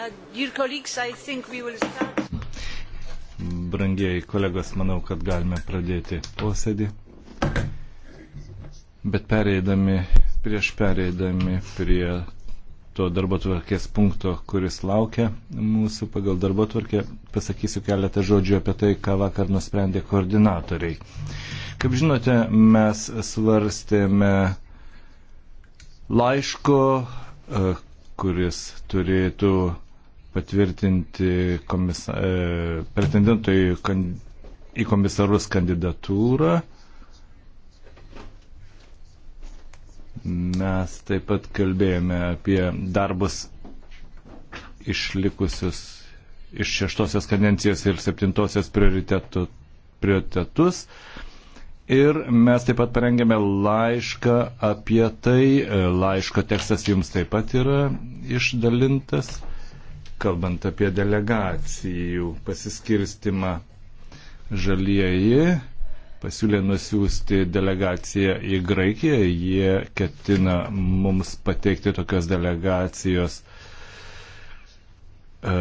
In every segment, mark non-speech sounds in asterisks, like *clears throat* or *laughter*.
Uh, Brangieji kolegos, manau, kad galime pradėti posėdį. Bet pereidami, prieš pereidami prie to darbo tvarkės punkto, kuris laukia mūsų pagal darbo tvarkę, pasakysiu keletą žodžių apie tai, ką vakar nusprendė koordinatoriai. Kaip žinote, mes svarstėme laiško, uh, kuris turėtų patvirtinti komisa, e, pretendentui kan, į komisarus kandidatūrą. Mes taip pat kalbėjome apie darbus išlikusius iš šeštosios kadencijos ir septintosios prioritetus. Ir mes taip pat parengėme laišką apie tai. E, laiško tekstas jums taip pat yra išdalintas kalbant apie delegacijų pasiskirstimą. Žalieji pasiūlė nusiųsti delegaciją į Graikiją, jie ketina mums pateikti tokios delegacijos e,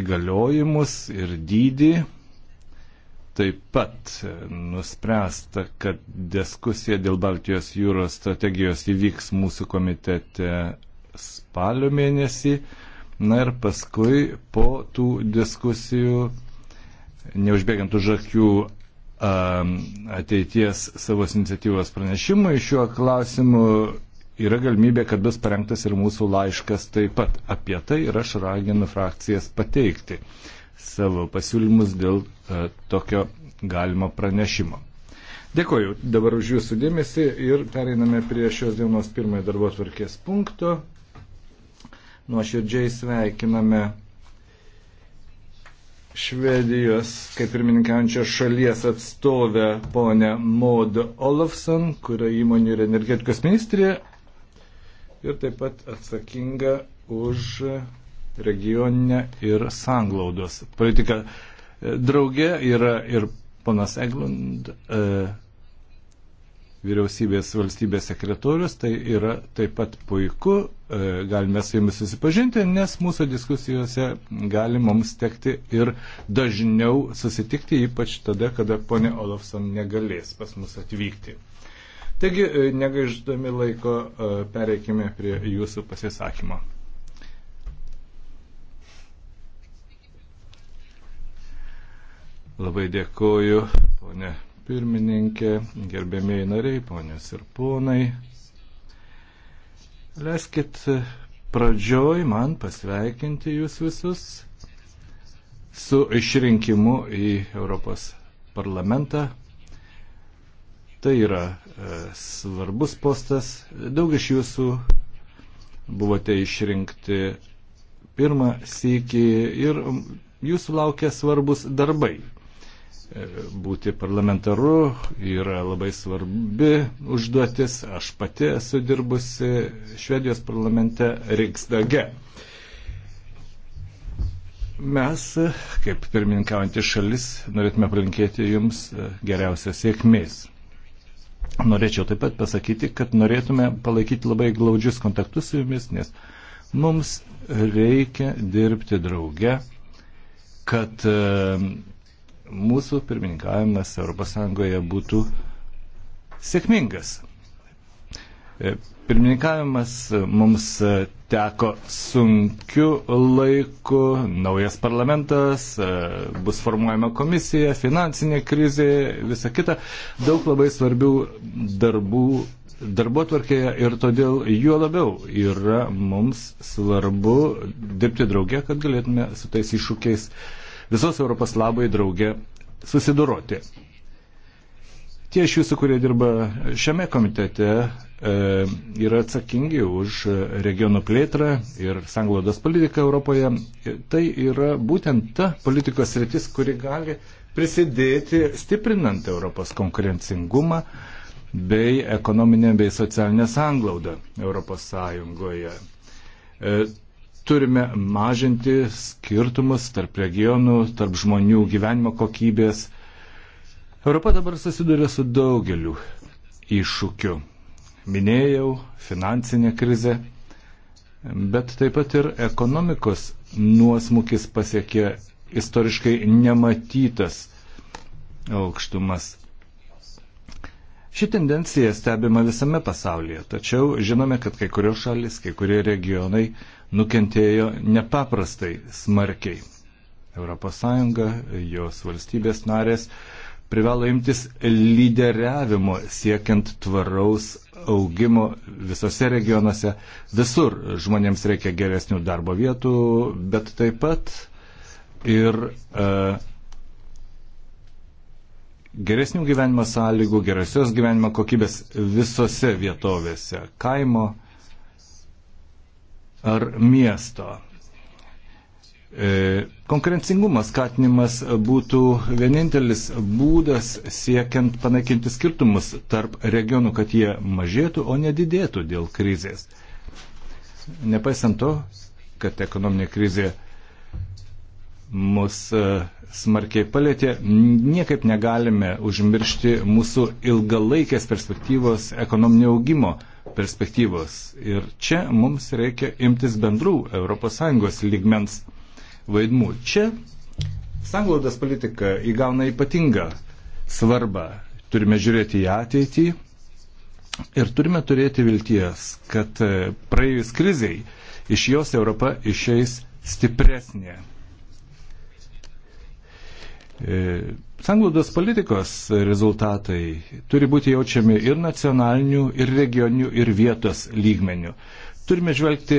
įgaliojimus ir dydį. Taip pat nuspręsta, kad diskusija dėl Baltijos jūros strategijos įvyks mūsų komitete spalio mėnesį. Na ir paskui po tų diskusijų, neužbėgant už akių ateities savo iniciatyvos pranešimui šiuo klausimu, yra galimybė, kad bus parengtas ir mūsų laiškas taip pat. Apie tai ir aš raginu frakcijas pateikti savo pasiūlymus dėl e, tokio galimo pranešimo. Dėkoju dabar už Jūsų dėmesį ir pereiname prie šios dienos pirmojo darbo tvarkės punkto nuoširdžiai sveikiname Švedijos, kaip pirmininkaujančios šalies atstovę, ponę Maud Olofson, kurio įmonė yra energetikos ministrė ir taip pat atsakinga už regioninę ir sanglaudos politiką. Drauge yra ir ponas Eglund, e, vyriausybės valstybės sekretorius, tai yra taip pat puiku, e, galime su jumis susipažinti, nes mūsų diskusijose gali mums tekti ir dažniau susitikti, ypač tada, kada ponė Olofson negalės pas mus atvykti. Taigi, e, negaiždami laiko, e, pereikime prie jūsų pasisakymo. Labai dėkoju, ponė pirmininkė, gerbėmiai nariai, ponės ir ponai. Leiskit pradžioj man pasveikinti jūs visus su išrinkimu į Europos parlamentą. Tai yra e, svarbus postas. Daug iš jūsų buvote išrinkti pirmą sykį ir jūsų laukia svarbus darbai būti parlamentaru yra labai svarbi užduotis. Aš pati esu dirbusi Švedijos parlamente Riksdage. Mes, kaip pirmininkaujantį šalis, norėtume palinkėti Jums geriausios sėkmės. Norėčiau taip pat pasakyti, kad norėtume palaikyti labai glaudžius kontaktus su Jumis, nes mums reikia dirbti drauge, kad mūsų pirmininkavimas ES būtų sėkmingas. E, pirmininkavimas mums teko sunkiu laiku, naujas parlamentas, e, bus formuojama komisija, finansinė krizė, visa kita, daug labai svarbių darbų darbotvarkėje ir todėl juo labiau yra mums svarbu dirbti draugė, kad galėtume su tais iššūkiais uh, visos Europos labai draugė susidoroti. Tie iš jūsų, kurie dirba šiame komitete, e, yra atsakingi už regionų plėtrą ir sanglaudos politiką Europoje. Tai yra būtent ta politikos rytis, kuri gali prisidėti stiprinant Europos konkurencingumą bei ekonominę bei socialinę sanglaudą Europos Sąjungoje. E, turime mažinti skirtumus tarp regionų, tarp žmonių gyvenimo kokybės. Europa dabar susiduria su daugeliu iššūkių. Minėjau finansinę krizę, bet taip pat ir ekonomikos nuosmukis pasiekė istoriškai nematytas aukštumas. Ši tendencija stebima visame pasaulyje, tačiau žinome, kad kai kurios šalis, kai kurie regionai nukentėjo nepaprastai smarkiai. ES, jos valstybės narės privalo imtis lyderiavimo siekiant tvaraus augimo visose regionuose. Visur žmonėms reikia geresnių darbo vietų, bet taip pat ir e, geresnių gyvenimo sąlygų, geresnios gyvenimo kokybės visose vietovėse - kaimo, ar miesto. E, konkurencingumas skatinimas būtų vienintelis būdas siekiant panaikinti skirtumus tarp regionų, kad jie mažėtų, o nedidėtų dėl krizės. Nepaisant to, kad ekonominė krizė mus e, smarkiai palėtė, niekaip negalime užmiršti mūsų ilgalaikės perspektyvos ekonominio augimo perspektyvos. Ir čia mums reikia imtis bendrų ES lygmens vaidmų. Čia sanglaudas politika įgauna ypatingą svarbą. Turime žiūrėti į ateitį ir turime turėti vilties, kad praėjus kriziai iš jos Europa išeis stipresnė. E, sanglaudos politikos rezultatai turi būti jaučiami ir nacionalinių, ir regioninių, ir vietos lygmenių. Turime žvelgti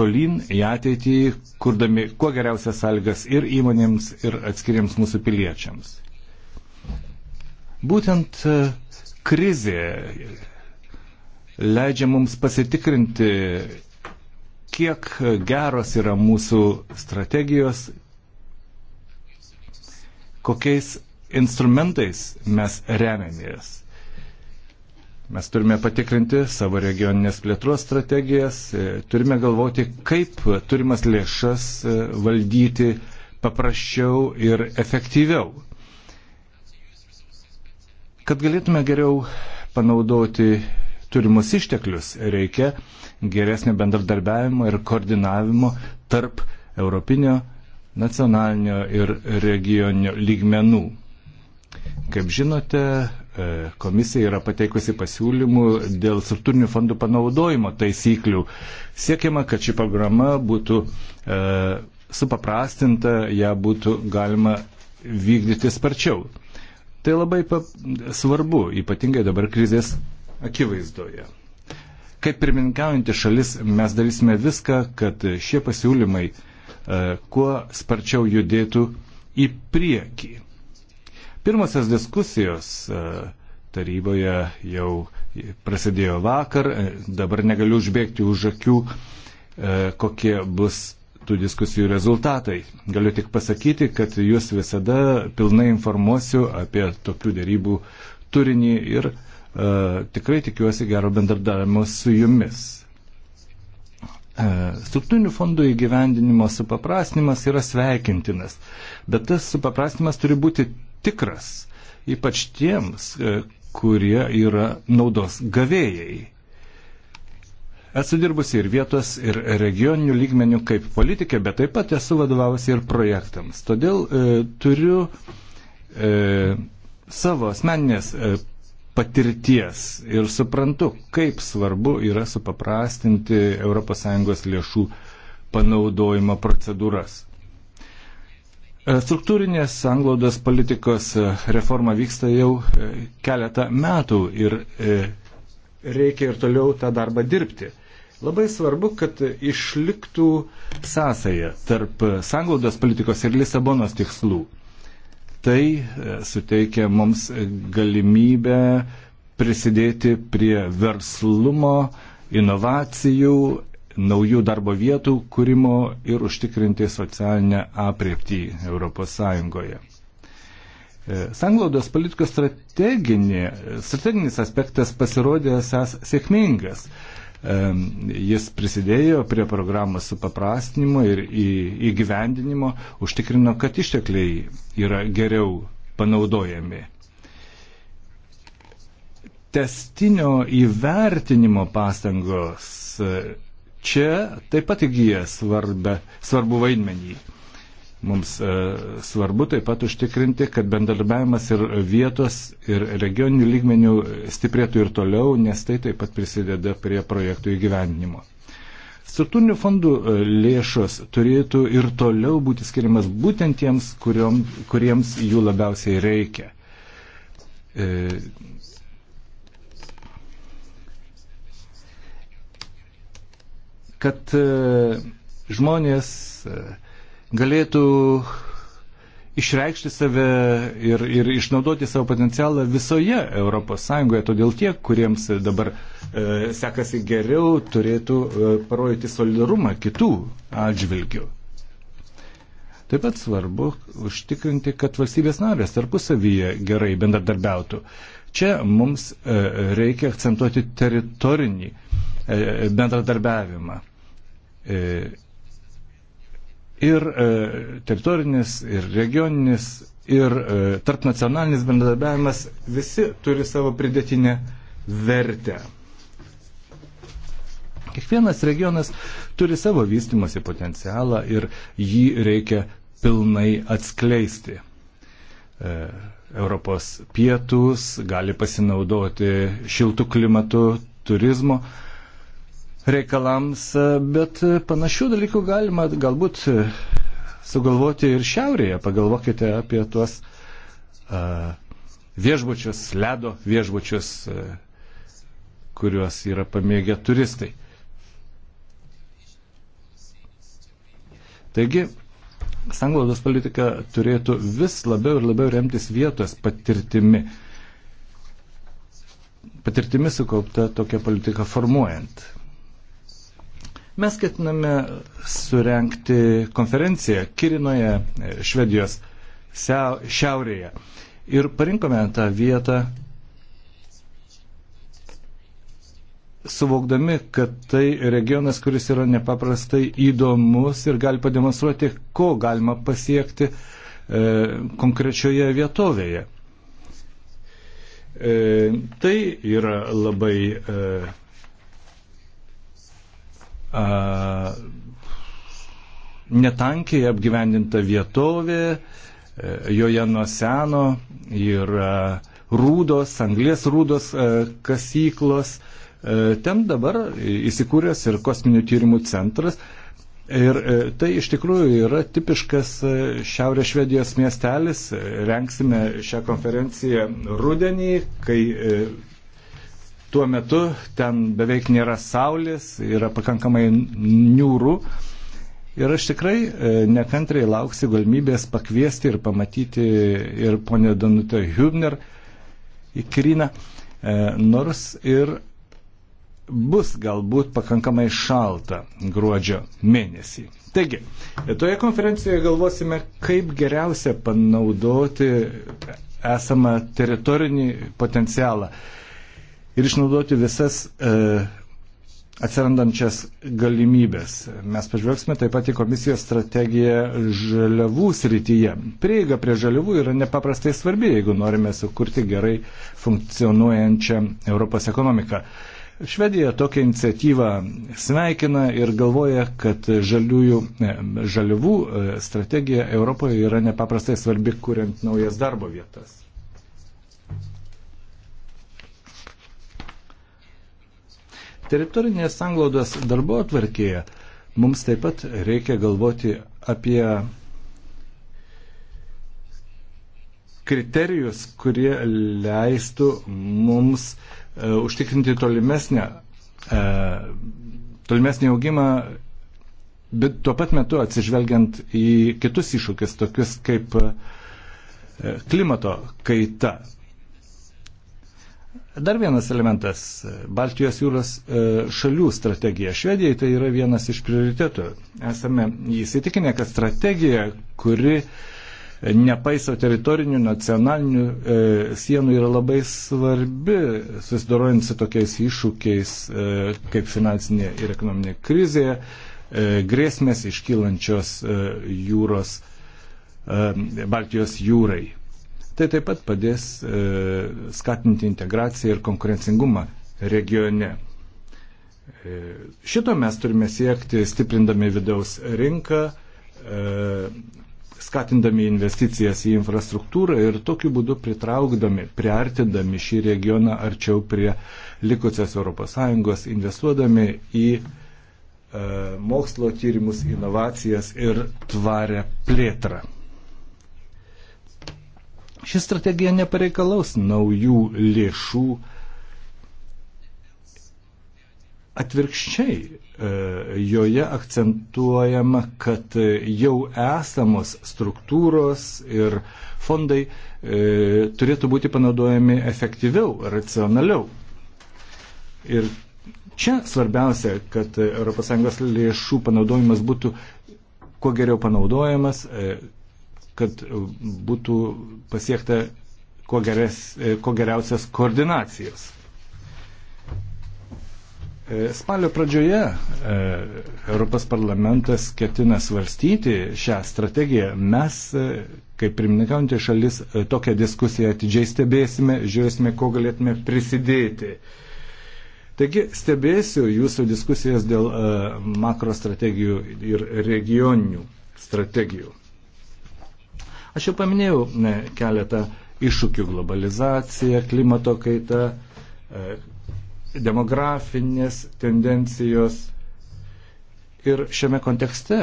tolyn į ateitį, kurdami kuo geriausias sąlygas ir įmonėms, ir atskiriams mūsų piliečiams. Būtent e, krizė leidžia mums pasitikrinti, kiek geros yra mūsų strategijos, kokiais instrumentais mes remiamės. Mes turime patikrinti savo regioninės plėtros strategijas, e, turime galvoti, kaip turimas lėšas e, valdyti paprasčiau ir efektyviau. Kad galėtume geriau panaudoti turimus išteklius, reikia geresnio bendradarbiavimo ir koordinavimo tarp Europinio nacionalinio ir regioninio lygmenų. Kaip žinote, e, komisija yra pateikusi pasiūlymų dėl struktūrinių fondų panaudojimo taisyklių. Siekiama, kad ši programa būtų e, supaprastinta, ją būtų galima vykdyti sparčiau. Tai labai svarbu, ypatingai dabar krizės akivaizdoje. Kaip pirmininkaujantį šalis mes darysime viską, kad šie pasiūlymai e, E, kuo sparčiau judėtų į priekį. Pirmasis diskusijos e, taryboje jau prasidėjo vakar, e, dabar negaliu užbėgti už akių, kokie bus tų diskusijų rezultatai. Galiu tik pasakyti, kad jūs visada pilnai informuosiu apie tokių dėrybų turinį ir e, tikrai tikiuosi gero bendradarbiavimo su jumis. E, struktūrinių fondų įgyvendinimo supaprastinimas yra sveikintinas, bet tas supaprastinimas turi būti tikras, ypač tiems, e, kurie yra naudos gavėjai. Esu dirbusi ir vietos, ir regioninių lygmenių kaip politikė, bet taip pat esu vadovavusi ir projektams. Todėl e, turiu e, savo asmeninės e, patirties ir suprantu, kaip svarbu yra supaprastinti ES lėšų panaudojimo procedūras. E, struktūrinės sanglaudos politikos e, reforma vyksta jau e, keletą metų ir reikia ir toliau tą darbą dirbti. Labai svarbu, kad išliktų sąsaja tarp sanglaudos politikos ir Lisabonos tikslų tai e, suteikia mums galimybę prisidėti prie verslumo, inovacijų, naujų darbo vietų kūrimo ir užtikrinti socialinę aprieptį ES. E, sanglaudos politikos strateginis aspektas pasirodė esas sėkmingas. Jis prisidėjo prie programos supaprastinimo ir įgyvendinimo, užtikrino, kad ištekliai yra geriau panaudojami. Testinio įvertinimo pastangos e, čia taip pat įgyja svarbę, svarbu vaidmenį. Mums e, svarbu taip pat užtikrinti, kad bendarbiavimas ir vietos, ir regioninių lygmenių stiprėtų ir toliau, nes tai taip pat prisideda prie projektų įgyvendinimo. Struktūrinių fondų e, lėšos turėtų ir toliau būti skiriamas būtent tiems, kuriom, kuriems jų labiausiai reikia. E, kad e, žmonės e, galėtų išreikšti save ir, ir išnaudoti savo potencialą visoje ES. Todėl tie, kuriems dabar e, sekasi geriau, turėtų e, parodyti solidarumą kitų atžvilgių. Taip pat svarbu užtikrinti, kad valstybės narės tarpusavyje gerai bendradarbiautų. Čia mums e, reikia akcentuoti teritorinį e, bendradarbiavimą. E, ir e, teritorinis, ir regioninis, ir e, tarp nacionalinis bendradarbiavimas visi turi savo pridėtinę vertę. Kiekvienas regionas turi savo vystimosi potencialą ir jį reikia pilnai atskleisti. E, Europos pietus gali pasinaudoti šiltų klimatų turizmo reikalams, bet panašių dalykų galima galbūt sugalvoti ir šiaurėje. Pagalvokite apie tuos uh, viešbučius, ledo viešbučius, uh, kuriuos yra pamėgę turistai. Taigi, sanglaudos politika turėtų vis labiau ir labiau remtis vietos patirtimi. Patirtimi sukaupta tokia politika formuojant Mes ketiname surenkti konferenciją Kirinoje, e, Švedijos šiaurėje. Ir parinkome tą vietą, suvokdami, kad tai regionas, kuris yra nepaprastai įdomus ir gali pademonstruoti, ko galima pasiekti e, konkrečioje vietovėje. E, tai yra labai e, netankiai apgyvendinta vietovė, e, joje nuo seno yra rūdos, anglės rūdos e, kasyklos. E, ten dabar įsikūręs ir kosminių tyrimų centras. Ir tai iš tikrųjų yra tipiškas Šiaurės Švedijos miestelis. Renksime šią konferenciją rudenį, kai tuo metu, ten beveik nėra saulės, yra pakankamai niūrų. Ir aš tikrai e, nekantriai lauksiu galimybės pakviesti ir pamatyti ir ponę Danutę Hübner į Kryną, e, nors ir bus galbūt pakankamai šalta gruodžio mėnesį. Taigi, toje konferencijoje galvosime, kaip geriausia panaudoti esamą teritorinį potencialą ir išnaudoti visas e, atsirandančias galimybės. Mes pažvelgsime taip pat į komisijos strategiją žaliavų srityje. Prieiga prie žaliavų yra nepaprastai svarbi, jeigu norime sukurti gerai funkcionuojančią Europos ekonomiką. Švedija tokią iniciatyvą sveikina ir galvoja, kad žaliųjų, e, žaliavų e, strategija Europoje yra nepaprastai svarbi, kuriant naujas darbo vietas. Teritorinės sanglaudos darbo atvarkėje mums taip pat reikia galvoti apie kriterijus, kurie leistų mums e, užtikrinti tolimesnę, e, tolimesnį augimą, bet tuo pat metu atsižvelgiant į kitus iššūkius, tokius kaip e, klimato kaita. Dar vienas elementas e, - Baltijos jūros e, šalių strategija. Švedijai tai yra vienas iš prioritetų. Esame įsitikinę, kad strategija, kuri e, nepaiso teritorinių, nacionalinių e, sienų yra labai svarbi, susidorojant su tokiais iššūkiais e, kaip finansinė ir ekonominė krizė, e, grėsmės iškylančios e, jūros, e, Baltijos jūrai. Tai taip pat padės e, skatinti integraciją ir konkurencingumą regione. E, šito mes turime siekti stiprindami vidaus rinką, e, skatindami investicijas į infrastruktūrą ir tokiu būdu pritraukdami, priartindami šį regioną arčiau prie likusios ES, investuodami į mokslo tyrimus, inovacijas ir tvarę plėtrą. Ši strategija nepareikalaus naujų lėšų. Atvirkščiai, e, joje akcentuojama, kad jau esamos struktūros ir fondai e, turėtų būti panaudojami efektyviau, racionaliau. Ir čia svarbiausia, kad ES lėšų panaudojimas būtų kuo geriau panaudojamas, e, kad e, būtų pasiekta kuo, geres, e, kuo geriausias koordinacijas. E, spalio pradžioje Europos parlamentas ketina svarstyti šią strategiją. Mes, kaip pirmininkaujantė šalis, tokią diskusiją atidžiai stebėsime, žiūrėsime, ko galėtume prisidėti. Taigi stebėsiu jūsų diskusijas dėl makrostrategijų ir regioninių strategijų. Aš jau paminėjau ne, keletą iššūkių - globalizacija, klimato kaita, e, demografinės tendencijos. Ir šiame kontekste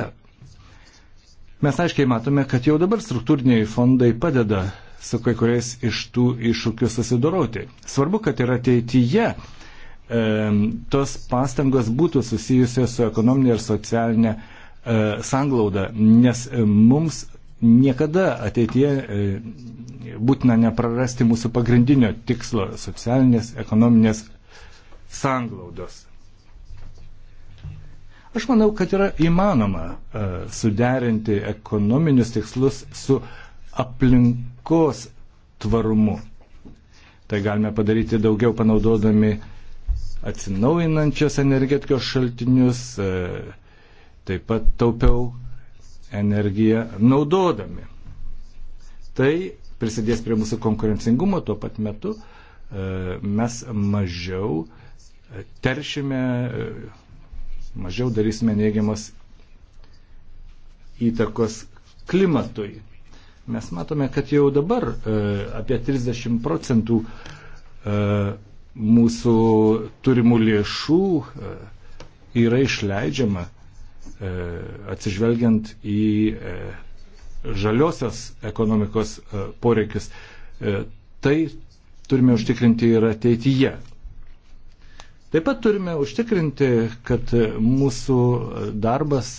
mes aiškiai matome, kad jau dabar struktūriniai fondai padeda su kai kuriais iš tų iššūkių susidoroti. Svarbu, kad ir ateityje e, tos pastangos būtų susijusios su ekonominė ir socialinė e, sanglauda, nes mums Niekada ateitie e, būtina neprarasti mūsų pagrindinio tikslo - socialinės, ekonominės sanglaudos. Aš manau, kad yra įmanoma e, suderinti ekonominius tikslus su aplinkos tvarumu. Tai galime padaryti daugiau panaudodami atsinaujinančios energetikos šaltinius, e, taip pat taupiau energiją naudodami. Tai prisidės prie mūsų konkurencingumo, tuo pat metu e, mes mažiau e, teršime, e, mažiau darysime neigiamas įtakos klimatui. Mes matome, kad jau dabar apie 30 procentų mūsų turimų lėšų yra išleidžiama E, atsižvelgiant į e, žaliosios ekonomikos e, poreikius. Tai turime užtikrinti ir ateityje. Taip pat turime užtikrinti, kad mūsų darbas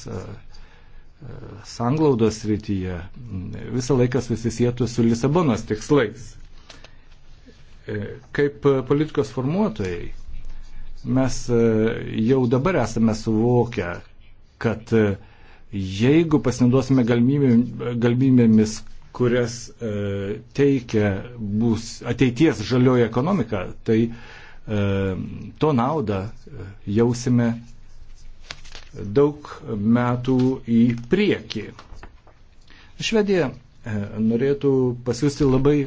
sanglaudos rytyje visą laiką susisietų su Lisabonos tikslais. Kaip politikos formuotojai mes jau dabar esame suvokę, kad e, jeigu pasinaudosime galimybėmis, kurias e, teikia bus ateities žalioji ekonomika, tai e, to naudą jausime daug metų į priekį. Švedija norėtų pasiūsti labai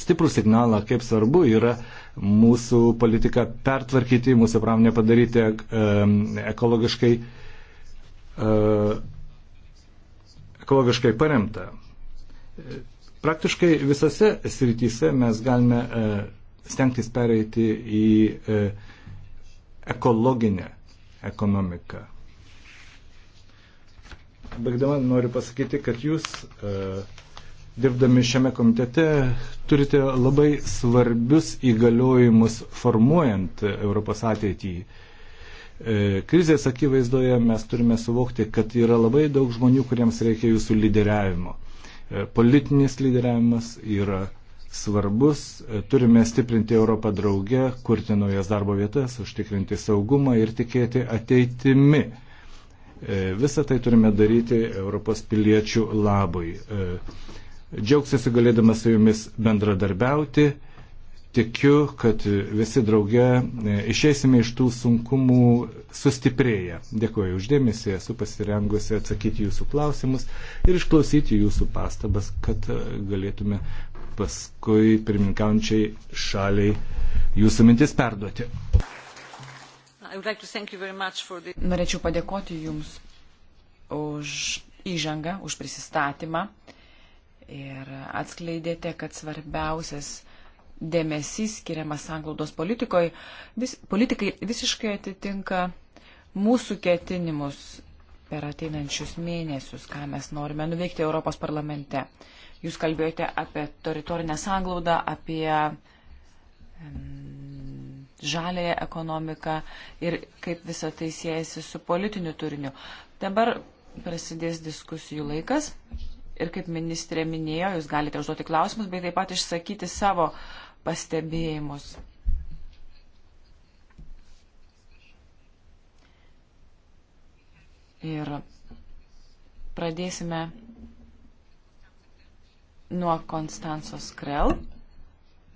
stiprų signalą, kaip svarbu yra mūsų politiką pertvarkyti, mūsų pramonę padaryti ekologiškai, ekologiškai paremtą. Praktiškai visose srityse mes galime stengtis pereiti į ekologinę ekonomiką. Baigdama noriu pasakyti, kad jūs uh, dirbdami šiame komitete turite labai svarbius įgaliojimus formuojant Europos ateitį. E, krizės akivaizdoje mes turime suvokti, kad yra labai daug žmonių, kuriems reikia jūsų lyderiavimo. E, politinis lyderiavimas yra svarbus, e, turime stiprinti Europą drauge, kurti naujas darbo vietas, užtikrinti saugumą ir tikėti ateitimi. Visą tai turime daryti Europos piliečių labui. Džiaugsiuosi galėdamas su jumis bendradarbiauti. Tikiu, kad visi drauge e, išeisime iš tų sunkumų sustiprėję. Dėkuoju uždėmesi, esu pasirengusi atsakyti jūsų klausimus ir išklausyti jūsų pastabas, kad e, galėtume paskui pirmininkaujančiai šaliai jūsų mintis perduoti. Norėčiau padėkoti Jums už įžangą, už prisistatymą ir atskleidėte, kad svarbiausias dėmesys skiriamas sanglaudos vis, politikai visiškai atitinka mūsų ketinimus per ateinančius mėnesius, ką mes norime nuveikti Europos parlamente. Jūs kalbėjote apie teritorinę sanglaudą, apie žalėją ekonomiką ir kaip visą tai siejasi su politiniu turiniu. Dabar prasidės diskusijų laikas ir kaip ministrė minėjo, jūs galite užduoti klausimus, bet taip pat išsakyti savo pastebėjimus. Ir pradėsime nuo Konstantos Krell,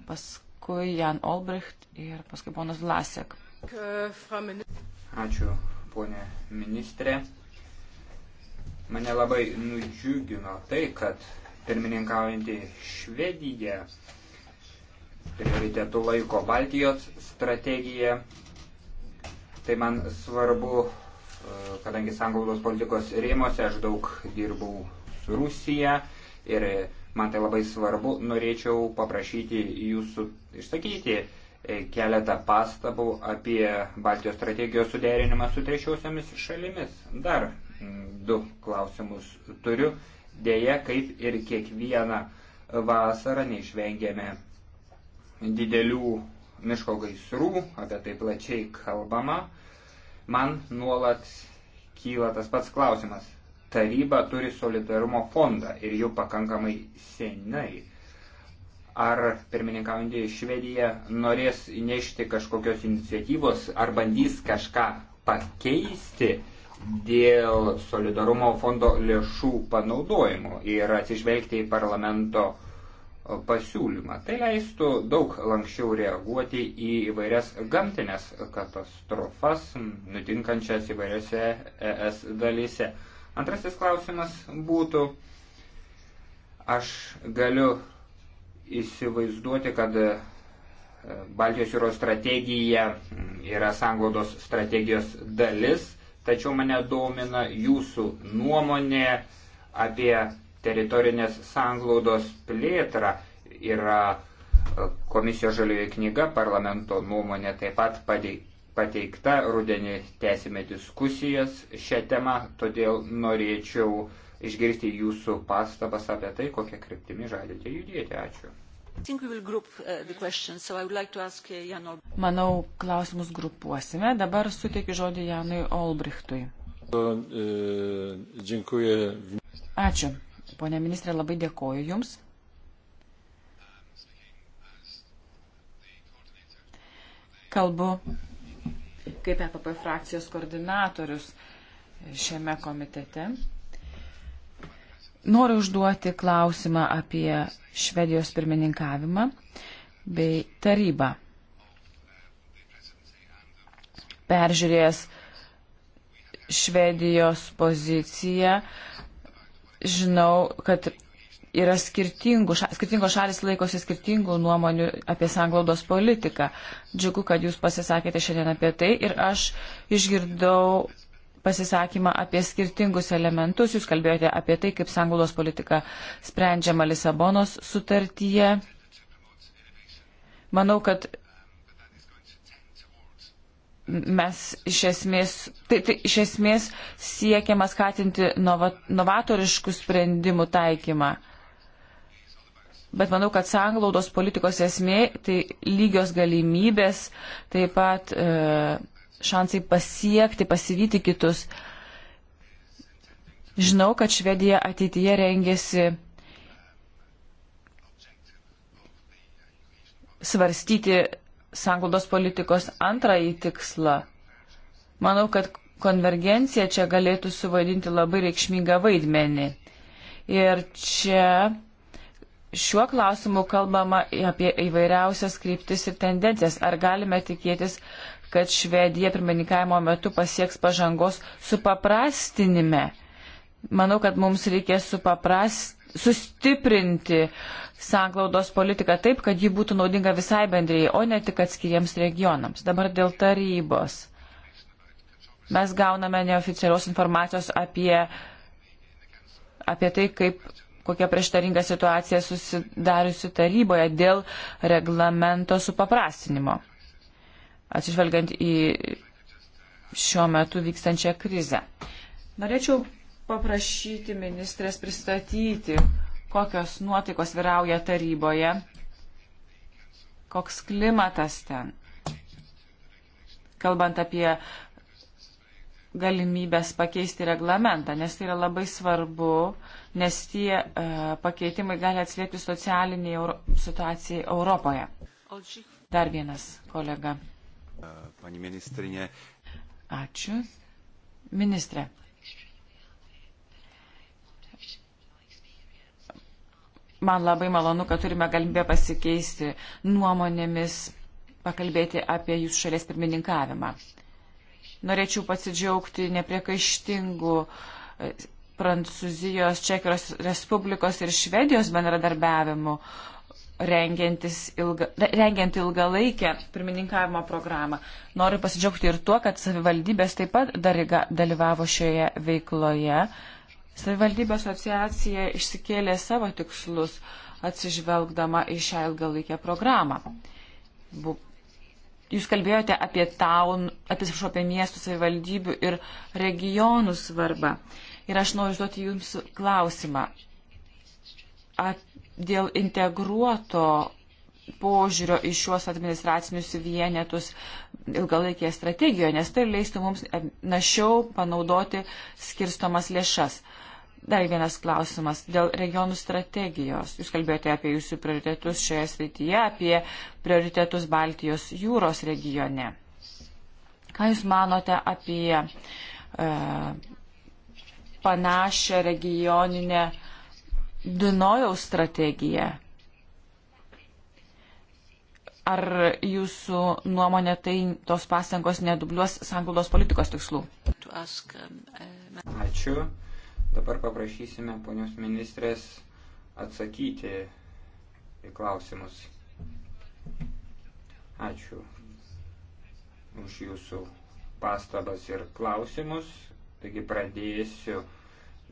paskui Jan Olbricht ir paskui ponas Vlasek. Ačiū, ponė ministrė. Mane labai nudžiugino tai, kad pirmininkaujantį Švediją prioritėtų laiko Baltijos strategiją. Tai man svarbu, e, kadangi sanglaudos politikos rėmose aš daug dirbau su Rusija ir man tai labai svarbu, norėčiau paprašyti jūsų išsakyti e, keletą pastabų apie Baltijos strategijos suderinimą su trečiosiamis šalimis. Dar du klausimus turiu. Deja, kaip ir kiekvieną vasarą neišvengėme didelių miško gaisrų, apie tai plačiai kalbama. Man nuolat kyla tas pats klausimas. Taryba turi solidarumo fondą ir jau pakankamai senai. Ar pirmininkaujantį Švediją norės nešti kažkokios iniciatyvos ar bandys kažką pakeisti? dėl solidarumo fondo lėšų panaudojimo ir atsižvelgti į parlamento pasiūlymą. Tai leistų daug lankščiau reaguoti į įvairias gamtinės katastrofas, nutinkančias įvairiose ES dalyse. Antrasis klausimas būtų, aš galiu įsivaizduoti, kad e, Baltijos jūros strategija yra sanglaudos strategijos dalis, tačiau mane domina jūsų nuomonė apie teritorinės sanglaudos plėtrą. Yra e, komisijos žalioji knyga, parlamento nuomonė taip pat pateikta, rudenį tęsime diskusijas šią temą, todėl norėčiau išgirsti jūsų pastabas apie tai, kokią kryptimį žadite judėti. Ačiū. Group, uh, so like ask, uh, Jan Manau, klausimus grupuosime. Dabar suteikiu žodį Janui Olbrichtui. Uh, uh, Ačiū. Pone ministrė, labai dėkoju Jums. Kalbu kaip EPP frakcijos koordinatorius šiame komitete. Noriu užduoti klausimą apie Švedijos pirmininkavimą bei tarybą. Peržiūrėjęs Švedijos poziciją, žinau, kad yra skirtingų, skirtingos šalis laikosi skirtingų nuomonių apie sanglaudos politiką. Džiugu, kad jūs pasisakėte šiandien apie tai ir aš išgirdau pasisakymą apie skirtingus elementus. Jūs kalbėjote apie tai, kaip sangulos politika sprendžiama Lisabonos sutartyje. Manau, kad mes iš esmės, tai, tai iš esmės siekiama skatinti nova, novatoriškų sprendimų taikymą. Bet manau, kad sanglaudos politikos esmė tai lygios galimybės, taip pat e, šansai pasiekti, pasivyti kitus. Žinau, kad Švedija ateityje rengėsi svarstyti sanglaudos politikos antrąjį tikslą. Manau, kad konvergencija čia galėtų suvaidinti labai reikšmingą vaidmenį. Ir čia šiuo klausimu kalbama apie įvairiausias kryptis ir tendencijas. Ar galime tikėtis, kad Švedija pirmininkavimo metu pasieks pažangos su paprastinime. Manau, kad mums reikės suprast, sustiprinti sanklaudos politiką taip, kad ji būtų naudinga visai bendrėjai, o ne tik atskiriems regionams. Dabar dėl tarybos. Mes gauname neoficialios informacijos apie, apie tai, kaip kokia prieštaringa situacija susidariusi taryboje dėl reglamento supaprastinimo atsižvelgiant į šiuo metu vykstančią krizę. Norėčiau paprašyti ministrės pristatyti, kokios nuotaikos vyrauja taryboje, koks klimatas ten. Kalbant apie galimybės pakeisti reglamentą, nes tai yra labai svarbu, nes tie uh, pakeitimai gali atsliepti socialiniai euro, situacijai Europoje. Dar vienas kolega. Pani ministrinė. Ačiū. Ministrė. Man labai malonu, kad turime galimybę pasikeisti nuomonėmis, pakalbėti apie jūsų šalies pirmininkavimą. Norėčiau pasidžiaugti nepriekaištingų e, Prancūzijos, Čekijos Respublikos ir Švedijos bendradarbiavimu, ilga, rengiant ilgalaikę pirmininkavimo programą. Noriu pasidžiaugti ir tuo, kad savivaldybės taip pat dariga, dalyvavo šioje veikloje. Savivaldybė asociacija išsikėlė savo tikslus atsižvelgdama į šią ilgalaikę programą. Bu Jūs kalbėjote apie taun, apie, apie miestų savivaldybių ir regionų svarbą. Ir aš noriu užduoti Jums klausimą. At, dėl integruoto požiūrio į šiuos administracinius vienetus ilgalaikėje strategijoje, nes tai leistų mums našiau panaudoti skirstomas lėšas. Dar vienas klausimas dėl regionų strategijos. Jūs kalbėjote apie jūsų prioritetus šioje srityje, apie prioritetus Baltijos jūros regione. Ką Jūs manote apie e, panašią regioninę e, Dunojaus strategija. Ar jūsų nuomonė tai tos pastangos nedubliuos sanglaudos politikos tikslų? Ačiū. Dabar paprašysime ponios ministrės atsakyti į klausimus. Ačiū už jūsų pastabas ir klausimus. Taigi pradėsiu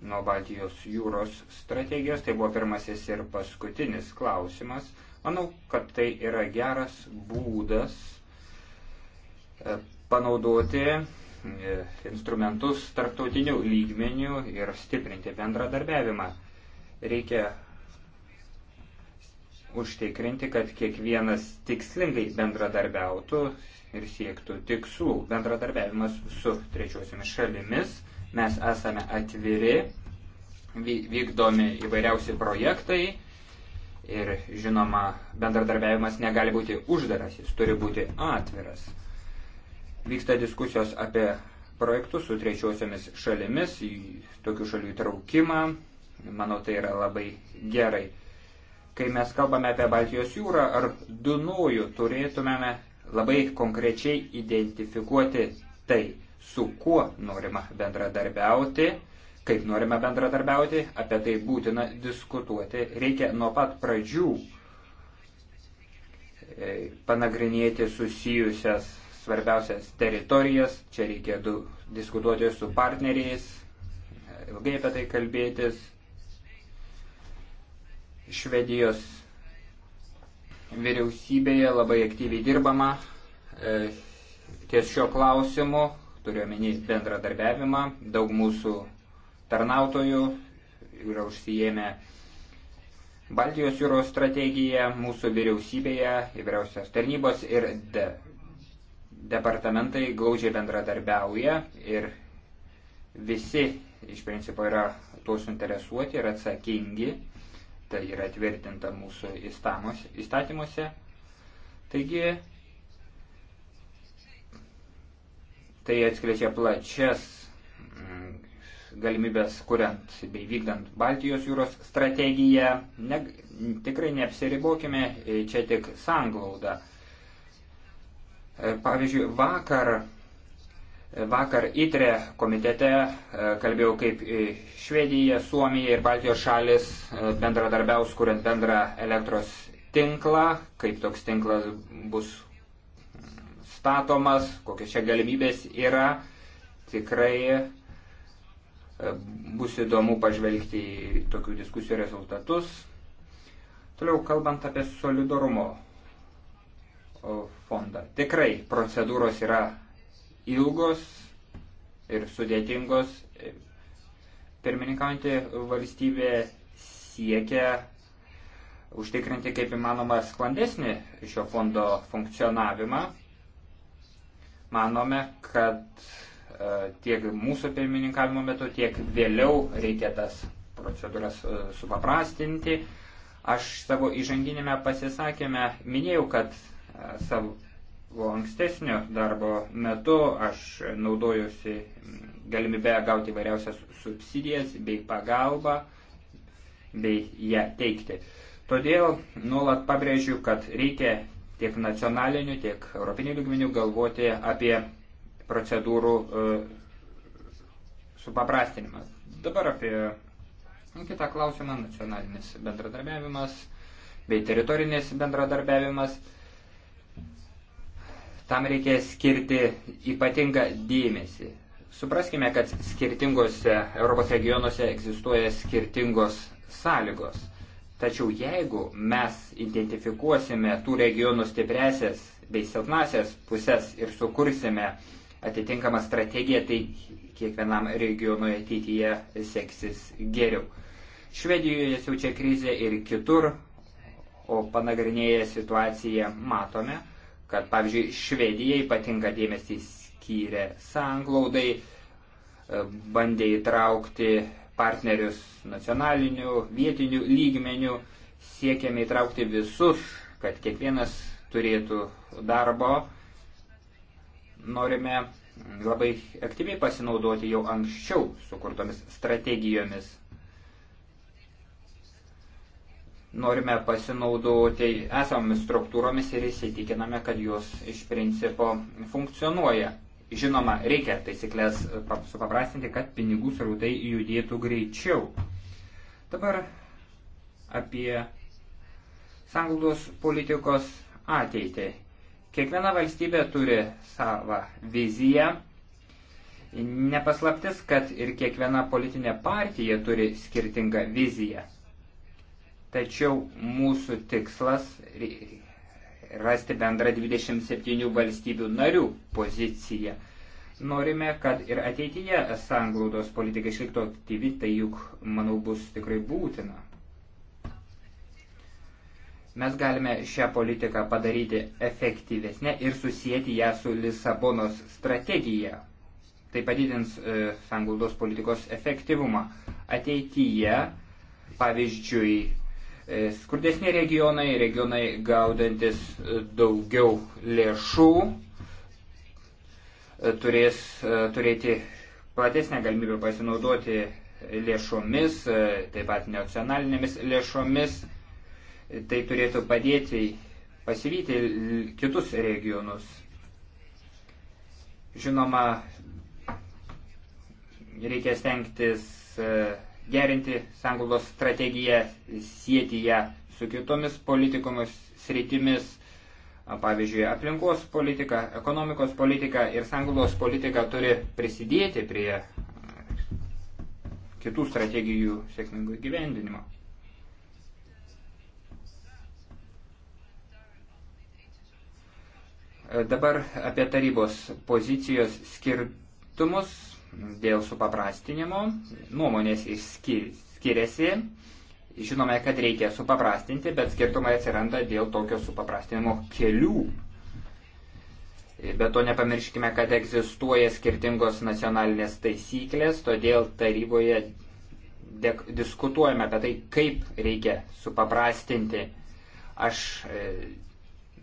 nuo Baltijos jūros strategijos. Tai buvo pirmasis ir paskutinis klausimas. Manau, kad tai yra geras būdas e, panaudoti e, instrumentus tarptautinių lygmenių ir stiprinti bendradarbiavimą. Reikia užtikrinti, kad kiekvienas tikslingai bendradarbiautų ir siektų tikslų. Bendradarbiavimas su trečiosiomis šalimis Mes esame atviri, vykdomi įvairiausi projektai ir žinoma, bendradarbiavimas negali būti uždaras, jis turi būti atviras. Vyksta diskusijos apie projektus su trečiosiomis šalimis, tokių šalių įtraukimą, manau tai yra labai gerai. Kai mes kalbame apie Baltijos jūrą ar Dunojų, turėtumėme labai konkrečiai identifikuoti tai su kuo norima bendradarbiauti, kaip norime bendradarbiauti, apie tai būtina diskutuoti. Reikia nuo pat pradžių e, panagrinėti susijusias svarbiausias teritorijas, čia reikia du, diskutuoti su partneriais, ilgai apie tai kalbėtis. Švedijos vyriausybėje labai aktyviai dirbama e, ties šio klausimu, turiuomenys bendradarbiavimą, daug mūsų tarnautojų yra užsijėmę Baltijos jūros strategiją mūsų vyriausybėje, įvairiausios tarnybos ir de, departamentai glaudžiai bendradarbiauja ir visi iš principo yra tuo suinteresuoti ir atsakingi, tai yra tvirtinta mūsų įstatymuose. Taigi Tai atskleidžia plačias galimybės kuriant bei vykdant Baltijos jūros strategiją. Ne, tikrai neapsiribokime e, čia tik sanglaudą. E, pavyzdžiui, vakar, e, vakar ITRE komitete kalbėjau, kaip Švedija, Suomija ir Baltijos šalis bendradarbiaus, kuriant bendrą elektros tinklą, kaip toks tinklas bus statomas, kokios čia galimybės yra. Tikrai e, bus įdomu pažvelgti į tokių diskusijų rezultatus. Toliau kalbant apie solidarumo fondą. Tikrai procedūros yra ilgos ir sudėtingos. Pirmininkaujantį valstybė siekia užtikrinti kaip įmanoma sklandesnį šio fondo funkcionavimą. Manome, kad e, tiek mūsų pirmininkavimo metu, tiek vėliau reikia tas procedūras e, supaprastinti. Aš savo įžanginėme pasisakėme minėjau, kad e, savo ankstesnio darbo metu aš naudojusi galimybę gauti vairiausias subsidijas bei pagalbą bei ją teikti. Todėl nuolat pabrėžiu, kad reikia tiek nacionaliniu, tiek europiniu lygmeniu galvoti apie procedūrų e, supaprastinimas. Dabar apie kitą klausimą - nacionalinis bendradarbiavimas bei teritorinis bendradarbiavimas. Tam reikia skirti ypatingą dėmesį. Supraskime, kad skirtingose Europos regionuose egzistuoja skirtingos sąlygos. Tačiau jeigu mes identifikuosime tų regionų stipresias bei silpnasias pusės ir sukursime atitinkamą strategiją, tai kiekvienam regionui ateityje seksis geriau. Švedijoje siaučia krizė ir kitur, o panagrinėję situaciją matome, kad pavyzdžiui Švedija ypatinga dėmesį skyrė sanglaudai, e, bandė įtraukti partnerius nacionaliniu, vietiniu lygmeniu, siekiame įtraukti visus, kad kiekvienas turėtų darbo. Norime labai aktyviai pasinaudoti jau anksčiau sukurtomis strategijomis. Norime pasinaudoti esamomis struktūromis ir įsitikiname, kad jos iš principo funkcionuoja. Žinoma, reikia taisyklės supaprastinti, kad pinigų srautai judėtų greičiau. Dabar apie sanglaudos politikos ateitį. Kiekviena valstybė turi savo viziją. Nepaslaptis, kad ir kiekviena politinė partija turi skirtingą viziją. Tačiau mūsų tikslas rasti bendrą 27 valstybių narių poziciją. Norime, kad ir ateityje sanglaudos politika išliktų aktyvi, tai juk, manau, bus tikrai būtina. Mes galime šią politiką padaryti efektyvesnę ir susijęti ją su Lisabonos strategija. Tai padidins e, sanglaudos politikos efektyvumą. Ateityje, pavyzdžiui, E, skurdesni regionai, regionai gaudantis e, daugiau lėšų e, turės turėti platesnę galimybę pasinaudoti lėšomis, taip pat nacionalinėmis lėšomis. Tai turėtų padėti pasivyti kitus regionus. Žinoma, reikia stengtis gerinti sanglaudos strategiją, sieti ją su kitomis politikomis, sritimis, pavyzdžiui, aplinkos politika, ekonomikos politika ir sanglaudos politika turi prisidėti prie kitų strategijų sėkmingo gyvendinimo. Dabar apie tarybos pozicijos skirtumus dėl supaprastinimo. Nuomonės skiriasi. Žinome, kad reikia supaprastinti, bet skirtumai atsiranda dėl tokio supaprastinimo kelių. Bet to nepamirškime, kad egzistuoja skirtingos nacionalinės taisyklės, todėl taryboje diskutuojame apie tai, kaip reikia supaprastinti. Aš e,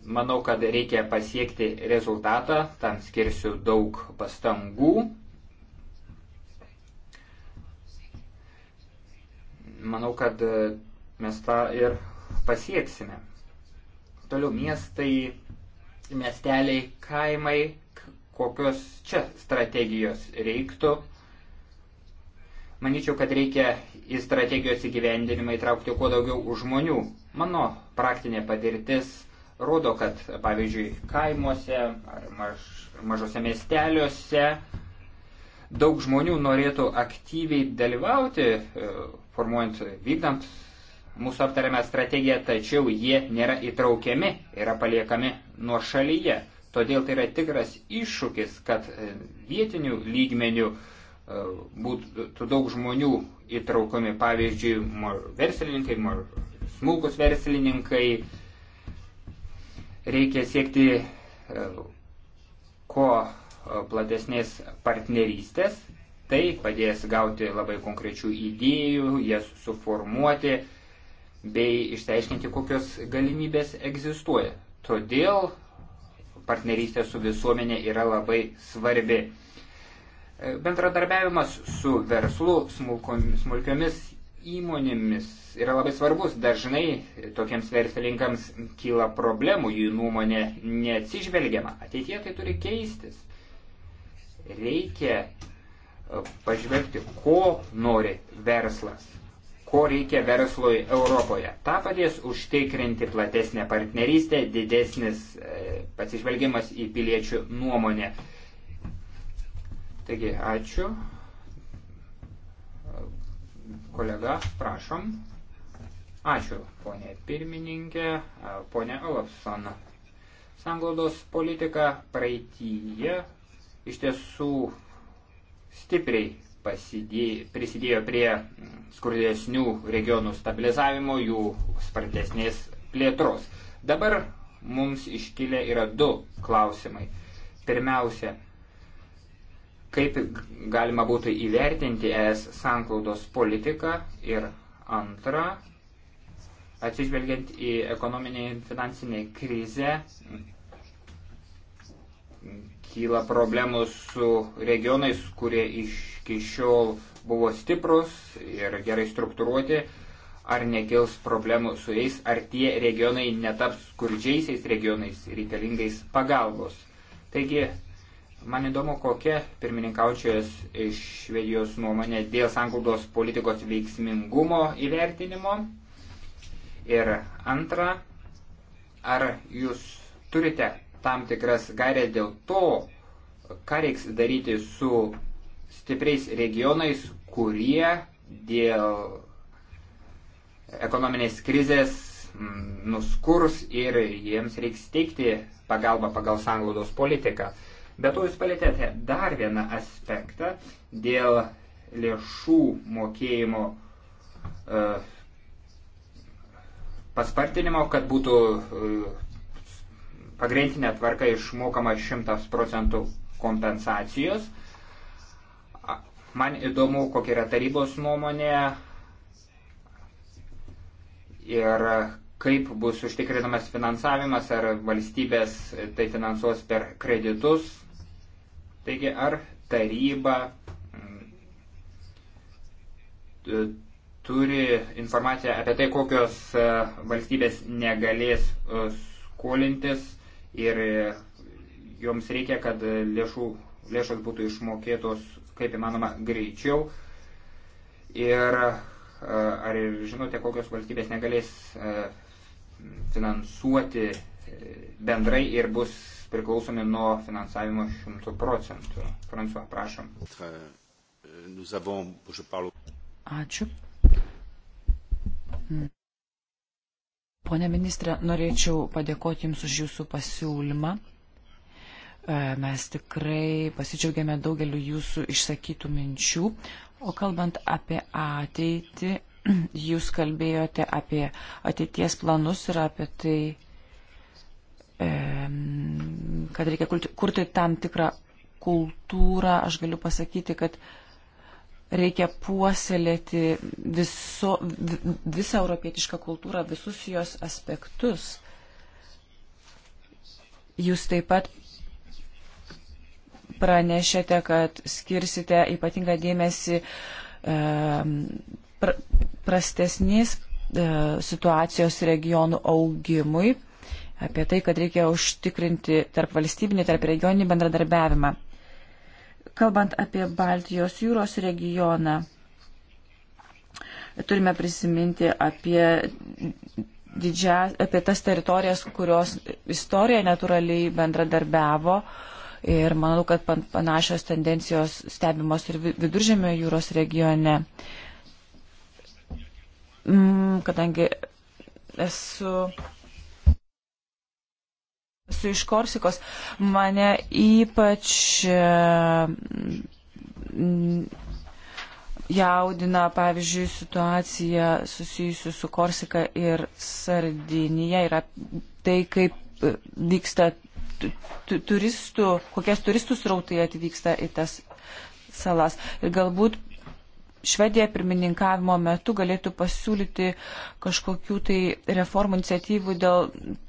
manau, kad reikia pasiekti rezultatą, tam skirsiu daug pastangų. manau, kad e, mes tą ir pasieksime. Toliau miestai, miesteliai, kaimai, kokios čia strategijos reiktų. Manyčiau, kad reikia į strategijos įgyvendinimą įtraukti kuo daugiau žmonių. Mano praktinė patirtis rodo, kad pavyzdžiui kaimuose ar maž, mažose miesteliuose daug žmonių norėtų aktyviai dalyvauti e, formuojant, vykdant mūsų aptariamą strategiją, tačiau jie nėra įtraukiami, yra paliekami nuo šalyje. Todėl tai yra tikras iššūkis, kad e, vietinių lygmenių e, būtų daug žmonių įtraukomi, pavyzdžiui, verslininkai, smulkus verslininkai. Reikia siekti e, ko platesnės partnerystės Tai padės gauti labai konkrečių idėjų, jas suformuoti bei išteiškinti, kokios galimybės egzistuoja. Todėl partnerystė su visuomenė yra labai svarbi. Bendradarbiavimas su verslu smulkiomis įmonėmis yra labai svarbus. Dažnai tokiems verslininkams kyla problemų, jų nuomonė neatsižvelgiama. Ateitie tai turi keistis. Reikia pažvelgti, ko nori verslas, ko reikia verslui Europoje. Ta padės užtikrinti platesnę partnerystę, didesnis e, pasižvelgimas į piliečių nuomonę. Taigi, ačiū. Kolega, prašom. Ačiū, ponė pirmininkė, ponė Olafson. Sanglaudos politika praeitįje iš tiesų stipriai pasidė, prisidėjo prie skurdesnių regionų stabilizavimo, jų spartesnės plėtros. Dabar mums iškilę yra du klausimai. Pirmiausia, kaip galima būtų įvertinti ES sanklaudos politiką ir antra, atsižvelgiant į ekonominį finansinį krizę, kyla problemų su regionais, kurie iki šiol buvo stiprus ir gerai struktūruoti, ar nekils problemų su jais, ar tie regionai netaps skurdžiaisiais regionais reikalingais pagalbos. Taigi, man įdomu, kokia pirmininkaučios iš Švedijos nuomonė dėl sanglaudos politikos veiksmingumo įvertinimo. Ir antra, ar jūs turite tam tikras gairias dėl to, ką reiks daryti su stipriais regionais, kurie dėl ekonominės krizės mm, nuskurs ir jiems reiks teikti pagalbą pagal sanglaudos politiką. Bet to jūs palėtėte dar vieną aspektą dėl lėšų mokėjimo e, paspartinimo, kad būtų e, pagreitinė tvarka išmokama 100 procentų kompensacijos. Man įdomu, kokia yra tarybos nuomonė ir kaip bus užtikrinamas finansavimas, ar valstybės tai finansuos per kreditus. Taigi, ar taryba mm, turi informaciją apie tai, kokios e, valstybės negalės e, skolintis ir e, joms reikia, kad lėšų, lėšos būtų išmokėtos kaip įmanoma greičiau. Ir e, ar žinote, kokios valstybės negalės e, finansuoti bendrai ir bus priklausomi nuo finansavimo 100 procentų. Fransuo, prašom. Ačiū. Pone ministrė, norėčiau padėkoti Jums už Jūsų pasiūlymą. E, mes tikrai pasidžiaugiame daugeliu Jūsų išsakytų minčių. O kalbant apie ateitį, *clears throat* Jūs kalbėjote apie ateities planus ir apie tai, e, kad reikia kurti tam tikrą kultūrą. Aš galiu pasakyti, kad reikia puoselėti viso, visą europietišką kultūrą, visus jos aspektus. Jūs taip pat pranešėte, kad skirsite ypatingą dėmesį e, prastesnės e, situacijos regionų augimui, apie tai, kad reikia užtikrinti tarp valstybinį, tarp regioninį bendradarbiavimą. Kalbant apie Baltijos jūros regioną, turime prisiminti apie, didžia, apie tas teritorijas, kurios istorija natūraliai bendradarbiavo. Ir manau, kad panašios tendencijos stebimos ir viduržėmio jūros regione. Mm, kadangi esu su iš Korsikos mane ypač e, jaudina, pavyzdžiui, situacija susijusi su Korsika ir Sardinija. Yra tai, kaip e, vyksta turistų, kokias turistų srautai atvyksta į tas salas. Ir galbūt Švedija pirmininkavimo metu galėtų pasiūlyti kažkokių tai reformų iniciatyvų dėl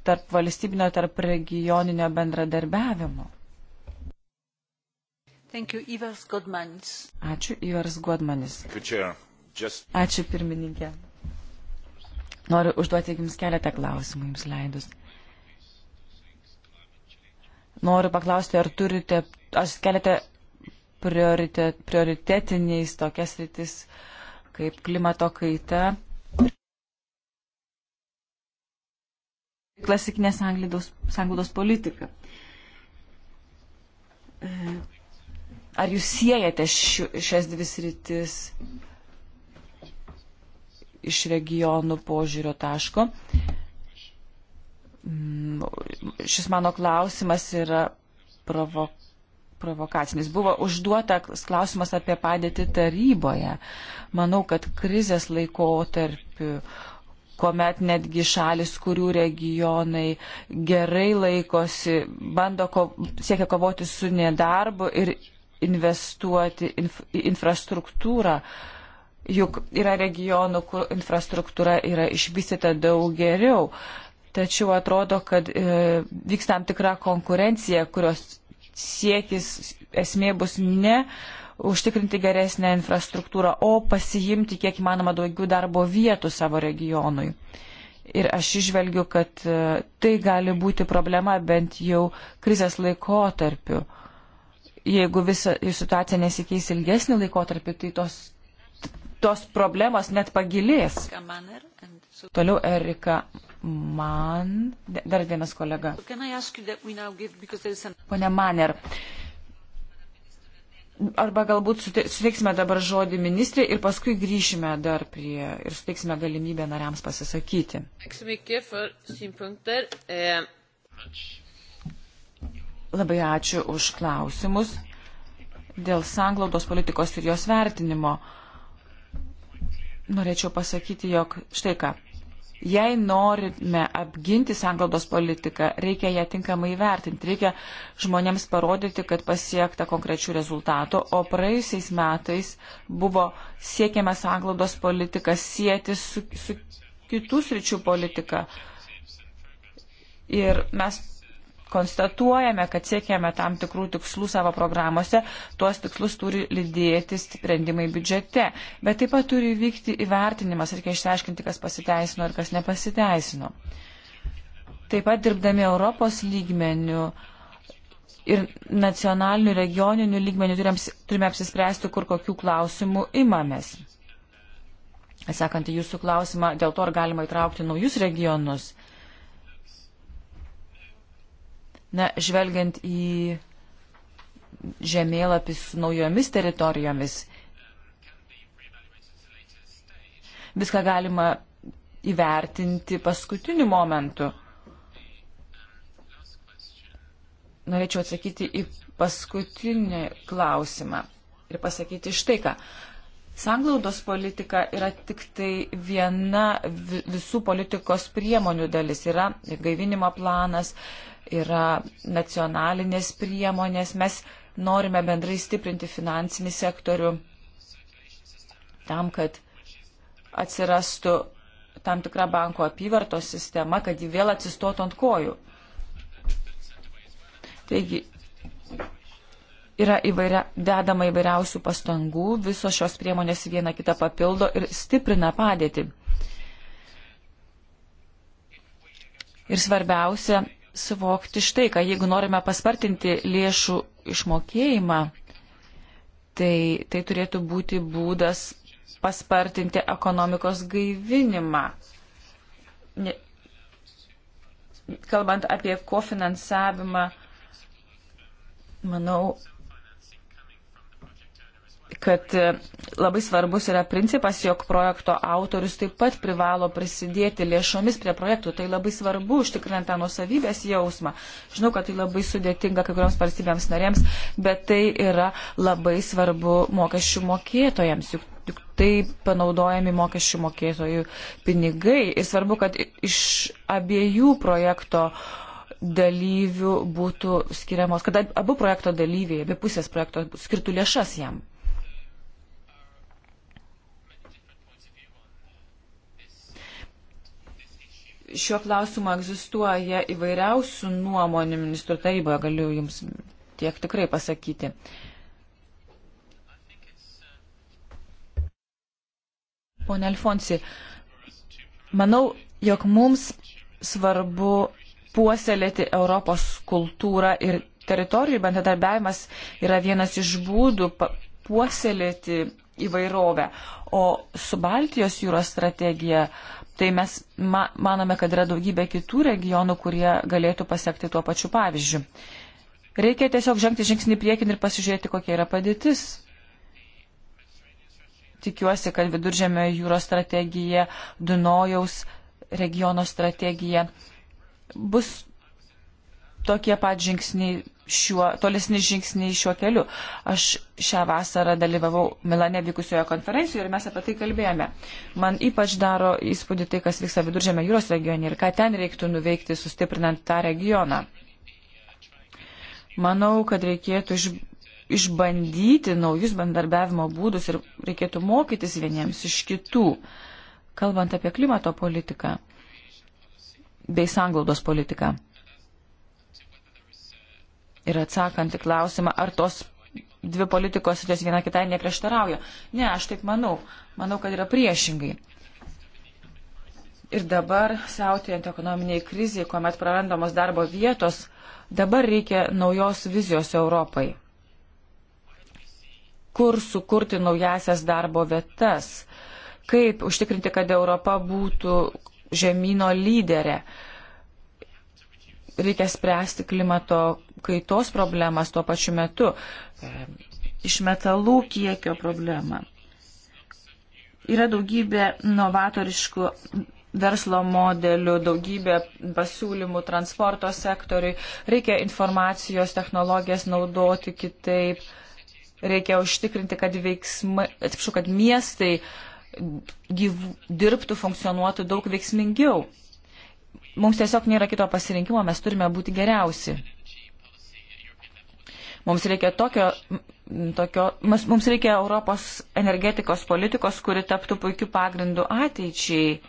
tarp valstybinio, tarp regioninio bendradarbiavimo. Thank you, Ivers Godmanis. Ačiū, Ivers Godmanis. Ačiū, pirmininkė. Noriu užduoti Jums keletą klausimų, Jums leidus. Noriu paklausti, ar turite, ar keliate priorite, prioritetiniais tokias rytis kaip klimato kaita. Klasikinė sanglaudos politika. E, ar jūs siejate šiu, šias dvi sritis iš regionų požiūrio taško? Mm, šis mano klausimas yra provokuojamas provokacinis. Buvo užduotas klausimas apie padėtį taryboje. Manau, kad krizės laikotarpiu kuomet netgi šalis, kurių regionai gerai laikosi, bando ko, siekia kovoti su nedarbu ir investuoti inf, infrastruktūrą. Juk yra regionų, kur infrastruktūra yra išvystyta daug geriau. Tačiau atrodo, kad e, vyks tam tikra konkurencija, kurios siekis esmė bus ne užtikrinti geresnę infrastruktūrą, o pasijimti kiek įmanoma daugiau darbo vietų savo regionui. Ir aš išvelgiu, kad e, tai gali būti problema bent jau krizės laikotarpiu. Jeigu visa situacija nesikeis ilgesnį laikotarpį, tai tos, tos problemos net pagilės. Kamaner. Toliau Erika Man, dar vienas kolega. Pone Maner, arba galbūt suteiksime dabar žodį ministrė ir paskui grįšime dar prie ir suteiksime galimybę nariams pasisakyti. E, Labai ačiū už klausimus dėl sanglaudos politikos ir jos vertinimo. Norėčiau pasakyti, jog štai ką, Jei norime apginti sanglaudos politiką, reikia ją tinkamai vertinti, reikia žmonėms parodyti, kad pasiekta konkrečių rezultatų, o praėjusiais metais buvo siekiama sanglaudos politiką sieti su, su kitų sričių politika. Ir mes konstatuojame, kad siekiame tam tikrų tikslų savo programuose, tuos tikslus turi lydėti sprendimai biudžete. Bet taip pat turi vykti įvertinimas, reikia išsiaiškinti, kas pasiteisino ir kas nepasiteisino. Taip pat dirbdami Europos lygmenių ir nacionalinių regioninių lygmenių turime apsispręsti, kur kokių klausimų imamės. Sekant į jūsų klausimą, dėl to ar galima įtraukti naujus regionus. Na, žvelgiant į žemėlapį su naujomis teritorijomis, viską galima įvertinti paskutiniu momentu. Norėčiau atsakyti į paskutinį klausimą ir pasakyti štai ką. Sanglaudos politika yra tik tai viena visų politikos priemonių dalis. Yra gaivinimo planas, yra nacionalinės priemonės, mes norime bendrai stiprinti finansinį sektorių tam, kad atsirastų tam tikra banko apyvartos sistema, kad ji vėl atsistotų ant kojų. Taigi, yra įvairia, dedama įvairiausių pastangų, visos šios priemonės viena kitą papildo ir stiprina padėtį. Ir svarbiausia, suvokti štai, kad jeigu norime paspartinti lėšų išmokėjimą, tai tai turėtų būti būdas paspartinti ekonomikos gaivinimą. Ne, kalbant apie kofinansavimą, manau, kad e, labai svarbus yra principas, jog projekto autorius taip pat privalo prisidėti lėšomis prie projektų. Tai labai svarbu užtikrinant tą nusavybės jausmą. Žinau, kad tai labai sudėtinga kai kurioms valstybėms narėms, bet tai yra labai svarbu mokesčių mokėtojams. Juk Juk tai panaudojami mokesčių mokėtojų pinigai ir svarbu, kad iš abiejų projekto dalyvių būtų skiriamos, kad abu projekto dalyviai, abi pusės projekto skirtų lėšas jam. šiuo klausimu egzistuoja įvairiausių nuomonių ministrų taryboje, galiu Jums tiek tikrai pasakyti. Pone Alfonsi, manau, jog mums svarbu puoselėti Europos kultūrą ir teritorijų bendradarbiavimas yra vienas iš būdų puoselėti įvairovę. O su Baltijos jūros strategija Tai mes ma manome, kad yra daugybė kitų regionų, kurie galėtų pasiekti tuo pačiu pavyzdžiu. Reikia tiesiog žengti žingsnį priekin ir pasižiūrėti, kokia yra padėtis. Tikiuosi, kad viduržėmio jūros strategija, Dunojaus regiono strategija bus tokie pat žingsniai šiuo, tolesni žingsniai šiuo keliu. Aš šią vasarą dalyvavau Milane vykusioje konferencijoje ir mes apie tai kalbėjome. Man ypač daro įspūdį tai, kas vyksta Viduržėme jūros regione ir ką ten reiktų nuveikti, sustiprinant tą regioną. Manau, kad reikėtų iš, išbandyti naujus bendarbiavimo būdus ir reikėtų mokytis vieniems iš kitų, kalbant apie klimato politiką bei sanglaudos politiką. Ir atsakant į klausimą, ar tos dvi politikos ir jos viena kitai neprieštarauja. Ne, aš taip manau. Manau, kad yra priešingai. Ir dabar, siautėjant ekonominiai kriziai, kuomet prarandamos darbo vietos, dabar reikia naujos vizijos Europai. Kur sukurti naujasias darbo vietas? Kaip užtikrinti, kad Europa būtų žemynų lyderė? Uh, reikia spręsti klimato kaitos problemas tuo pačiu metu, e, iš metalų kiekio problemą. Yra daugybė novatoriškų verslo modelių, daugybė pasiūlymų transporto sektoriui, reikia informacijos technologijas naudoti kitaip, reikia užtikrinti, kad, veiksma, atsipšu, kad miestai gyv, dirbtų, funkcionuotų daug veiksmingiau Mums tiesiog nėra kito pasirinkimo, mes turime būti geriausi. Mums reikia, tokio, tokio, mums reikia Europos energetikos politikos, kuri taptų puikiu pagrindu ateičiai.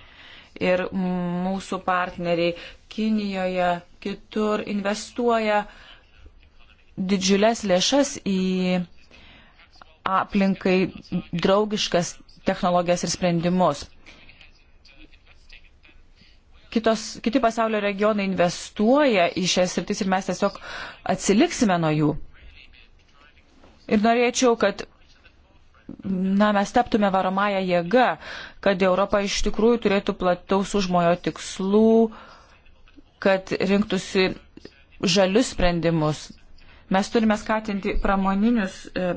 Ir mūsų partneriai Kinijoje, kitur investuoja didžiulės lėšas į aplinkai draugiškas technologijas ir sprendimus kitos, kiti pasaulio regionai investuoja į šias sritis ir mes tiesiog atsiliksime nuo jų. Ir norėčiau, kad na, mes taptume varomąją jėgą, kad Europa iš tikrųjų turėtų plataus užmojo tikslų, kad rinktųsi žalius sprendimus. Mes turime skatinti pramoninius e,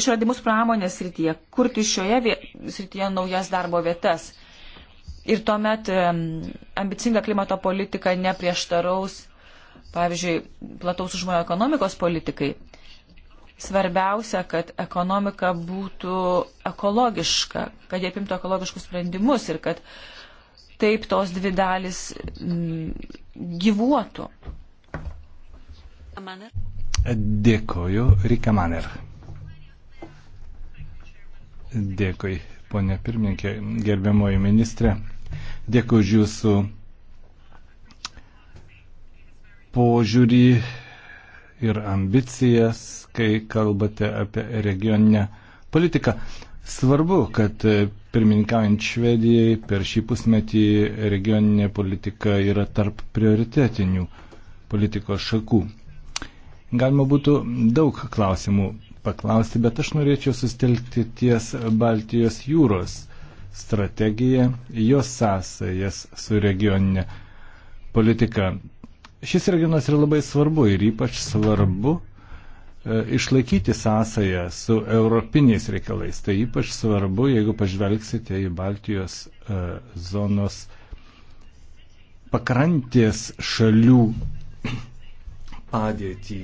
išradimus pramonės srityje, kurti šioje srityje naujas darbo vietas. Ir tuomet ambicinga klimato politika neprieštaraus, pavyzdžiui, plataus užmojo ekonomikos politikai. Svarbiausia, kad ekonomika būtų ekologiška, kad jie pimtų ekologiškus sprendimus ir kad taip tos dvi dalis gyvuotų. Dėkoju, Rika Maner. Dėkui, ponė pirmininkė, gerbiamoji ministrė. Dėkui už jūsų požiūrį ir ambicijas, kai kalbate apie regioninę politiką. Svarbu, kad pirmininkaujant Švedijai per šį pusmetį regioninė politika yra tarp prioritetinių politikos šakų. Galima būtų daug klausimų paklausti, bet aš norėčiau sustelkti ties Baltijos jūros strategiją, jos sąsajas su regioninė politika. Šis regionas yra labai svarbu ir ypač svarbu e, išlaikyti sąsają su europiniais reikalais. Tai ypač svarbu, jeigu pažvelgsite į Baltijos e, zonos pakrantės šalių *clears throat* padėtį.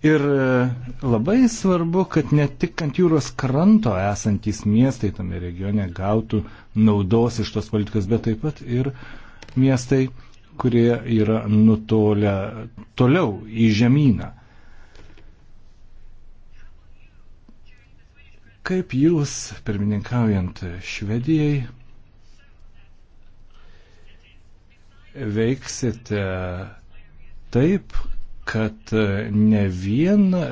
Ir e, labai svarbu, kad ne tik ant jūros kranto esantys miestai tame regione gautų naudos iš tos politikos, bet taip pat ir miestai, kurie yra nutolę toliau į žemyną. Kaip jūs, pirmininkaujant Švedijai, veiksite taip, kad e, ne vien e,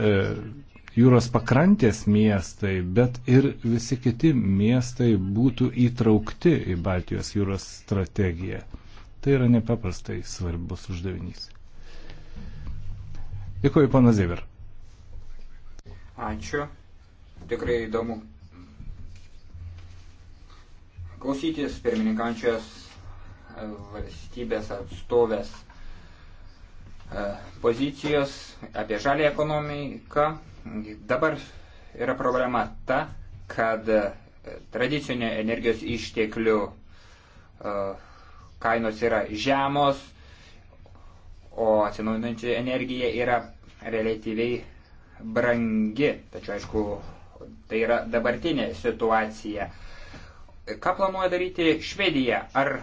jūros pakrantės miestai, bet ir visi kiti miestai būtų įtraukti į Baltijos jūros strategiją. Tai yra nepaprastai svarbus uždavinys. Dėkuoju, pana Ziver. Ačiū. Tikrai įdomu klausytis pirmininkančios valstybės atstovės E, pozicijos apie žalį ekonomiką. Dabar yra problema ta, kad e, tradicinio energijos išteklių e, kainos yra žemos, o atsinaujinančia energija yra relatyviai brangi. Tačiau, aišku, tai yra dabartinė situacija. Ką planuoja daryti Švedija? Ar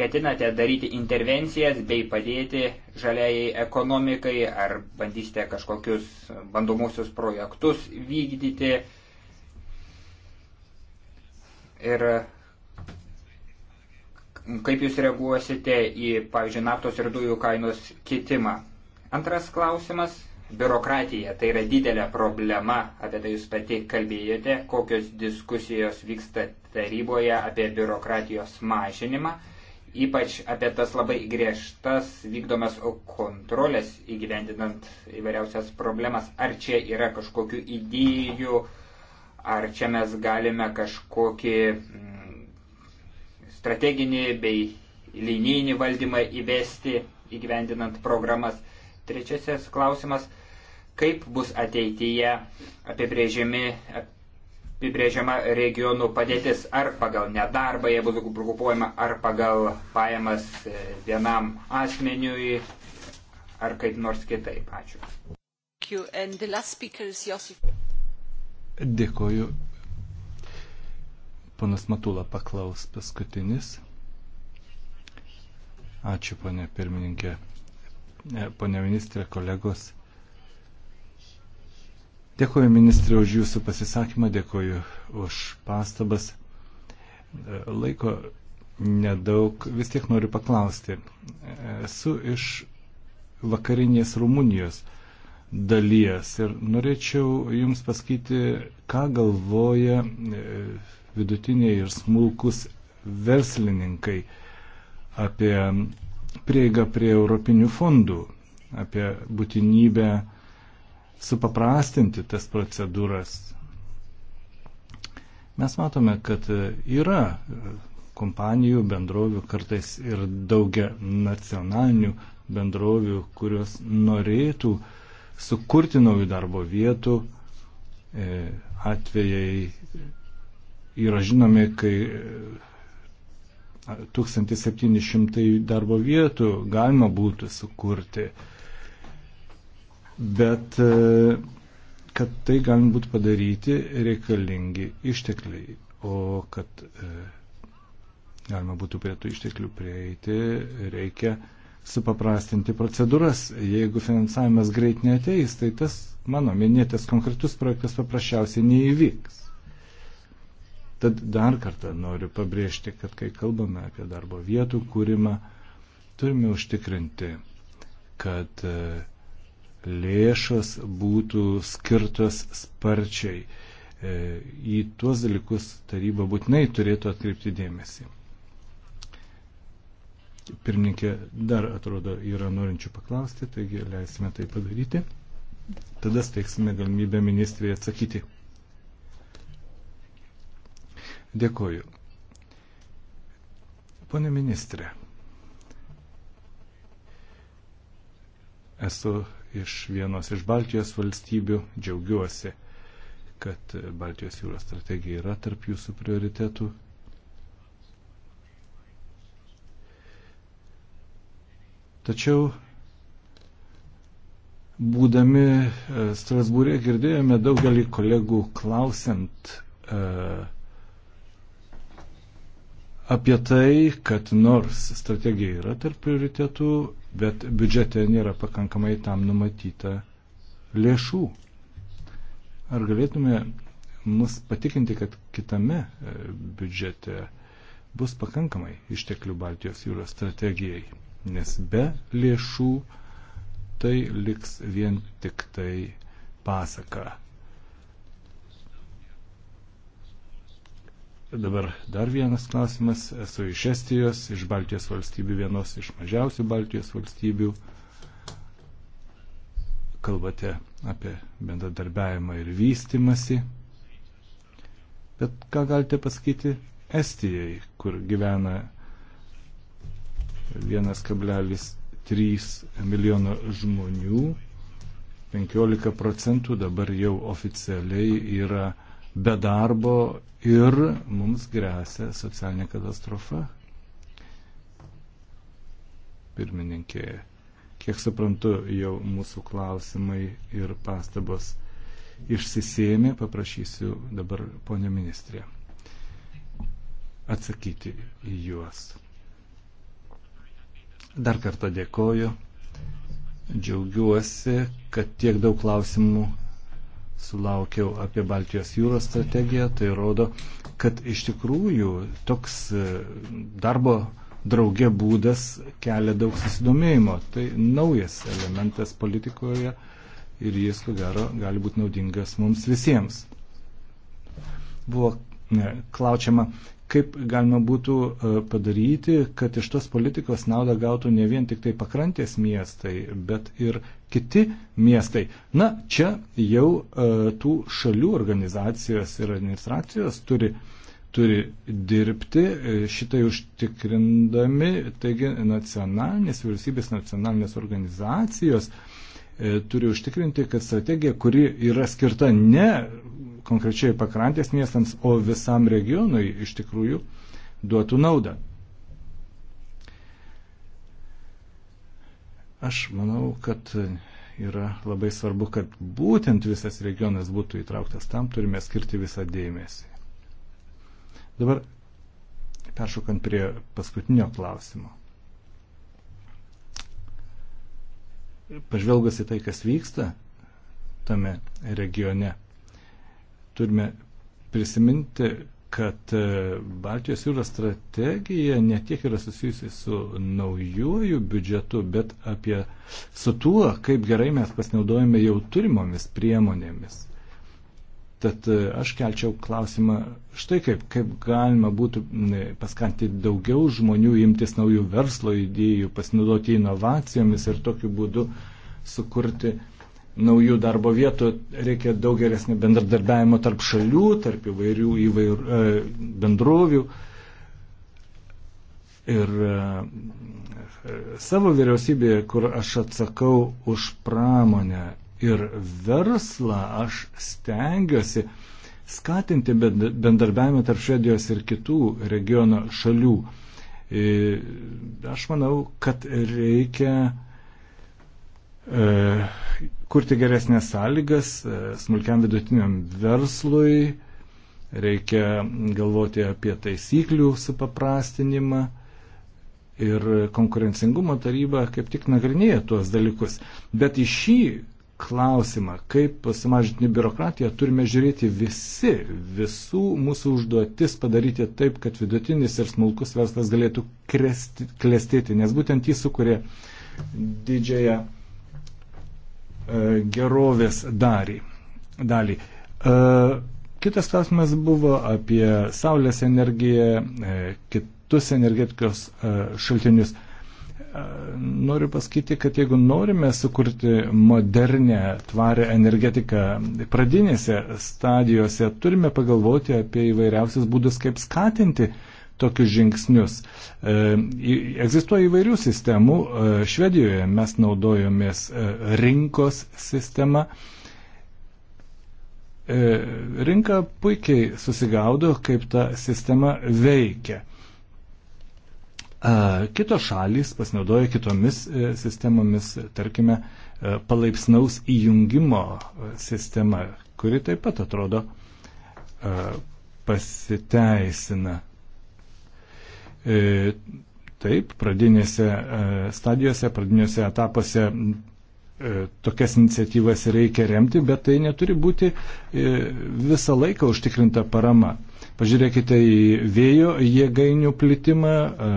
ketinate daryti intervencijas bei padėti žaliai ekonomikai, ar bandysite kažkokius bandomusius projektus vykdyti. Ir kaip jūs reaguosite į, pavyzdžiui, naftos ir dujų kainos kitimą. Antras klausimas - biurokratija. Tai yra didelė problema, apie tai jūs pati kalbėjote, kokios diskusijos vyksta taryboje apie biurokratijos mažinimą ypač apie tas labai griežtas vykdomas kontrolės įgyvendinant įvairiausias problemas. Ar čia yra kažkokių idėjų, ar čia mes galime kažkokį mm, strateginį bei linijinį valdymą įvesti įgyvendinant programas. Trečiasis klausimas, kaip bus ateityje apibrėžiami apibrėžiama regionų padėtis ar pagal nedarbą, jie bus grupuojama, ar pagal pajamas e, vienam asmeniui, ar kaip nors kitaip. Ačiū. Dėkoju. Panas Matula paklaus paskutinis. Ačiū, ponė pirmininkė, e, ponė ministrė, kolegos. Dėkuoju ministrė už jūsų pasisakymą, dėkuoju už pastabas. Laiko nedaug, vis tiek noriu paklausti. Esu iš vakarinės Rumunijos dalies ir norėčiau Jums pasakyti, ką galvoja e, vidutiniai ir smulkus verslininkai apie prieigą prie europinių fondų, apie būtinybę uh, supaprastinti tas procedūras. Mes matome, kad yra kompanijų, bendrovių, kartais ir daugia nacionalinių bendrovių, kurios norėtų sukurti naujų darbo vietų. E, atvejai yra žinomi, kai 1700 e, darbo vietų galima būtų sukurti bet e, kad tai galim būtų padaryti reikalingi ištekliai, o kad e, galima būtų prie tų išteklių prieiti, reikia supaprastinti procedūras. Jeigu finansavimas greit neteis, tai tas mano minėtas konkretus projektas paprasčiausiai neįvyks. Tad dar kartą noriu pabrėžti, kad kai kalbame apie darbo vietų kūrimą, turime užtikrinti, kad uh, lėšos būtų skirtos sparčiai. E, į tuos dalykus taryba būtinai turėtų atkreipti dėmesį. Pirmininkė dar atrodo yra norinčių paklausti, taigi leisime tai padaryti. Tada steiksime galimybę ministrėje atsakyti. Dėkoju. Pone ministrė, esu iš vienos iš Baltijos valstybių. Džiaugiuosi, kad Baltijos jūros strategija yra tarp jūsų prioritetų. Tačiau būdami e, Strasbūrė girdėjome daugelį kolegų klausiant e, apie tai, kad nors strategija yra tarp prioritetų, bet biudžete nėra pakankamai tam numatyta lėšų. Ar galėtume mus patikinti, kad kitame e, biudžete bus pakankamai išteklių Baltijos jūros strategijai, nes be lėšų tai liks vien tik tai pasaka. Dabar dar vienas klausimas. Esu iš Estijos, iš Baltijos valstybių, vienos iš mažiausių Baltijos valstybių. Kalbate apie bendradarbiavimą ir vystimasi. Bet ką galite pasakyti Estijai, kur gyvena 1,3 milijono žmonių, 15 procentų dabar jau oficialiai yra uh, be darbo ir mums grėsia socialinė katastrofa. Pirmininkė, kiek suprantu, jau mūsų klausimai ir pastabos išsisėmė, paprašysiu dabar ponio ministrė atsakyti į juos. Dar kartą dėkoju. Džiaugiuosi, kad tiek daug klausimų sulaukiau apie Baltijos jūros strategiją, tai rodo, kad iš tikrųjų toks e, darbo draugė būdas kelia daug susidomėjimo. Tai naujas elementas politikoje ir jis, ko gero, gali būti naudingas mums visiems. Buvo klausiama, kaip galima būtų e, padaryti, kad iš tos politikos naudą gautų ne vien tik tai pakrantės miestai, bet ir kiti miestai. Na, čia jau e, tų šalių organizacijos ir administracijos turi turi dirbti, e, šitai užtikrindami, taigi nacionalinės vyriausybės, nacionalinės organizacijos uh, E, turi užtikrinti, kad strategija, kuri yra skirta ne konkrečiai pakrantės miestams, o visam regionui iš tikrųjų duotų naudą. Aš manau, kad yra labai svarbu, kad būtent visas regionas būtų įtrauktas. Tam turime skirti visą dėmesį. Dabar peršokant prie paskutinio klausimo. pažvelgus į tai, kas vyksta tame regione, turime prisiminti, kad e, Baltijos jūros strategija ne tiek yra susijusi su naujuoju biudžetu, bet apie su tuo, kaip gerai mes pasinaudojame jau turimomis priemonėmis. Tad e, aš kelčiau klausimą štai kaip, kaip galima būtų paskanti daugiau žmonių imtis naujų verslo idėjų, pasinaudoti inovacijomis ir tokiu būdu sukurti naujų darbo vietų. Reikia daug geresnio bendradarbiavimo tarp šalių, tarp įvairių, įvairių e, bendrovių. Ir e, savo vyriausybėje, kur aš atsakau už pramonę ir verslą aš stengiuosi skatinti bendarbiavimą tarp Švedijos ir kitų regiono šalių. E, aš manau, kad reikia e, kurti geresnės sąlygas e, smulkiam vidutiniam verslui, reikia galvoti apie taisyklių supaprastinimą ir konkurencingumo taryba kaip tik nagrinėja tuos dalykus. Bet į šį klausimą, kaip sumažinti biurokratiją, turime žiūrėti visi, visų mūsų užduotis padaryti taip, kad vidutinis ir smulkus verslas galėtų kresti, klestėti, nes būtent jis sukuria didžiąją e, gerovės darį, dalį. E, kitas klausimas buvo apie saulės energiją, e, kitus energetikos e, šaltinius. E, noriu pasakyti, kad jeigu norime sukurti modernę, tvarę energetiką pradinėse stadijose, turime pagalvoti apie įvairiausius būdus, kaip skatinti tokius žingsnius. E, egzistuoja įvairių sistemų. E, Švedijoje mes naudojomės e, rinkos sistema. E, rinka puikiai susigaudo, kaip ta sistema veikia. Kitos šalys pasinaudoja kitomis e, sistemomis, tarkime, e, palaipsnaus įjungimo e, sistema, kuri taip pat atrodo pasiteisina. Taip, pradinėse stadijose, pradinėse etapuose tokias iniciatyvas reikia remti, bet tai neturi būti visą laiką užtikrinta parama. Pažiūrėkite į vėjo jėgainių plitimą. E,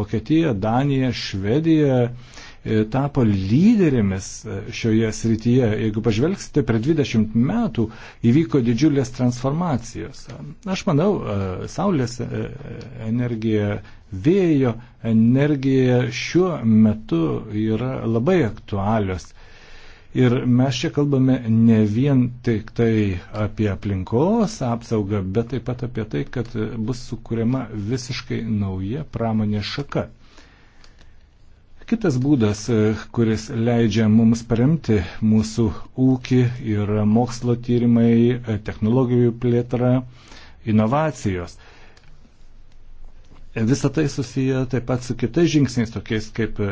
Vokietija, Danija, Švedija e, tapo lyderėmis e, šioje srityje. Jeigu pažvelgsite, per 20 metų įvyko didžiulės transformacijos. Aš manau, saulės energija, vėjo energija šiuo metu yra labai aktualios Ir mes čia kalbame ne vien tik tai apie aplinkos apsaugą, bet taip pat apie tai, kad bus sukūriama visiškai nauja pramonės šaka. Kitas būdas, kuris leidžia mums paremti mūsų ūkį, yra mokslo tyrimai, technologijų plėtra, inovacijos. Visą tai susiję taip pat su kitais žingsniais, tokiais kaip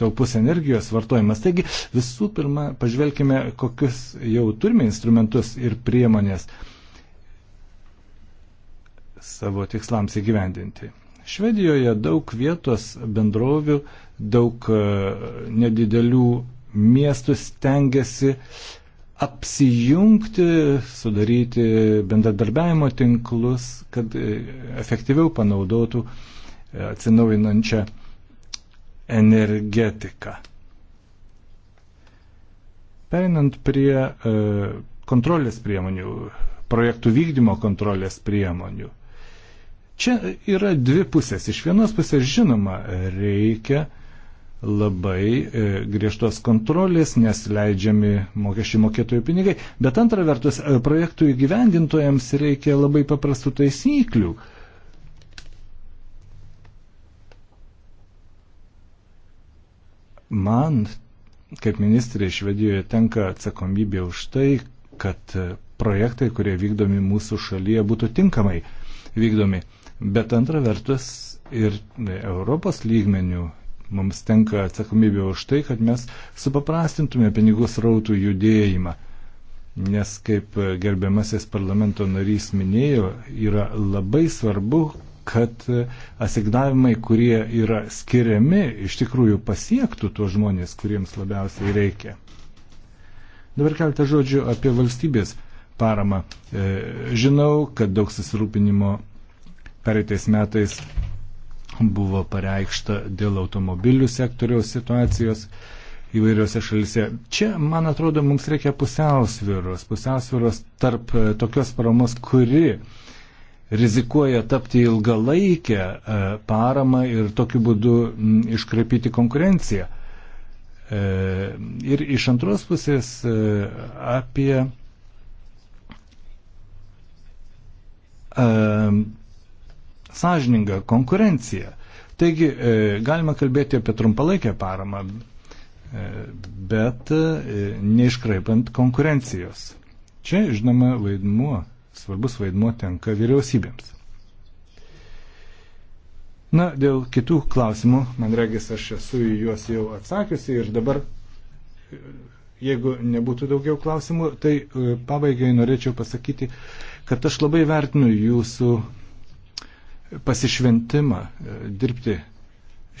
taupus energijos vartojimas. Taigi visų pirma, pažvelkime, kokius jau turime instrumentus ir priemonės savo tikslams įgyvendinti. Švedijoje daug vietos bendrovių, daug e, nedidelių miestų stengiasi apsijungti, sudaryti bendradarbiavimo tinklus, kad e, efektyviau panaudotų e, atsinaujinančią energetiką. Perinant prie e, kontrolės priemonių, projektų vykdymo kontrolės priemonių. Čia yra dvi pusės. Iš vienos pusės, žinoma, reikia labai e, griežtos kontrolės, nes leidžiami mokesčių mokėtojų pinigai. Bet antra vertus, e, projektų įgyvendintojams reikia labai paprastų taisyklių, Man, kaip ministrė Švedijoje, tenka atsakomybė už tai, kad projektai, kurie vykdomi mūsų šalyje, būtų tinkamai vykdomi. Bet antra vertus ir Europos lygmenių mums tenka atsakomybė už tai, kad mes supaprastintume pinigų srautų judėjimą. Nes, kaip gerbiamasis parlamento narys minėjo, yra labai svarbu, kad e, asignavimai, kurie yra skiriami, iš tikrųjų pasiektų tuos žmonės, kuriems labiausiai reikia. Dabar keltą žodžių apie valstybės paramą. E, žinau, kad daug susirūpinimo pereitais metais buvo pareikšta dėl automobilių sektoriaus situacijos įvairiose šalise. Čia, man atrodo, mums reikia pusiausviros, pusiausviros tarp e, tokios paramos, kuri uh, rizikuoja tapti ilgalaikę e, paramą ir tokiu būdu iškraipyti konkurenciją. E, ir iš antros pusės e, apie sąžiningą konkurenciją. Taigi galima kalbėti apie trumpalaikę paramą, bet neiškraipant konkurencijos. Čia, žinoma, vaidmuo svarbus vaidmuo tenka vyriausybėms. Na, dėl kitų klausimų, man regis, aš esu į juos jau atsakiusi ir dabar, jeigu nebūtų daugiau klausimų, tai e, pabaigai norėčiau pasakyti, kad aš labai vertinu jūsų pasišventimą e, dirbti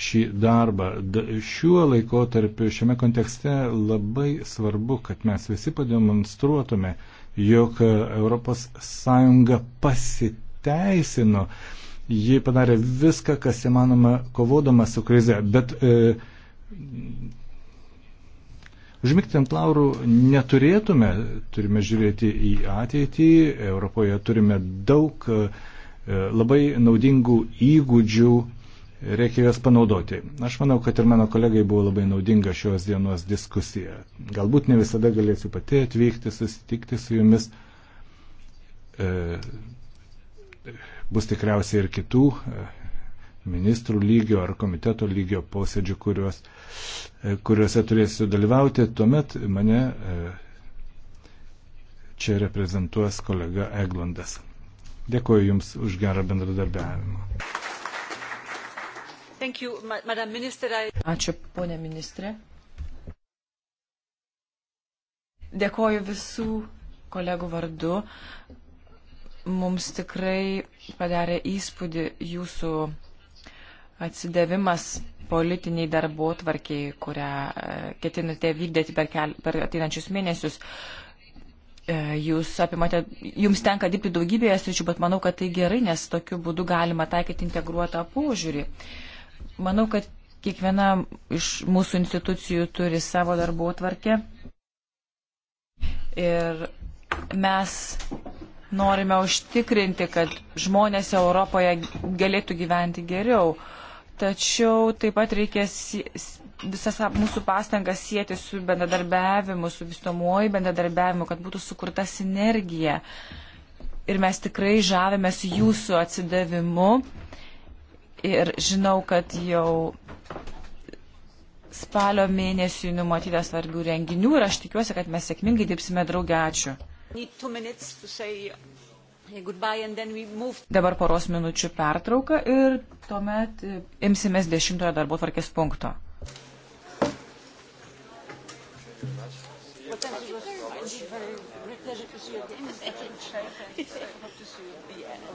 šį darbą. Šiuo laikotarpiu, šiame kontekste labai svarbu, kad mes visi pademonstruotume, jog ES pasiteisino. Ji padarė viską, kas įmanoma, kovodama su krize, bet e, Užmigti ant laurų neturėtume, turime žiūrėti į ateitį, Europoje turime daug e, labai naudingų įgūdžių reikia juos panaudoti. Aš manau, kad ir mano kolegai buvo labai naudinga šios dienos diskusija. Galbūt ne visada galėsiu pati atvykti, susitikti su jumis. E, bus tikriausiai ir kitų e, ministrų lygio ar komiteto lygio posėdžių, kuriuos, e, kuriuose turėsiu dalyvauti. Tuomet mane e, čia reprezentuos kolega Eglondas. Dėkuoju Jums už gerą bendradarbiavimą. You, Minister, I... Ačiū, ponė ministrė. Dėkoju visų kolegų vardu. Mums tikrai padarė įspūdį jūsų atsidavimas politiniai darbo tvarkiai, kurią e, ketinate vykdyti per, kel, per ateinančius mėnesius. E, jūs apimate, jums tenka dirbti daugybėje sričių, bet manau, kad tai gerai, nes tokiu būdu galima taikyti integruotą požiūrį. Uh, Manau, kad kiekviena iš mūsų institucijų turi savo darbo tvarkę. Ir mes norime užtikrinti, kad žmonės Europoje galėtų gyventi geriau. Tačiau taip pat reikės visas mūsų pastangas sieti su bendradarbiavimu, su visomuoju bendradarbiavimu, kad būtų sukurta sinergija. Ir mes tikrai žavėmės jūsų atsidavimu Ir žinau, kad jau spalio mėnesių numatyta svarbių renginių ir aš tikiuosi, kad mes sėkmingai dirbsime draugę. Ačiū. Dabar poros minučių pertrauka ir tuomet e, imsimės dešimtojo darbo tvarkės punkto.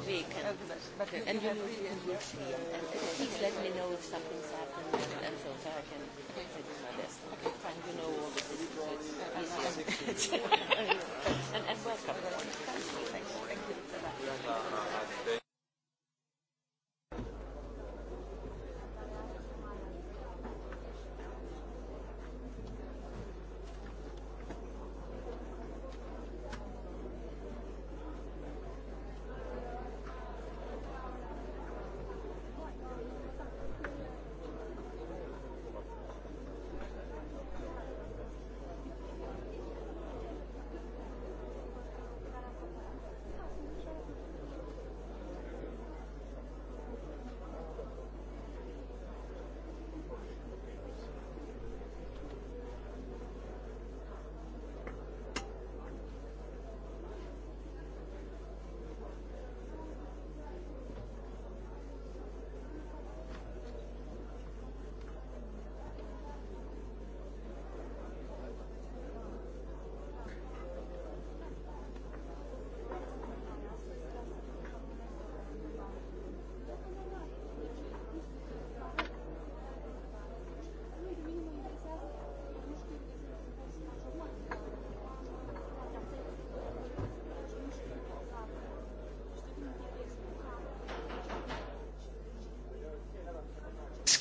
Well, But and you have really and you'll see. And, and, and please let me know if something's happened and, and so, so I can okay. do my best. Okay, fine. You know all the systems, so it's easier.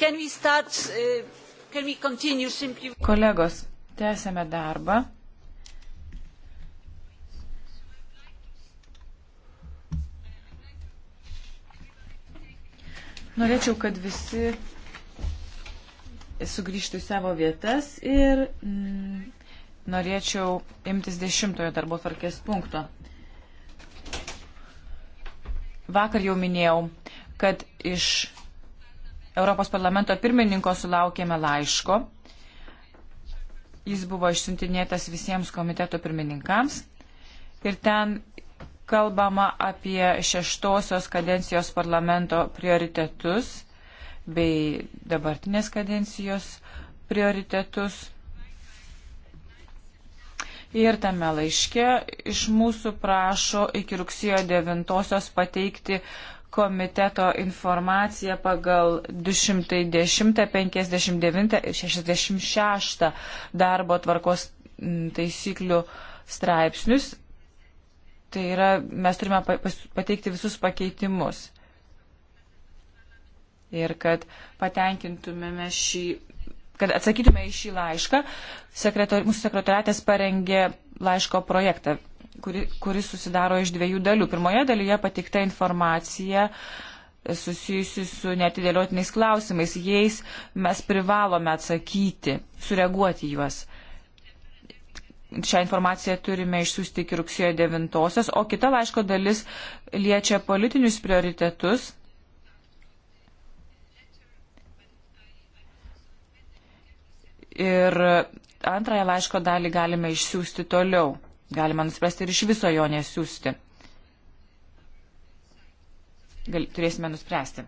Can we start, uh, can we continue simply? Kolegos, tęsėme darbą. Norėčiau, kad visi sugrįžtų į savo vietas ir mm, norėčiau imtis dešimtojo darbo tvarkės punkto. Vakar jau minėjau, kad iš Europos parlamento pirmininko sulaukėme laiško. Jis buvo išsiuntinėtas visiems komiteto pirmininkams. Ir ten kalbama apie šeštosios kadencijos parlamento prioritetus bei dabartinės kadencijos prioritetus. Ir tame laiške iš mūsų prašo iki rugsėjo 9 pateikti komiteto informaciją pagal 210, 59 ir 66 darbo tvarkos taisyklių straipsnius. Tai yra, mes turime pateikti visus pakeitimus. Ir kad patenkintumėme šį, kad atsakytume į šį laišką, sekretor, mūsų sekretariatės parengė laiško projektą kuri, kuris susidaro iš dviejų dalių. Pirmoje dalyje pateikta informacija susijusi su netidėliotiniais klausimais. Jais mes privalome atsakyti, sureaguoti juos. Šią informaciją turime išsiųsti iki rugsėjo 9-osios, o kita laiško dalis liečia politinius prioritetus. Ir antrąją laiško dalį galime išsiųsti toliau. Galima nuspręsti ir iš viso jo nesiųsti. Gal, turėsime nuspręsti.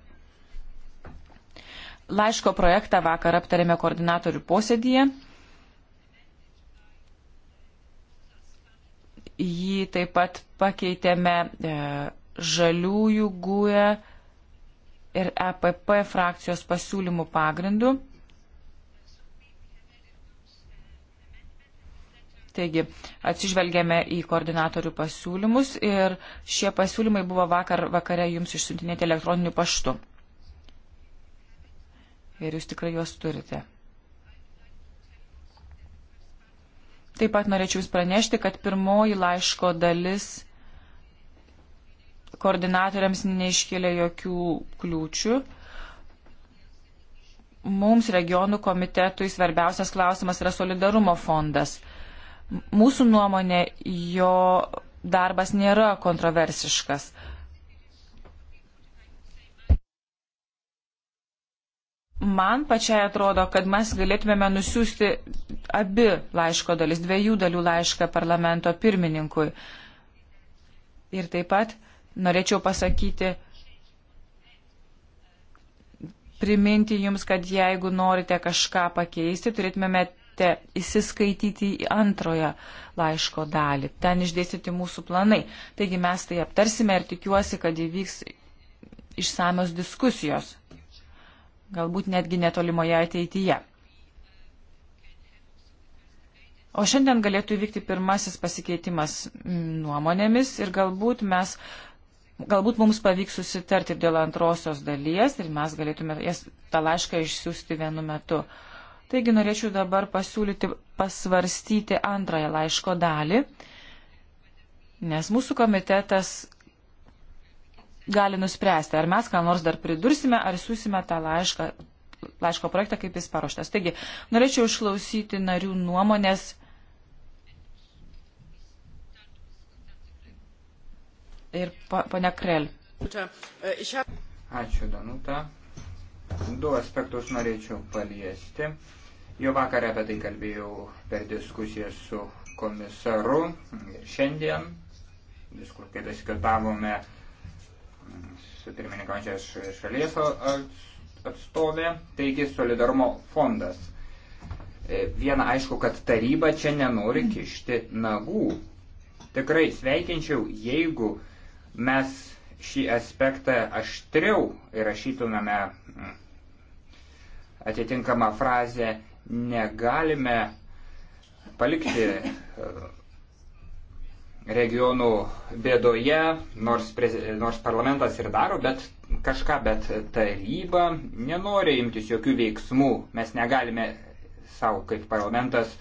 Laiško projektą vakar aptarėme koordinatorių posėdyje. Jį taip pat pakeitėme e, žaliųjų guė e ir EPP frakcijos pasiūlymų pagrindų. Taigi atsižvelgėme į koordinatorių pasiūlymus ir šie pasiūlymai buvo vakar vakare jums išsiuntinėti elektroniniu paštu. Ir jūs tikrai juos turite. Taip pat norėčiau Jūs pranešti, kad pirmoji laiško dalis koordinatoriams neiškėlė jokių kliūčių. Mums regionų komitetui svarbiausias klausimas yra solidarumo fondas. Mūsų nuomonė, jo darbas nėra kontroversiškas. Man pačiai atrodo, kad mes galėtumėme nusiųsti abi laiško dalis, dviejų dalių laišką parlamento pirmininkui. Ir taip pat norėčiau pasakyti, priminti jums, kad jeigu norite kažką pakeisti, turėtumėme galite įsiskaityti į antroją laiško dalį. Ten išdėstyti mūsų planai. Taigi mes tai aptarsime ir tikiuosi, kad įvyks išsamios diskusijos. Galbūt netgi netolimoje ateityje. O šiandien galėtų įvykti pirmasis pasikeitimas nuomonėmis ir galbūt mes, galbūt mums pavyks susitarti dėl antrosios dalies ir mes galėtume jas tą laišką išsiųsti vienu metu. Taigi norėčiau dabar pasiūlyti pasvarstyti antrąją laiško dalį, nes mūsų komitetas gali nuspręsti, ar mes ką nors dar pridursime, ar siūsime tą laišką, laiško projektą, kaip jis paruoštas. Taigi, norėčiau išklausyti narių nuomonės. Ir ponia Krel. Ačiū, Danuta. Du aspektus norėčiau paliesti. Jau vakarą apie tai kalbėjau per diskusiją su komisaru ir šiandien, kai diskutavome su pirmininkaujančias šalies atstovė, taigi solidarumo fondas. E, viena aišku, kad taryba čia nenori kišti nagų. Tikrai sveikinčiau, jeigu mes šį aspektą aštriau įrašytumėme mm, atitinkamą frazę, negalime palikti e, regionų bėdoje, nors, nors parlamentas ir daro, bet kažką, bet taryba nenori imtis jokių veiksmų. Mes negalime savo kaip parlamentas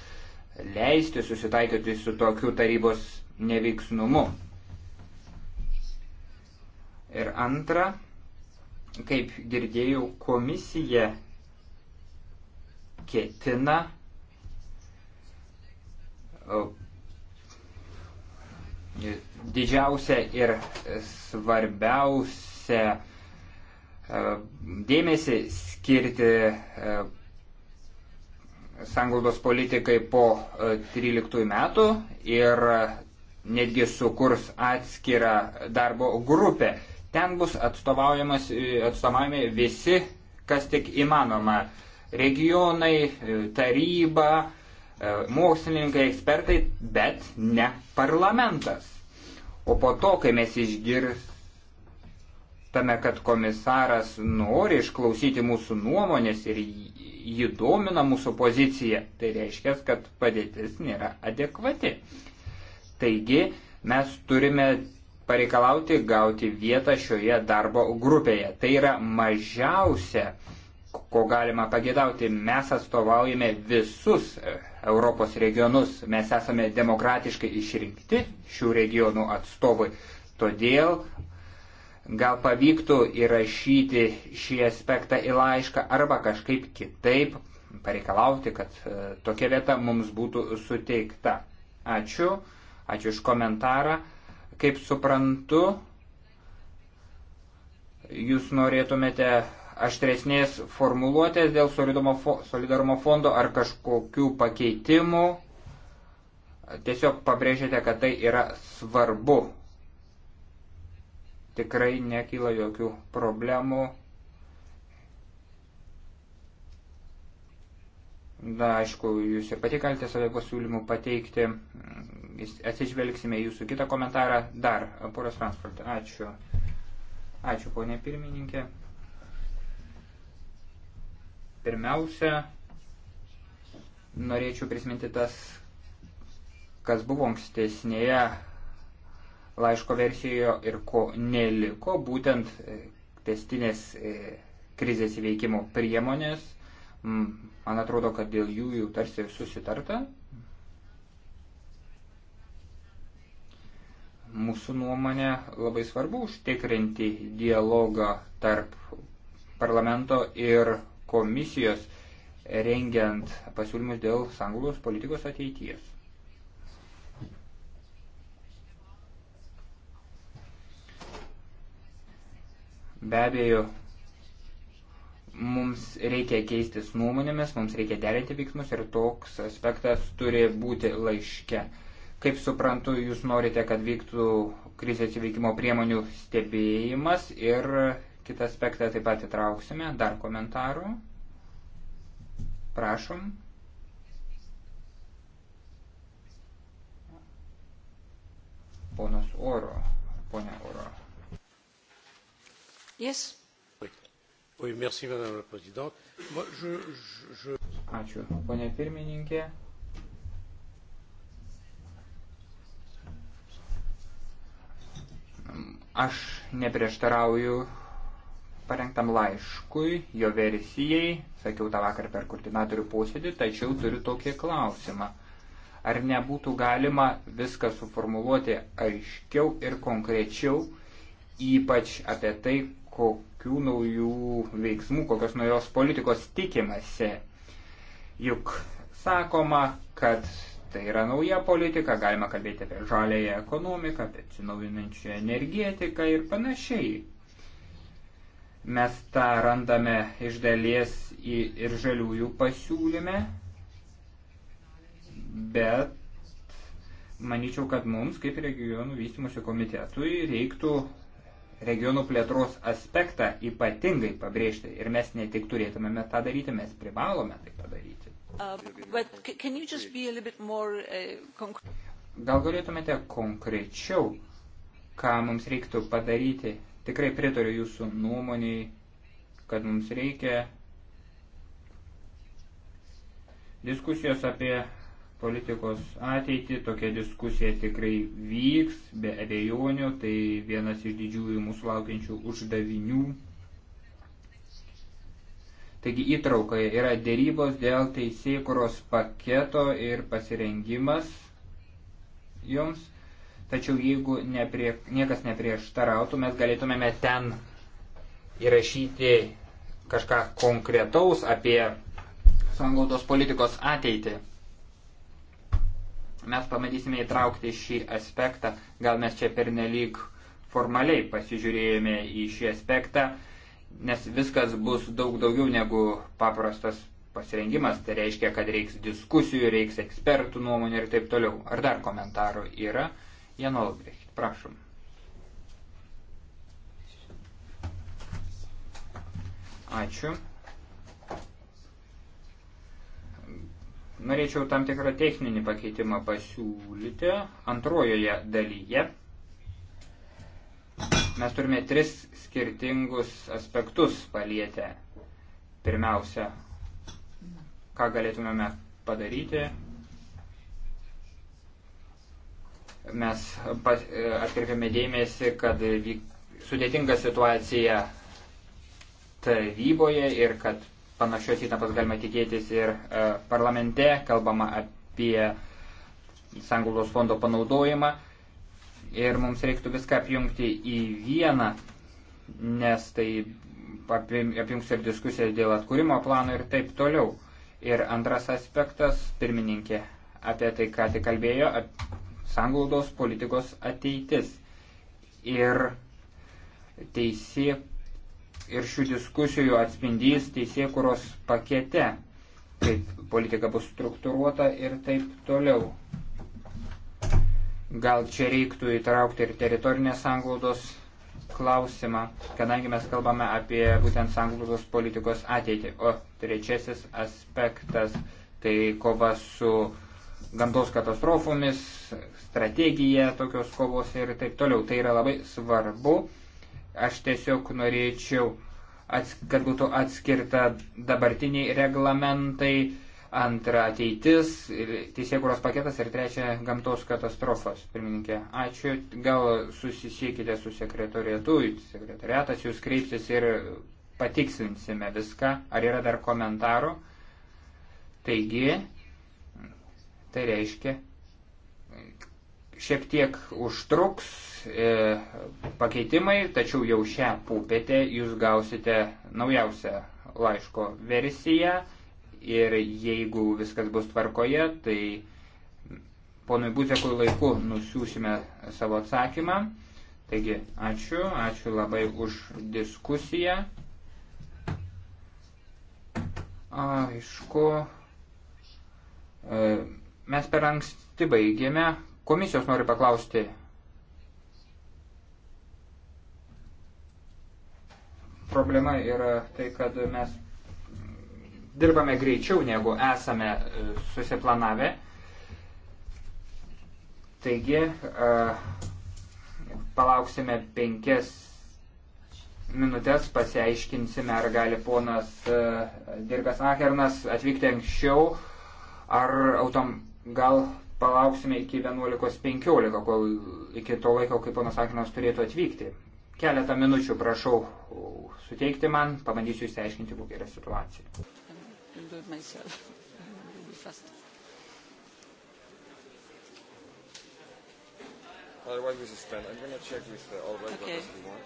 leisti susitaikyti su tokiu tarybos neveiksnumu. Ir antra, kaip girdėjau, komisija ketina didžiausia ir svarbiausia e, dėmesį skirti e, sanglaudos politikai po 13 e, metų ir netgi sukurs atskirą darbo grupę Ten bus e, atstovaujami visi, kas tik įmanoma. Regionai, e, taryba, e, mokslininkai, ekspertai, bet ne parlamentas. O po to, kai mes išgirstame, kad komisaras nori išklausyti mūsų nuomonės ir jį domina mūsų pozicija, tai reiškia, kad padėtis nėra adekvati. Taigi mes turime pareikalauti gauti vietą šioje darbo grupėje. Tai yra mažiausia, ko galima pagėdauti. Mes atstovaujame visus e, Europos regionus, mes esame demokratiškai išrinkti šių regionų atstovai. Todėl gal pavyktų įrašyti šį aspektą į laišką arba kažkaip kitaip pareikalauti, kad e, tokia vieta mums būtų suteikta. Ačiū, ačiū iš komentarą. Kaip suprantu, jūs norėtumėte aštresnės formuluotės dėl solidarumo fondo ar kažkokių pakeitimų. Tiesiog pabrėžėte, kad tai yra svarbu. Tikrai nekyla jokių problemų. Na, aišku, jūs ir pati galite savo pasiūlymų pateikti, atsižvelgsime jūsų kitą komentarą dar poros transportą. Ačiū. Ačiū, ponė pirmininkė. Pirmiausia, norėčiau prisiminti tas, kas buvo ankstesnėje laiško versijoje ir ko neliko, būtent e, testinės e, krizės įveikimo priemonės. Man atrodo, kad dėl jų jau tarsi susitarta, mūsų nuomonė labai svarbu užtikrinti dialogą tarp parlamento ir komisijos rengiant pasiūlymus dėl sanglos politikos ateities. Be abejo, mums reikia keistis nuomonėmis, mums reikia derinti veiksmus ir toks aspektas turi būti laiške. Kaip suprantu, jūs norite, kad vyktų krizės įveikimo priemonių stebėjimas ir kitą aspektą taip pat įtrauksime. Dar komentarų? Prašom. Ponas Oro. Ponia Oro. Yes. Oui, merci, Madame la Présidente. Moi, je, je, je... Ačiū, ponia pirmininkė. Aš neprieštarauju parengtam laiškui, jo versijai, sakiau tą vakar per koordinatorių posėdį, tačiau turiu tokį klausimą. Ar nebūtų galima viską suformuluoti aiškiau ir konkrečiau, ypač apie tai, kokių naujų veiksmų, kokios naujos politikos tikimasi? Juk sakoma, kad Tai yra nauja politika, galima kalbėti apie žalėją ekonomiką, apie atsinaujinančią energetiką ir panašiai. Mes tą randame iš dalies ir žaliųjų pasiūlyme, bet manyčiau, kad mums kaip regionų vystimusi komitetui reiktų regionų plėtros aspektą ypatingai pabrėžti ir mes ne tik turėtumėme tą daryti, mes privalome tai padaryti. Uh, uh, Gal galėtumėte konkrečiau, ką mums reiktų padaryti? Tikrai pritariu jūsų nuomoniai, kad mums reikia diskusijos apie politikos ateitį. Tokia diskusija tikrai vyks, be abejonių. Tai vienas iš didžiųjų mūsų laukiančių uždavinių Taigi įtraukoje yra dėrybos dėl teisėkuros paketo ir pasirengimas jums. Tačiau jeigu neprie, niekas neprieštarautų, mes galėtumėme ten įrašyti kažką konkretaus apie sanglaudos politikos ateitį. Mes pamatysime įtraukti šį aspektą. Gal mes čia pernelyg formaliai pasižiūrėjome į šį aspektą nes viskas bus daug daugiau negu paprastas pasirengimas, tai reiškia, kad reiks diskusijų, reiks ekspertų nuomonė ir taip toliau. Ar dar komentarų yra? Jan Olbricht, prašom. Ačiū. Norėčiau tam tikrą techninį pakeitimą pasiūlyti antrojoje dalyje. Mes turime tris skirtingus aspektus palietę. Pirmiausia, ką galėtumėme padaryti. Mes atkreipiame dėmesį, kad sudėtinga situacija taryboje ir kad panašios įtampos galima tikėtis ir e, parlamente, kalbama apie sanglaudos fondo panaudojimą ir mums reiktų viską apjungti į vieną, nes tai apjungs ir diskusijas dėl atkūrimo plano ir taip toliau. Ir antras aspektas, pirmininkė, apie tai, ką tik kalbėjo, sanglaudos politikos ateitis. Ir teisė ir šių diskusijų atspindys teisėkuros pakete, kaip politika bus struktūruota ir taip toliau. Gal čia reiktų įtraukti ir teritorinės sanglaudos klausimą, kadangi mes kalbame apie būtent sanglaudos politikos ateitį. O trečiasis aspektas tai kova su gamtos katastrofomis, strategija tokios kovos ir taip toliau. Tai yra labai svarbu. Aš tiesiog norėčiau, kad būtų atskirta dabartiniai reglamentai antra ateitis, teisėkuros paketas ir trečia gamtos katastrofos. Pirmininkė, ačiū. Gal susisiekite su sekretorietu, sekretariatas jūs kreipsis ir patikslinsime viską. Ar yra dar komentarų? Taigi, tai reiškia, šiek tiek užtruks e, pakeitimai, tačiau jau šią pūpėtę jūs gausite naujausią laiško versiją ir jeigu viskas bus tvarkoje, tai ponui Buzekui laiku nusiųsime savo atsakymą. Taigi, ačiū, ačiū labai už diskusiją. Aišku, e, mes per anksti baigėme. Komisijos noriu paklausti. Problema yra tai, kad mes dirbame greičiau, negu esame e, susiplanavę. Taigi, e, palauksime penkias minutės, pasiaiškinsime, ar gali ponas e, Dirgas Akernas atvykti anksčiau, ar autom, gal palauksime iki 11.15, kol iki to laiko, kai ponas Akernas turėtų atvykti. Keletą minučių prašau suteikti man, pabandysiu išsiaiškinti, kokia yra situacija can do it myself. it *laughs* will be faster. Otherwise, we suspend. I'm going to check with uh, all regulators okay. if you want.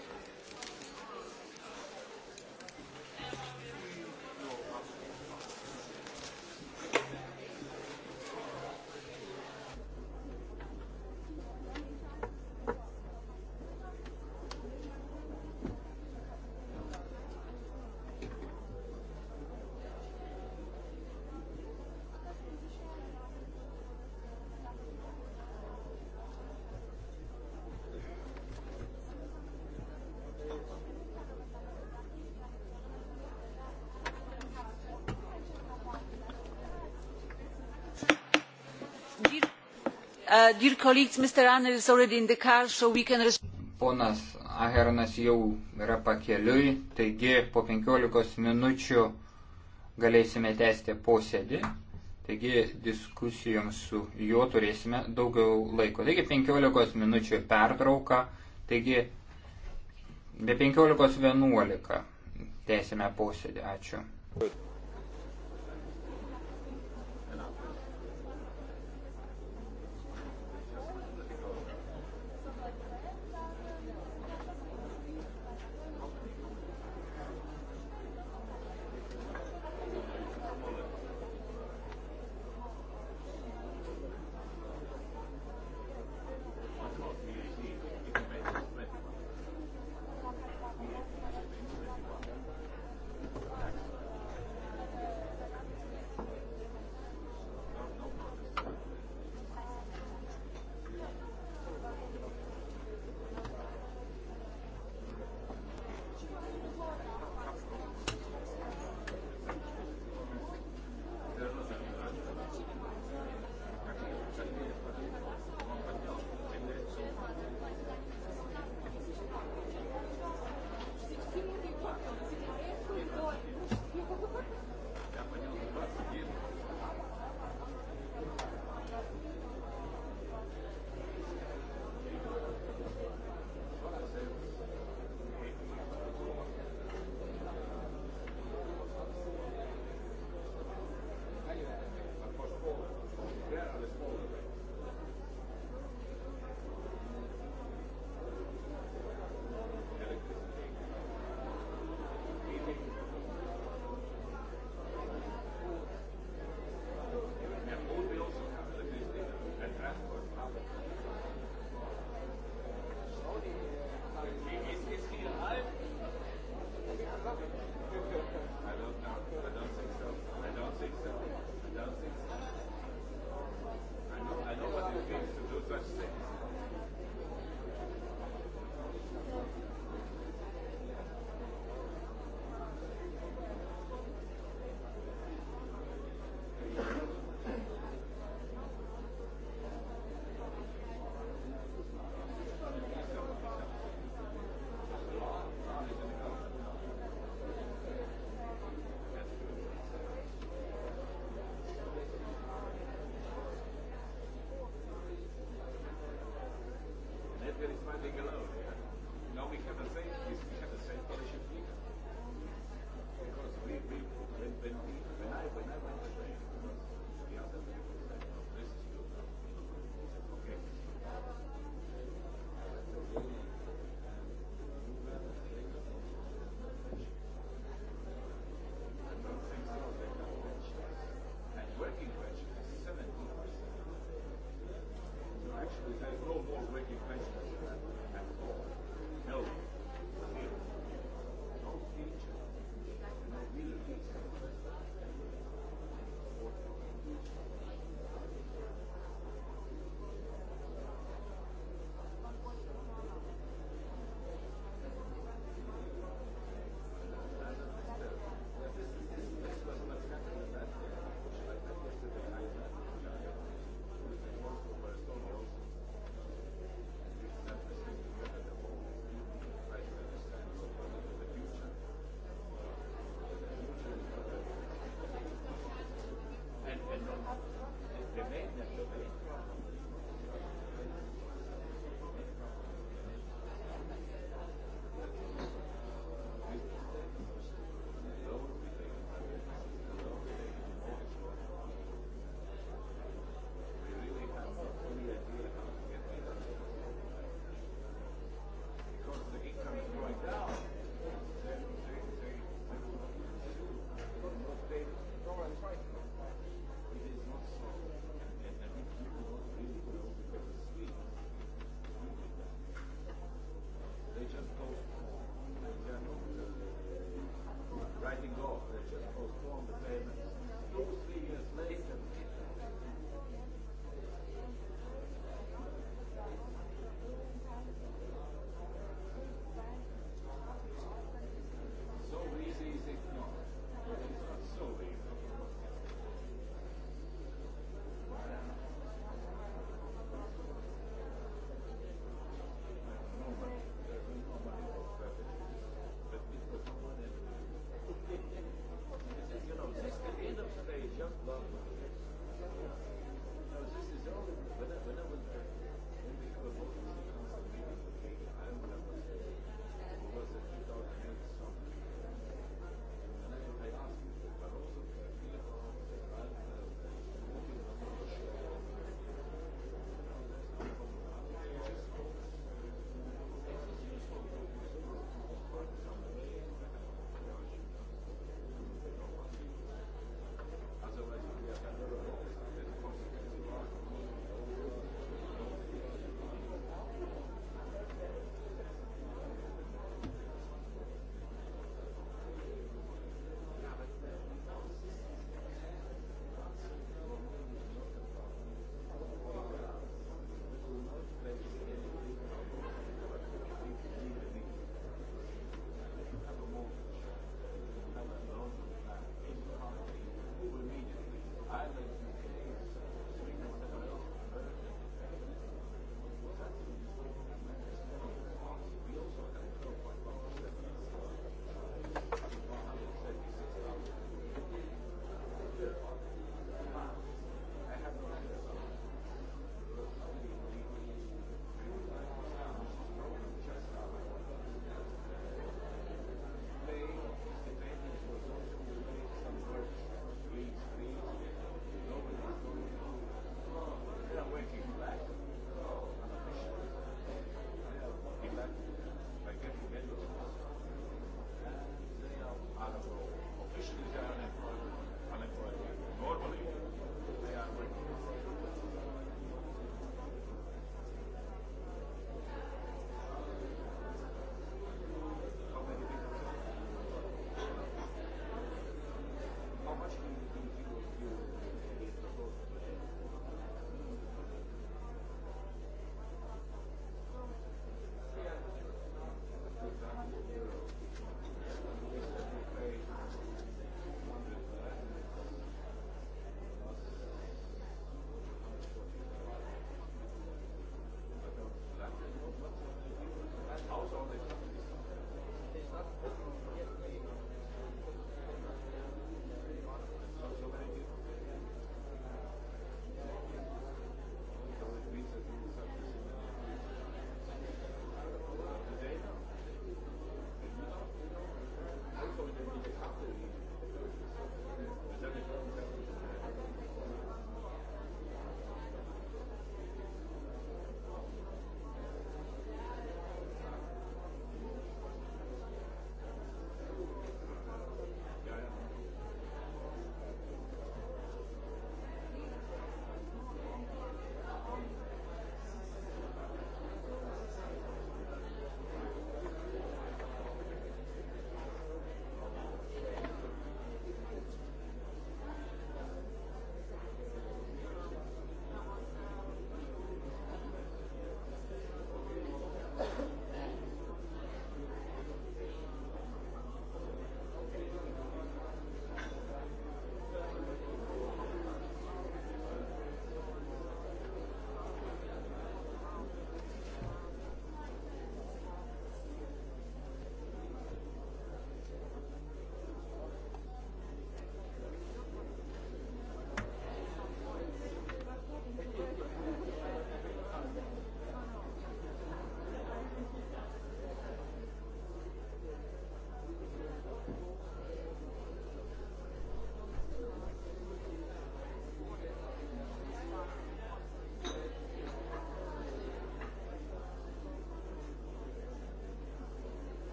Uh, dear colleagues, Mr. Anner is already in the car, so we can... Ponas Ahernas jau yra pakeliui, taigi po 15 minučių galėsime tęsti posėdį. Taigi diskusijoms su juo turėsime daugiau laiko. Taigi 15 minučių pertrauka, taigi be 15.11 tęsime posėdį. Ačiū. Good. really smoking alone.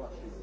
vašim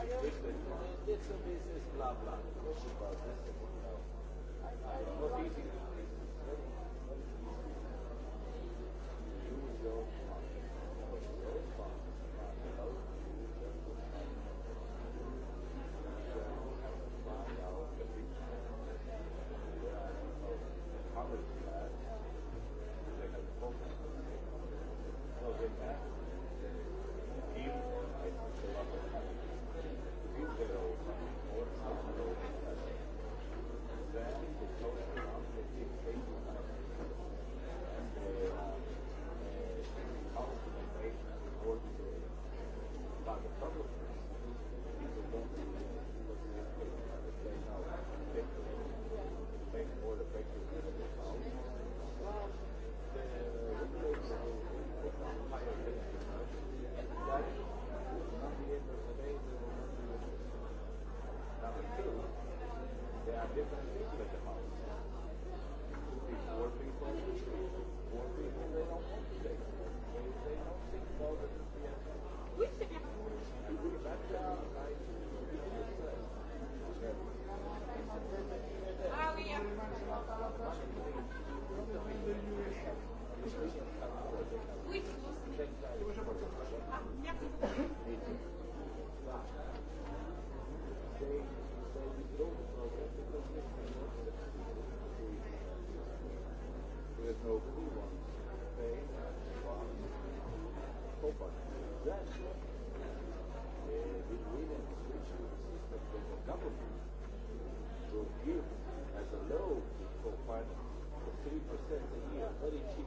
Business, bla bla. Proszę bardzo. as a low for finance for three percent a year, very cheap.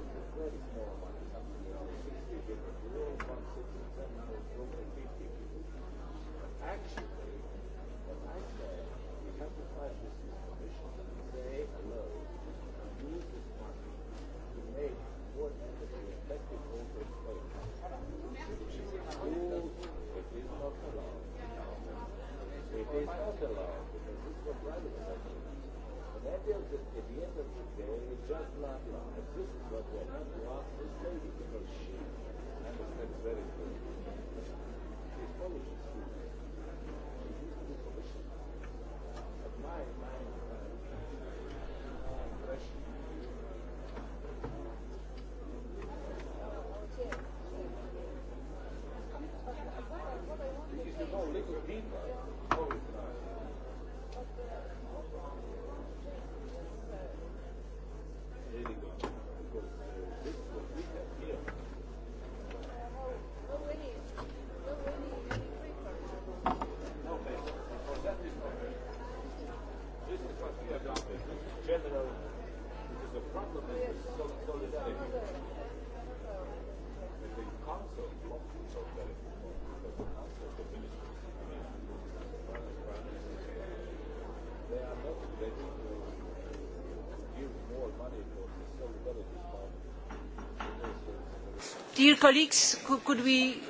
Dear colleagues, could we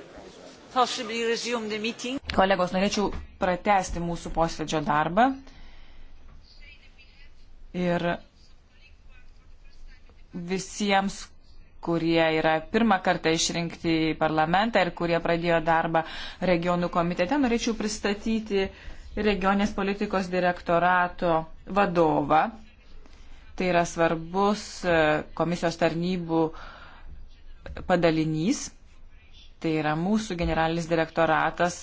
possibly resume the meeting? Kolegos, norėčiau pratesti mūsų posėdžio darbą. Ir visiems, kurie yra pirmą kartą išrinkti į parlamentą ir kurie pradėjo darbą regionų komitete, norėčiau pristatyti regionės politikos direktorato vadovą. Tai yra svarbus e, komisijos tarnybų uh, padalinys, tai yra mūsų generalinis direktoratas,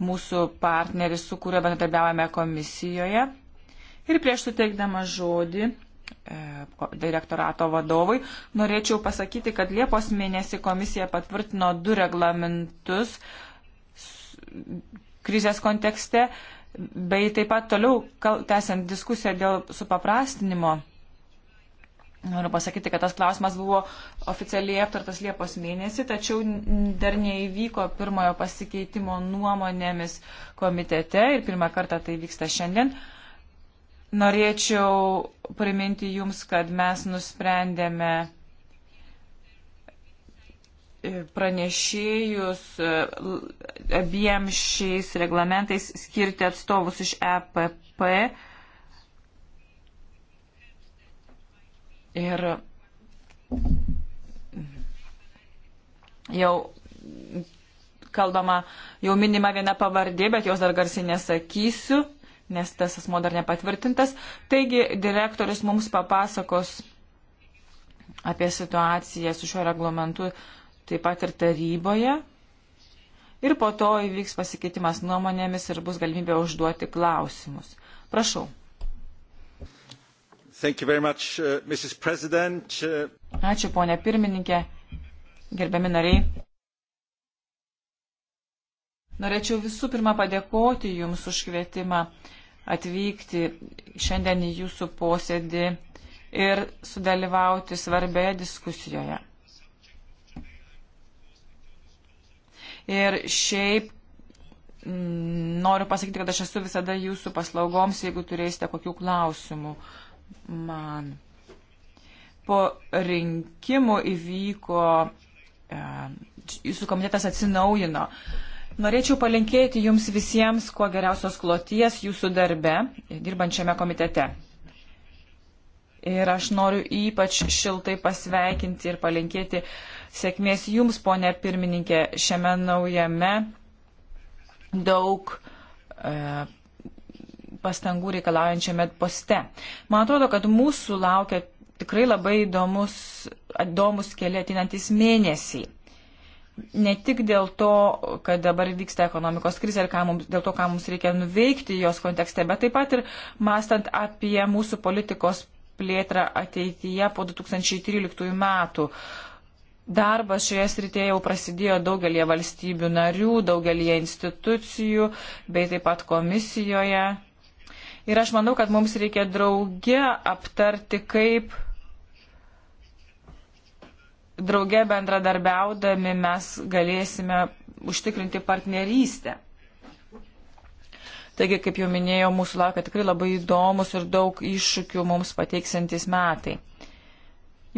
mūsų partneris, su kuriuo bendradarbiavame komisijoje. Ir prieš suteikdama žodį e, direktorato vadovui, norėčiau pasakyti, kad Liepos mėnesį komisija patvirtino du reglamentus krizės kontekste, bei taip pat toliau, tęsiant diskusiją dėl supaprastinimo Noriu pasakyti, kad tas klausimas buvo oficialiai aptartas Liepos mėnesį, tačiau dar neįvyko pirmojo pasikeitimo nuomonėmis komitete ir pirmą kartą tai vyksta šiandien. Norėčiau priminti Jums, kad mes nusprendėme e, pranešėjus e, abiem šiais reglamentais skirti atstovus iš EPP Ir jau kalbama, jau minima viena pavardė, bet jos dar garsiai nesakysiu, nes tas asmo dar nepatvirtintas. Taigi direktorius mums papasakos apie situaciją su šiuo reglamentu taip pat ir taryboje. Ir po to įvyks pasikeitimas nuomonėmis ir bus galimybė užduoti klausimus. Prašau. Much, uh, uh, Ačiū, ponė pirmininkė, gerbiami nariai. Norėčiau visų pirma padėkoti Jums už kvietimą atvykti šiandien į Jūsų posėdį ir sudalyvauti svarbioje diskusijoje. Ir šiaip mm, noriu pasakyti, kad aš esu visada Jūsų paslaugoms, jeigu turėsite kokių klausimų. Uh, man. Po rinkimų įvyko, e, jūsų komitetas atsinaujino. Norėčiau palinkėti jums visiems kuo geriausios kloties jūsų darbe, dirbančiame komitete. Ir aš noriu ypač šiltai pasveikinti ir palinkėti sėkmės jums, ponė pirmininkė, šiame naujame daug e, pastangų reikalaujančiame poste. Man atrodo, kad mūsų laukia tikrai labai įdomus, įdomus keli ateinantis mėnesiai. Ne tik dėl to, kad dabar vyksta ekonomikos krizė ir mums, dėl to, ką mums reikia nuveikti jos kontekste, bet taip pat ir mąstant apie mūsų politikos plėtrą ateityje po 2013 metų. Darbas šioje srityje jau prasidėjo daugelie valstybių narių, daugelie institucijų, bei taip pat komisijoje Ir aš manau, kad mums reikia drauge aptarti, kaip drauge bendradarbiaudami mes galėsime užtikrinti partnerystę. Taigi, kaip jau minėjau, mūsų laukia tikrai labai įdomus ir daug iššūkių mums pateiksantis metai.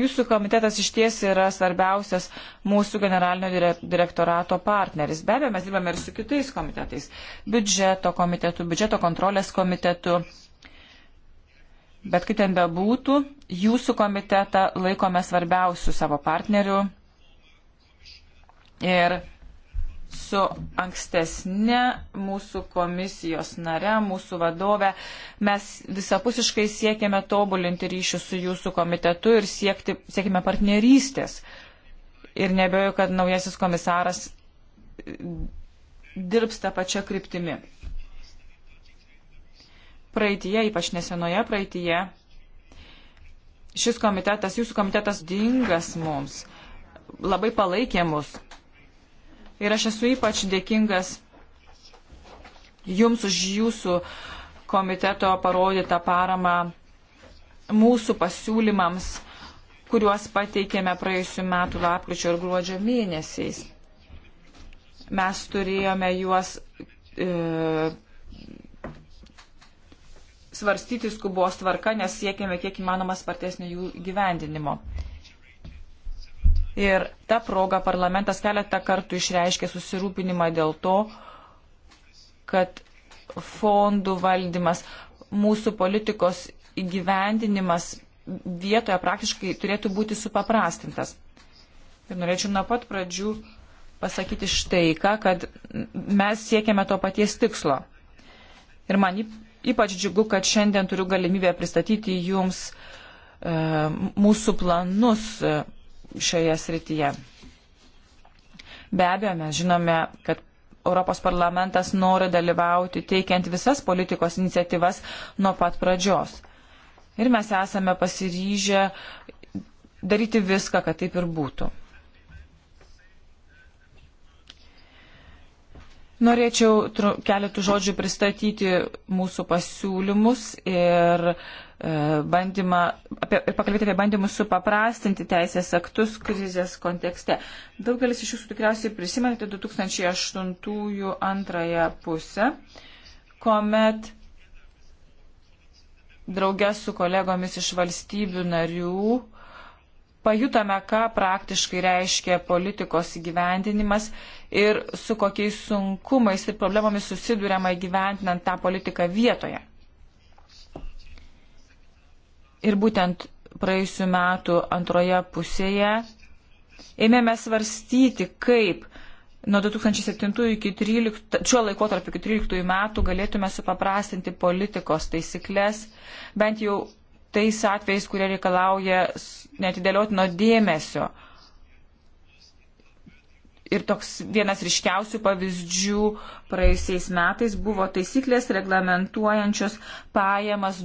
Jūsų komitetas iš ties yra svarbiausias mūsų generalinio direktorato partneris. Be abejo, mes dirbame ir su kitais komitetais. Biudžeto komitetu, biudžeto kontrolės komitetu. Bet kaip ten bebūtų, jūsų komitetą laikome svarbiausių savo partnerių. Ir su ankstesne mūsų komisijos nare, mūsų vadove. Mes visapusiškai siekiame tobulinti ryšių su jūsų komitetu ir siekti, siekime partnerystės. Ir nebejoju, kad naujasis komisaras dirbs tą pačią kryptimį. Praeitie, ypač nesenoje praeitie, šis komitetas, jūsų komitetas dingas mums, labai palaikė mus, Ir aš esu ypač dėkingas Jums už Jūsų komiteto parodytą paramą mūsų pasiūlymams, kuriuos pateikėme praėjusiu metu lapkričio ir gruodžio mėnesiais. Mes turėjome juos e, svarstyti skubos tvarka, nes siekėme kiek įmanoma spartesnį jų gyvendinimo. E, Ir ta proga parlamentas keletą kartų išreiškė susirūpinimą dėl to, kad fondų valdymas, mūsų politikos įgyvendinimas vietoje praktiškai turėtų būti supaprastintas. Ir norėčiau nuo pat pradžių pasakyti štai ką, kad mes siekiame to paties tikslo. Ir man ypač džiugu, kad šiandien turiu galimybę pristatyti jums e, mūsų planus. E, šioje srityje. Be abejo, mes žinome, kad Europos parlamentas nori dalyvauti teikiant visas politikos iniciatyvas nuo pat pradžios. Ir mes esame pasiryžę daryti viską, kad taip ir būtų. Norėčiau keletų žodžių pristatyti mūsų pasiūlymus ir uh, E, bandymą, apie, ir pakalbėti apie bandymus supaprastinti teisės aktus krizės kontekste. Daugelis iš jūsų tikriausiai prisimenate 2008 antrąją pusę, kuomet draugę su kolegomis iš valstybių narių pajutome, ką praktiškai reiškia politikos įgyvendinimas ir su kokiais sunkumais ir problemomis susidūrėma įgyvendinant tą politiką vietoje. Ir būtent praėjusiu metu antroje pusėje ėmėme svarstyti, kaip nuo 2007 iki 13, šiuo laikotarpiu iki 13 metų galėtume supaprastinti politikos taisyklės, bent jau tais atvejais, kurie reikalauja netidėliotino dėmesio. Uh, Ir toks vienas ryškiausių pavyzdžių praėjusiais metais buvo taisyklės reglamentuojančios pajamas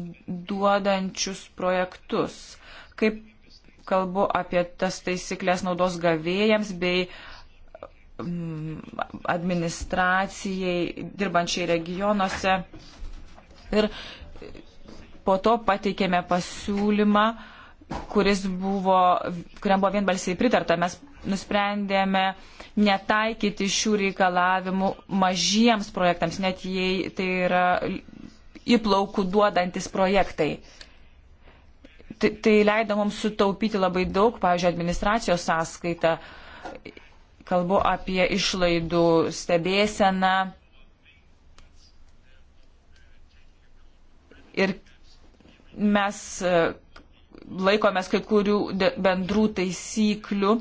duodančius projektus. Kaip kalbu apie tas taisyklės naudos gavėjams bei mm, administracijai dirbančiai regionuose. Ir po to pateikėme pasiūlymą, kuris buvo, kuriam buvo vienbalsiai pritarta. Mes nusprendėme netaikyti šių reikalavimų mažiems projektams, net jei tai yra įplaukų duodantis projektai. Tai, tai leido mums sutaupyti labai daug, pavyzdžiui, administracijos sąskaitą. Kalbu apie išlaidų stebėseną ir mes e, laikomės kai kurių bendrų taisyklių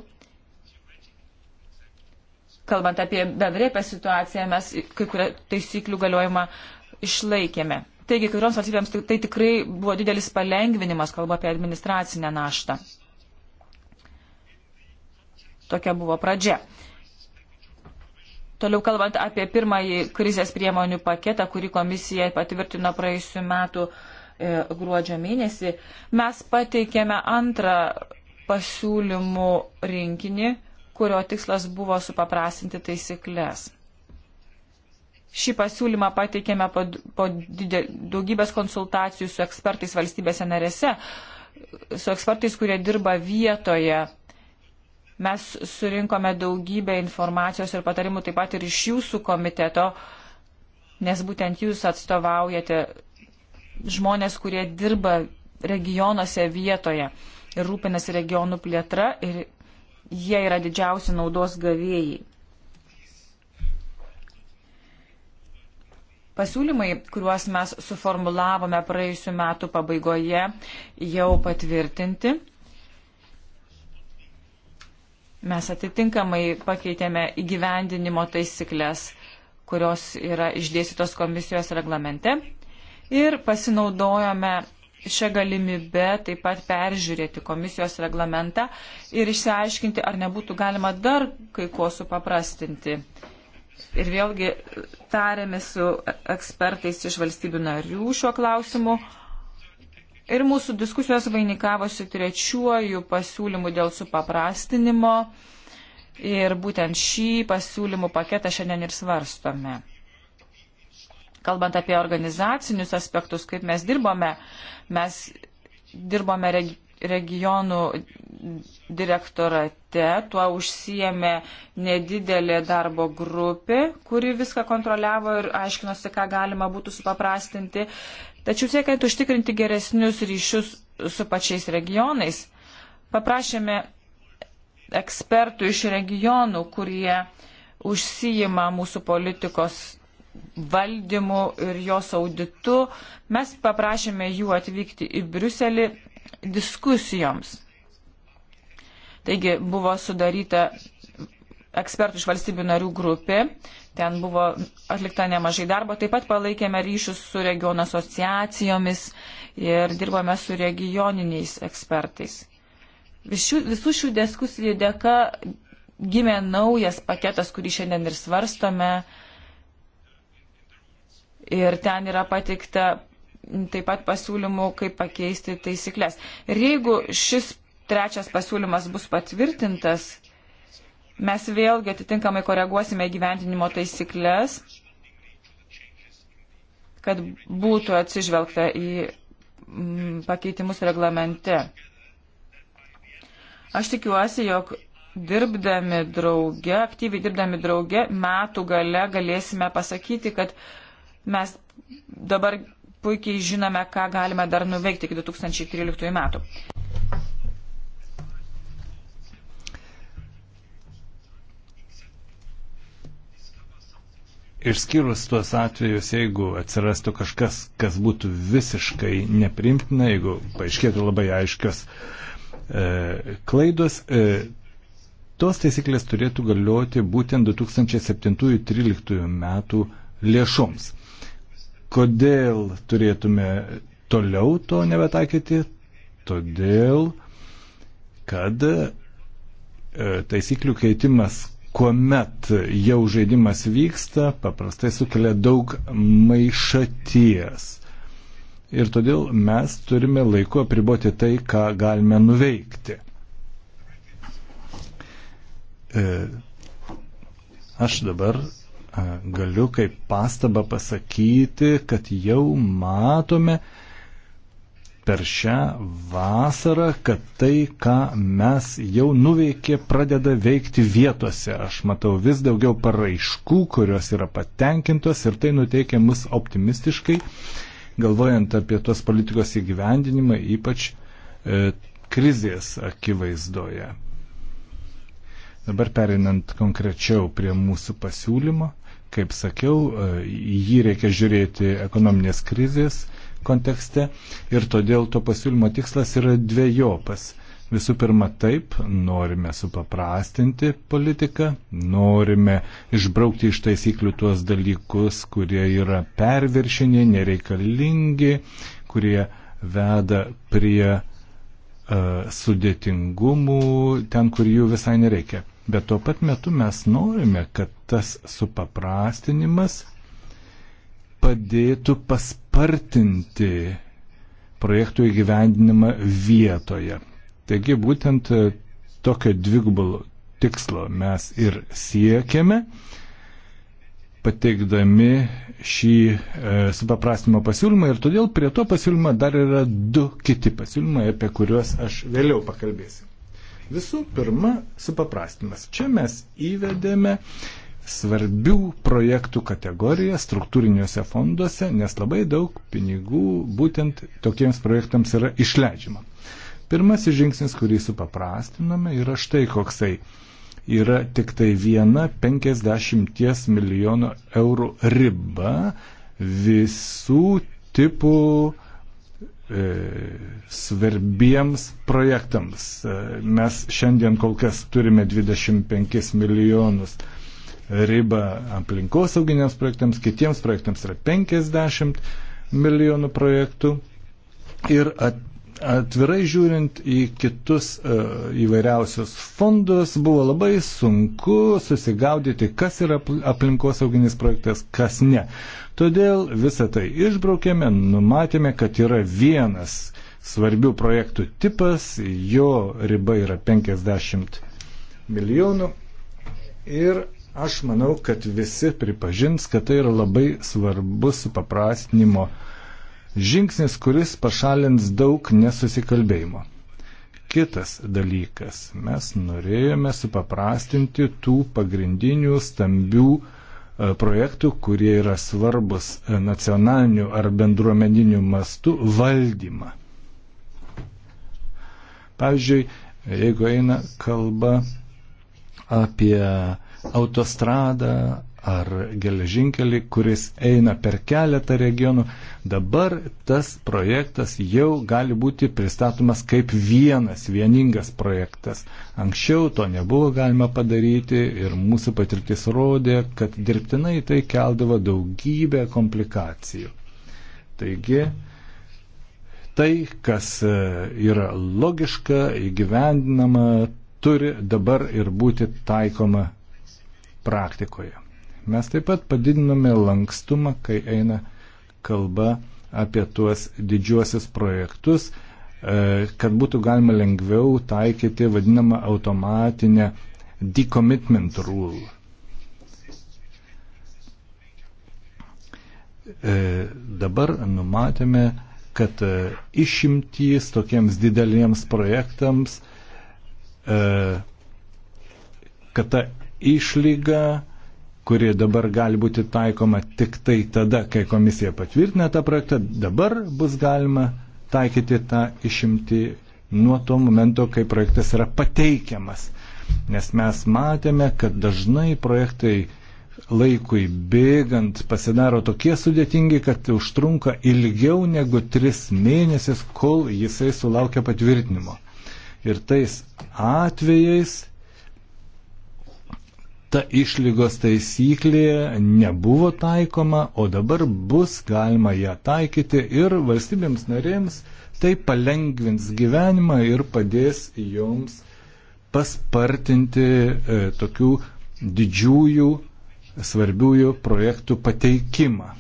kalbant apie bendrai apie situaciją, mes kai kurią taisyklių galiojimą išlaikėme. Taigi, kai kurioms valstybėms tai tikrai buvo didelis palengvinimas, kalbu apie administracinę naštą. Tokia buvo pradžia. Toliau kalbant apie pirmąjį krizės priemonių paketą, kurį komisija patvirtino praėjusiu metu e, gruodžio mėnesį, mes pateikėme antrą pasiūlymų rinkinį, kurio tikslas buvo supaprastinti taisyklės. Šį pasiūlymą pateikėme po, po didel, daugybės konsultacijų su ekspertais valstybėse narėse, su ekspertais, kurie dirba vietoje. Mes surinkome daugybę informacijos ir patarimų taip pat ir iš jūsų komiteto, nes būtent jūs atstovaujate žmonės, kurie dirba regionuose vietoje ir rūpinasi regionų plėtra ir jie yra didžiausi naudos gavėjai. Pasiūlymai, kuriuos mes suformulavome praėjusiu metu pabaigoje, jau patvirtinti. Mes atitinkamai pakeitėme įgyvendinimo taisyklės, kurios yra išdėstytos komisijos reglamente ir pasinaudojome šią galimybę taip pat peržiūrėti komisijos reglamentą ir išsiaiškinti, ar nebūtų galima dar kai ko supaprastinti. Ir vėlgi tarėmės su ekspertais iš valstybių narių šiuo klausimu. Ir mūsų diskusijos vainikavosi trečiuoju pasiūlymu dėl supaprastinimo. Ir būtent šį pasiūlymų paketą šiandien ir svarstome kalbant apie organizacinius aspektus, kaip mes dirbome, mes dirbome regi regionų direktorate, tuo užsijėmė nedidelė darbo grupė, kuri viską kontroliavo ir aiškinosi, ką galima būtų supaprastinti. Tačiau siekiant užtikrinti geresnius ryšius su pačiais regionais, paprašėme ekspertų iš regionų, kurie užsijima mūsų politikos valdymu ir jos auditu. Mes paprašėme jų atvykti į Briuselį diskusijoms. Taigi buvo sudaryta ekspertų iš valstybių narių grupė, ten buvo atlikta nemažai darbo, taip pat palaikėme ryšius su regiono asociacijomis ir dirbome su regioniniais ekspertais. Visų, visų šių diskusijų dėka gimė naujas paketas, kurį šiandien ir svarstome, uh, ir ten yra patikta taip pat pasiūlymų, kaip pakeisti taisyklės. Ir jeigu šis trečias pasiūlymas bus patvirtintas, mes vėlgi atitinkamai koreguosime gyventinimo taisyklės, kad būtų atsižvelgta į mm, pakeitimus reglamente. Aš tikiuosi, jog dirbdami drauge, aktyviai dirbdami drauge, metų gale galėsime pasakyti, kad uh, Mes dabar puikiai žinome, ką galime dar nuveikti iki 2013 metų. Išskyrus tuos atvejus, jeigu atsirastų kažkas, kas būtų visiškai neprimtina, jeigu paaiškėtų labai aiškios e, klaidos, e, tos taisyklės turėtų galioti būtent 2007-2013 metų lėšoms. Kodėl turėtume toliau to nebetaikyti? Todėl, kad e, taisyklių keitimas, kuomet jau žaidimas vyksta, paprastai sukelia daug maišaties. Ir todėl mes turime laiku apriboti tai, ką galime nuveikti. E, aš dabar galiu kaip pastabą pasakyti, kad jau matome per šią vasarą, kad tai, ką mes jau nuveikė, pradeda veikti vietose. Aš matau vis daugiau paraiškų, kurios yra patenkintos ir tai nuteikia mus optimistiškai, galvojant apie tos politikos įgyvendinimą, ypač e, krizės akivaizdoje. Dabar perinant konkrečiau prie mūsų pasiūlymo, Kaip sakiau, jį reikia žiūrėti ekonominės krizės kontekste ir todėl to pasiūlymo tikslas yra dviejopas. Visų pirma, taip, norime supaprastinti politiką, norime išbraukti iš taisyklių tuos dalykus, kurie yra perviršiniai, nereikalingi, kurie veda prie uh, sudėtingumų ten, kur jų visai nereikia bet tuo pat metu mes norime, kad tas supaprastinimas padėtų paspartinti projektų įgyvendinimą vietoje. Taigi būtent e, tokio dvigubo tikslo mes ir siekiame, pateikdami šį e, supaprastimo pasiūlymą ir todėl prie to pasiūlymo dar yra du kiti pasiūlymai, apie kuriuos aš vėliau pakalbėsiu. Visų pirma, supaprastimas. Čia mes įvedėme svarbių projektų kategoriją struktūriniuose fonduose, nes labai daug pinigų būtent tokiems projektams yra išleidžiama. Pirmasis žingsnis, kurį supaprastiname, yra štai koksai. Yra tik tai viena 50 milijono eurų riba visų tipų E, svarbiems projektams. E, mes šiandien kol kas turime 25 milijonus ribą aplinkosauginiams projektams, kitiems projektams yra 50 milijonų projektų ir at, atvirai žiūrint į kitus e, įvairiausius fondus, buvo labai sunku susigaudyti, kas yra aplinkosauginis projektas, kas ne. Todėl visą tai išbraukėme, numatėme, kad yra vienas svarbių projektų tipas, jo riba yra 50 milijonų. Ir aš manau, kad visi pripažins, kad tai yra labai svarbus supaprastinimo projektas žingsnis, kuris pašalins daug nesusikalbėjimo. Kitas dalykas, mes norėjome supaprastinti tų pagrindinių stambių e, projektų, kurie yra svarbus e, nacionaliniu ar bendruomeniniu mastu valdymą. Pavyzdžiui, jeigu eina kalba apie autostradą ar geležinkelį, kuris eina per keletą regionų. Dabar tas projektas jau gali būti pristatomas kaip vienas, vieningas projektas. Anksčiau to nebuvo galima padaryti ir mūsų patirtis rodė, kad dirbtinai tai keldavo daugybę komplikacijų. Taigi, tai, kas e, yra logiška, įgyvendinama, turi dabar ir būti taikoma praktikoje. Mes taip pat padidinome lankstumą, kai eina kalba apie tuos didžiuosius projektus, e, kad būtų galima lengviau taikyti vadinamą automatinę decommitment rule. E, dabar numatėme, kad e, išimtys tokiems dideliems projektams, kad ta išlyga kuri dabar gali būti taikoma tik tai tada, kai komisija patvirtina tą projektą, dabar bus galima taikyti tą išimti nuo to momento, kai projektas yra pateikiamas. Nes mes matėme, kad dažnai projektai laikui bėgant pasidaro tokie sudėtingi, kad užtrunka ilgiau negu tris mėnesius, kol jisai sulaukia patvirtinimo. Ir tais atvejais ta išlygos taisyklė nebuvo taikoma, o dabar bus galima ją taikyti ir valstybėms narėms tai palengvins gyvenimą ir padės joms paspartinti e, tokių didžiųjų svarbiųjų projektų pateikimą.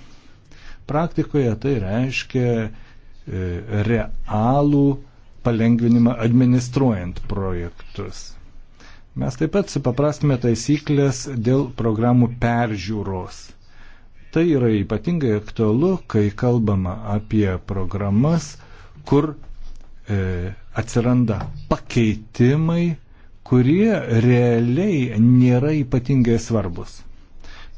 Praktikoje tai reiškia e, realų palengvinimą administruojant projektus. Mes taip pat supaprastame taisyklės dėl programų peržiūros. Tai yra ypatingai aktualu, kai kalbama apie programas, kur e, atsiranda pakeitimai, kurie realiai nėra ypatingai svarbus.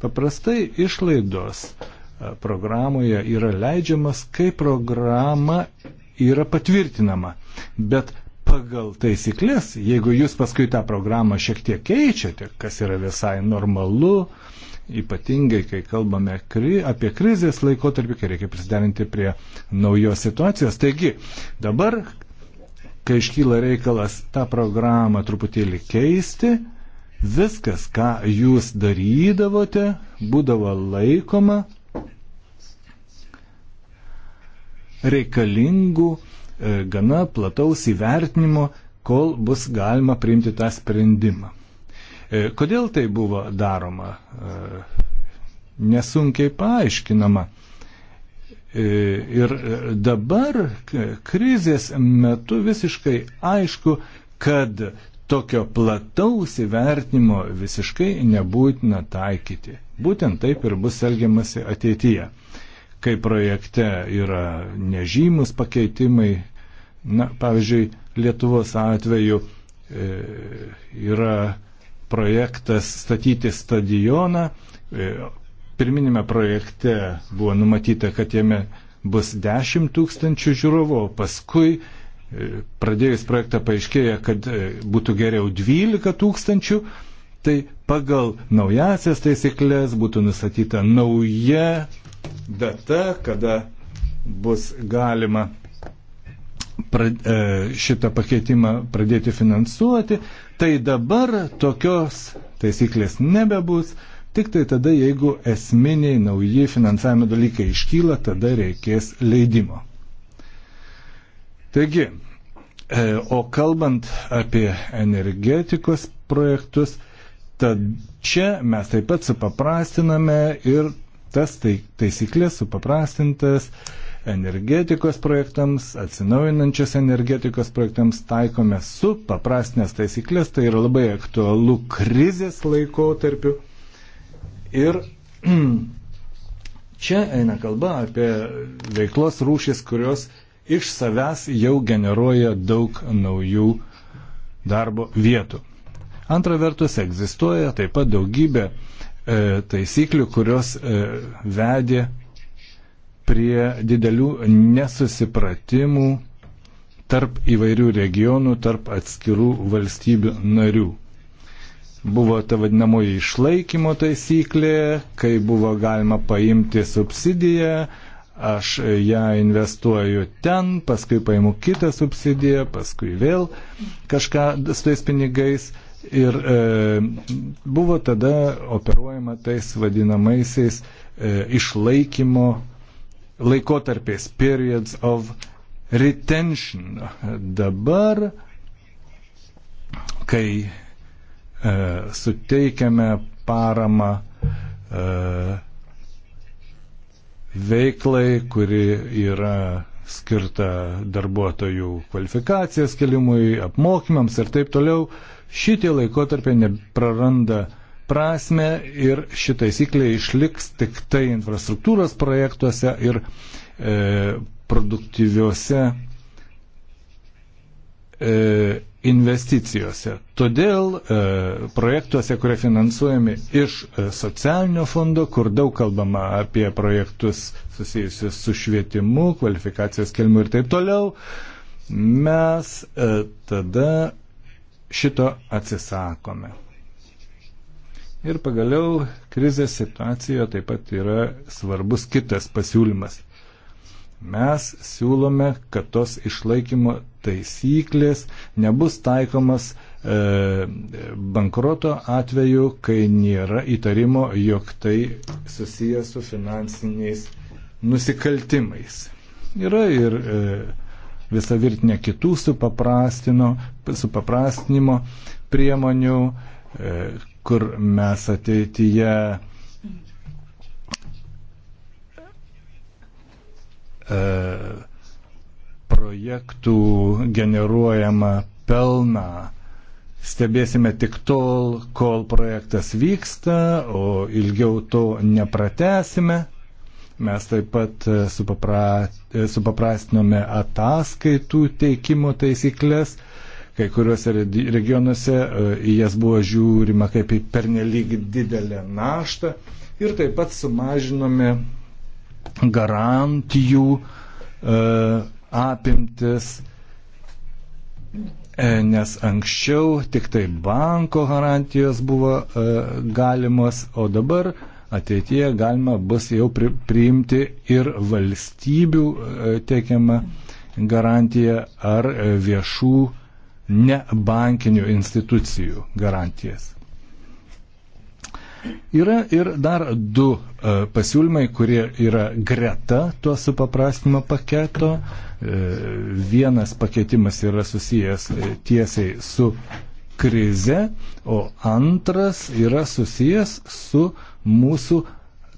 Paprastai išlaidos e, programoje yra leidžiamas, kai programa yra patvirtinama, bet pagal taisyklės, jeigu jūs paskui tą programą šiek tiek keičiate, kas yra visai normalu, ypatingai kai kalbame kri, apie krizės laikotarpį, kai reikia prisiderinti prie naujos situacijos. Taigi, dabar, kai iškyla reikalas tą programą truputėlį keisti, viskas, ką jūs darydavote, būdavo laikoma reikalingų E, gana plataus įvertinimo, kol bus galima priimti tą sprendimą. E, kodėl tai buvo daroma? E, nesunkiai paaiškinama. Ir dabar krizės metu visiškai aišku, kad tokio plataus įvertinimo visiškai nebūtina taikyti. Būtent taip ir bus elgiamasi ateityje kai projekte yra nežymus pakeitimai. Na, pavyzdžiui, Lietuvos atveju e, yra projektas statyti stadioną. E, pirminėme projekte buvo numatyta, kad jame bus 10 tūkstančių žiūrovų, paskui e, pradėjus projektą paaiškėja, kad e, būtų geriau 12 tūkstančių, tai pagal naujasias taisyklės būtų nustatyta nauja data, kada bus galima e, šitą pakeitimą pradėti finansuoti, tai dabar tokios taisyklės nebebus, tik tai tada, jeigu esminiai nauji finansavimo dalykai iškyla, tada reikės leidimo. Taigi, e, o kalbant apie energetikos projektus, tad čia mes taip pat supaprastiname ir tas tai, taisyklės supaprastintas energetikos projektams, atsinaujinančios energetikos projektams taikome supaprastinės taisyklės, tai yra labai aktualu krizės laikotarpiu. Ir *clears throat* čia eina kalba apie veiklos rūšis, kurios iš savęs jau generuoja daug naujų darbo vietų. Antra vertus, egzistuoja taip pat daugybė E, taisyklių, kurios e, vedė prie didelių nesusipratimų tarp įvairių regionų, tarp atskirų valstybių narių. Buvo ta vadinamoji išlaikymo taisyklė, kai buvo galima paimti subsidiją, aš ją investuoju ten, paskui paimu kitą subsidiją, paskui vėl kažką su tais pinigais. E, Ir e, buvo tada operuojama tais vadinamaisiais e, išlaikymo laikotarpiais, periods of retention. Dabar, kai e, suteikiame paramą e, veiklai, kuri yra skirta darbuotojų kvalifikacijos kelimui, apmokymams ir taip toliau, e, šitie laikotarpiai nepraranda prasme ir ši taisyklė išliks tik tai infrastruktūros projektuose ir e, produktyviuose e, investicijose. Todėl e, projektuose, kurie finansuojami iš e, socialinio fondo, kur daug kalbama apie projektus susijusius su švietimu, kvalifikacijos kelmu ir taip toliau, mes e, tada šito atsisakome. Ir pagaliau krizės situacijoje taip pat yra svarbus kitas pasiūlymas. Mes siūlome, kad tos išlaikymo taisyklės nebus taikomas e, bankroto atveju, kai nėra įtarimo, jog tai susijęs su finansiniais nusikaltimais. Yra ir e, visą virtinę kitų supaprastinimo priemonių, e, kur mes ateityje e, projektų generuojamą pelną stebėsime tik tol, kol projektas vyksta, o ilgiau to nepratesime. Mes taip pat e, supapra, e, supaprastinome ataskaitų teikimo taisyklės. Kai kuriuose regionuose e, į jas buvo žiūrima kaip į pernelyg didelę naštą. Ir taip pat sumažinome garantijų apimtis, nes anksčiau tik tai banko garantijos buvo galimos, o dabar uh, ateityje galima bus jau pri, priimti ir valstybių e, teikiamą garantiją ar e, viešų nebankinių institucijų garantijas. Yra ir dar du e, pasiūlymai, kurie yra greta to supaprastinimo paketo. Vienas pakeitimas yra susijęs tiesiai su krize, o antras yra susijęs su mūsų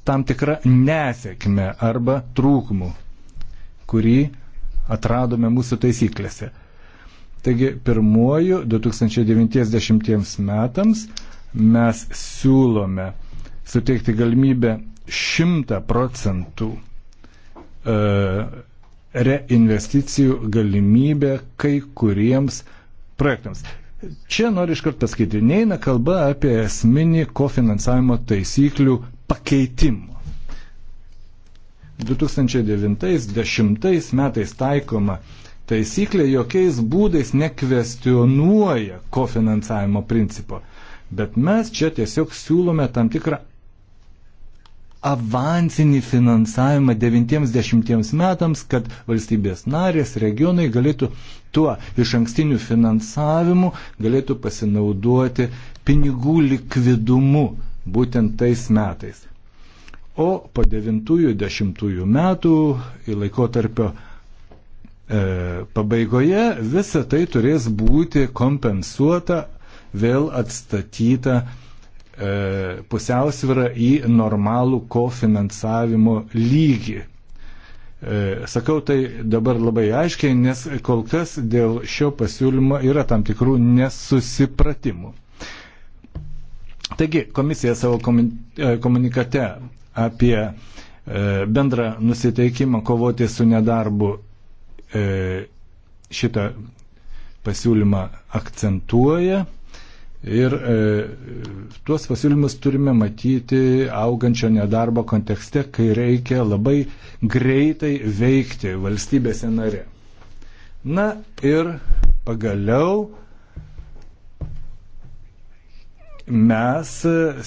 tam tikrą nesėkmę arba trūkumų, kurį atradome mūsų taisyklėse. Taigi pirmuoju 2090 metams mes siūlome suteikti galimybę 100 procentų e, reinvesticijų galimybę kai kuriems projektams. Čia noriu iškart pasakyti, neina kalba apie esminį kofinansavimo taisyklių pakeitimą. 2009-2010 metais taikoma taisyklė jokiais būdais nekvestionuoja kofinansavimo principo, bet mes čia tiesiog siūlome tam tikrą avansinį finansavimą 90 metams, kad valstybės narės, regionai galėtų tuo iš ankstiniu finansavimu galėtų pasinaudoti pinigų likvidumu būtent tais metais. O po 90 metų į laikotarpio e, pabaigoje visa tai turės būti kompensuota, vėl atstatyta E, pusiausvyrą į normalų kofinansavimo lygį. E, sakau tai dabar labai aiškiai, nes kol kas dėl šio pasiūlymo yra tam tikrų nesusipratimų. Taigi, komisija savo e, komunikate apie bendrą nusiteikimą kovoti su nedarbu šitą pasiūlymą akcentuoja. Ir e, tuos pasiūlymus turime matyti augančio nedarbo kontekste, kai reikia labai greitai veikti valstybėse narė. Na ir pagaliau mes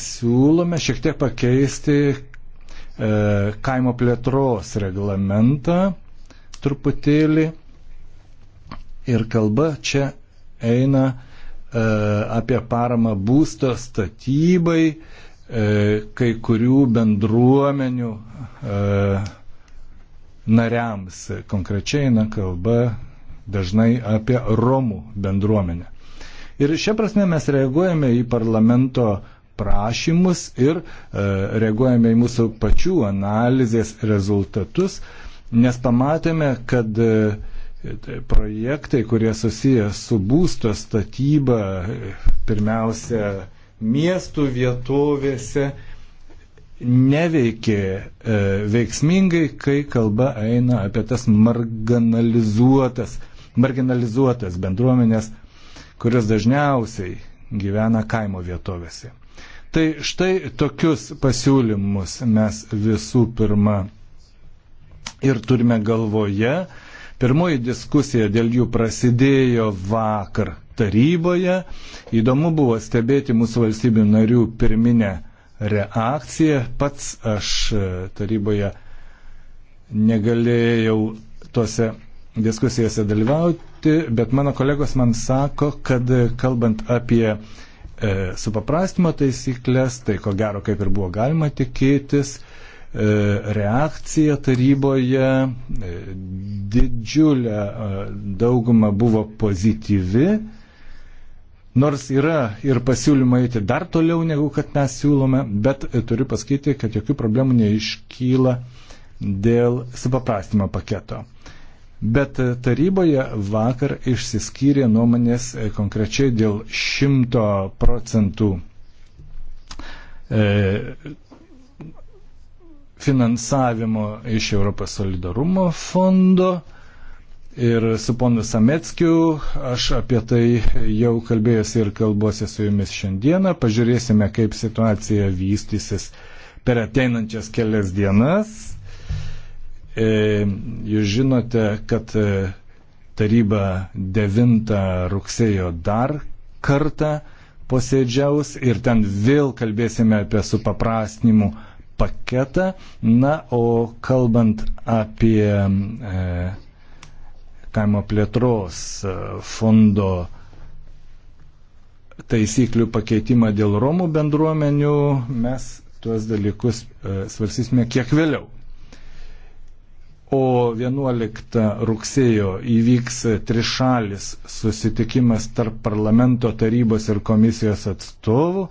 siūlome šiek tiek pakeisti e, kaimo plėtros reglamentą truputėlį ir kalba čia eina e, E, apie paramą būsto statybai e, kai kurių bendruomenių e, nariams. Konkrečiai eina kalba dažnai apie Romų bendruomenę. Ir šia prasme mes reaguojame į parlamento prašymus ir e, reaguojame į mūsų pačių analizės rezultatus, nes pamatėme, kad e, Tai projektai, kurie susiję su būsto statyba, pirmiausia, miestų vietovėse, neveikė e, veiksmingai, kai kalba eina apie tas marginalizuotas, marginalizuotas bendruomenės, kurios dažniausiai gyvena kaimo vietovėse. Tai štai tokius pasiūlymus mes visų pirma ir turime galvoje, Pirmoji diskusija dėl jų prasidėjo vakar taryboje. Įdomu buvo stebėti mūsų valstybių narių pirminę reakciją. Pats aš e, taryboje negalėjau tose diskusijose dalyvauti, bet mano kolegos man sako, kad kalbant apie e, supaprastimo taisyklės, tai ko gero kaip ir buvo galima tikėtis, E, reakcija taryboje e, didžiulė e, dauguma buvo pozityvi, nors yra ir pasiūlymai eiti dar toliau negu kad mes siūlome, bet turiu pasakyti, kad jokių problemų neiškyla dėl supaprastimo paketo. Bet taryboje vakar išsiskyrė nuomonės konkrečiai dėl 100 procentų finansavimo iš Europos solidarumo fondo. Ir su ponu Sametskiu aš apie tai jau kalbėjusi ir kalbuosi su jumis šiandieną. Pažiūrėsime, kaip situacija vystysis per ateinančias kelias dienas. E, jūs žinote, kad e, taryba 9 rugsėjo dar kartą posėdžiaus ir ten vėl kalbėsime apie supaprastinimų paketą. Na, o kalbant apie e, kaimo plėtros e, fondo taisyklių pakeitimą dėl Romų bendruomenių, mes tuos dalykus e, svarsysime kiek vėliau. O 11 rugsėjo įvyks trišalis susitikimas tarp parlamento tarybos ir komisijos atstovų,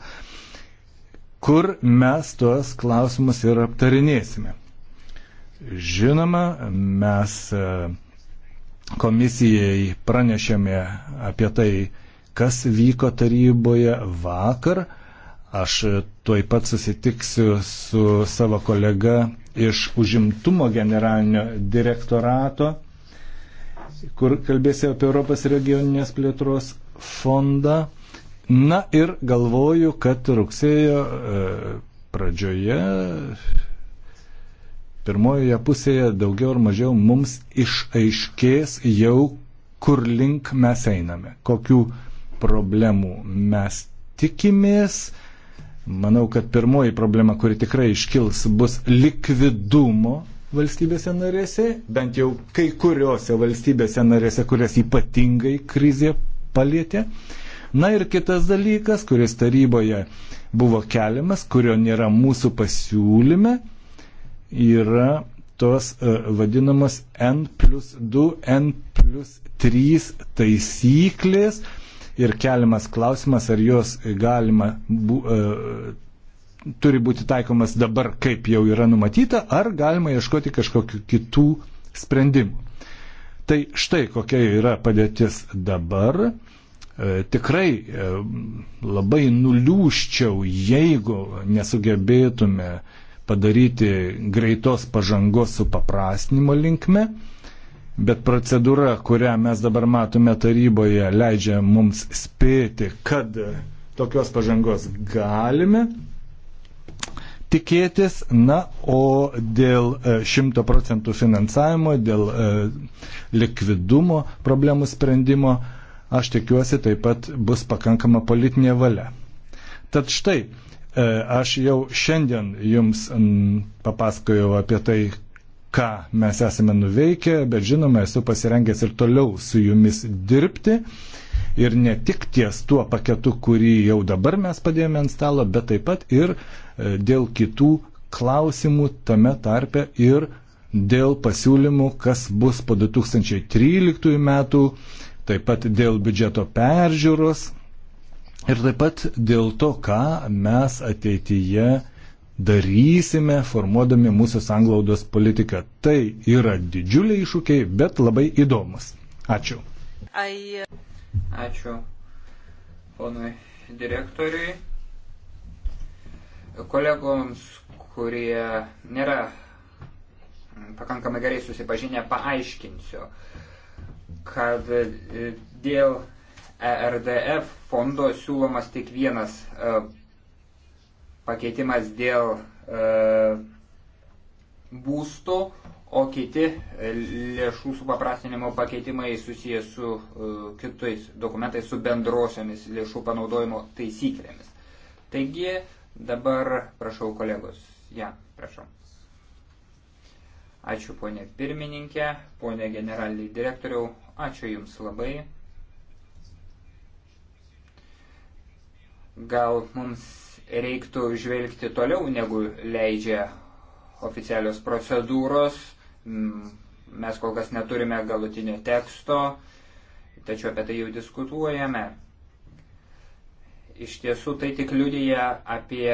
kur mes tuos klausimus ir aptarinėsime. Žinoma, mes e, komisijai pranešėme apie tai, kas vyko taryboje vakar. Aš tuoj pat susitiksiu su savo kolega iš užimtumo generalinio direktorato, kur kalbėsiu apie Europos regioninės plėtros fondą. Na ir galvoju, kad rugsėjo e, pradžioje, pirmojoje pusėje daugiau ar mažiau mums išaiškės jau, kur link mes einame, kokių problemų mes tikimės. Manau, kad pirmoji problema, kuri tikrai iškils, bus likvidumo valstybėse narėse, bent jau kai kuriuose valstybėse narėse, kurias ypatingai krizė palėtė. Uh, Na ir kitas dalykas, kuris taryboje buvo keliamas, kurio nėra mūsų pasiūlyme, yra tos e, vadinamos N plus 2, N plus 3 taisyklės ir keliamas klausimas, ar jos galima bu, e, turi būti taikomas dabar, kaip jau yra numatyta, ar galima ieškoti kažkokiu kitų sprendimų. Tai štai kokia yra padėtis dabar. E, tikrai e, labai nuliūščiau, jeigu nesugebėtume padaryti greitos pažangos su paprastinimo linkme, bet procedūra, kurią mes dabar matome taryboje, leidžia mums spėti, kad tokios pažangos galime tikėtis, na, o dėl 100 e, procentų finansavimo, dėl likvidumo problemų sprendimo, Aš tikiuosi taip pat bus pakankama politinė valia. Tad štai, e, aš jau šiandien jums papasakojau apie tai, ką mes esame nuveikę, bet žinoma, esu pasirengęs ir toliau su jumis dirbti. Ir ne tik ties tuo paketu, kurį jau dabar mes padėjome ant stalo, bet taip pat ir e, dėl kitų klausimų tame tarpe ir dėl pasiūlymų, kas bus po 2013 metų taip pat dėl biudžeto peržiūros ir taip pat dėl to, ką mes ateityje darysime, formuodami mūsų sanglaudos politiką. Tai yra didžiuliai iššūkiai, bet labai įdomus. Ačiū. Ai, ačiū ponui direktoriui. Kolegoms, kurie nėra pakankamai gerai susipažinę, paaiškinsiu kad e, dėl ERDF fondo siūlomas tik vienas e, pakeitimas dėl e, būsto, o kiti lėšų supaprastinimo pakeitimai susijęs su kitais dokumentais, su bendrosiomis lėšų panaudojimo taisyklėmis. Taigi dabar prašau kolegos. Ja, prašau. Ačiū ponė pirmininkė, ponė generaliniai direktoriau, Ačiū Jums labai. Gal mums reiktų žvelgti toliau, negu leidžia oficialios procedūros. Mm, mes kol kas neturime galutinio teksto, tačiau apie tai jau diskutuojame. Iš tiesų tai tik liudyja apie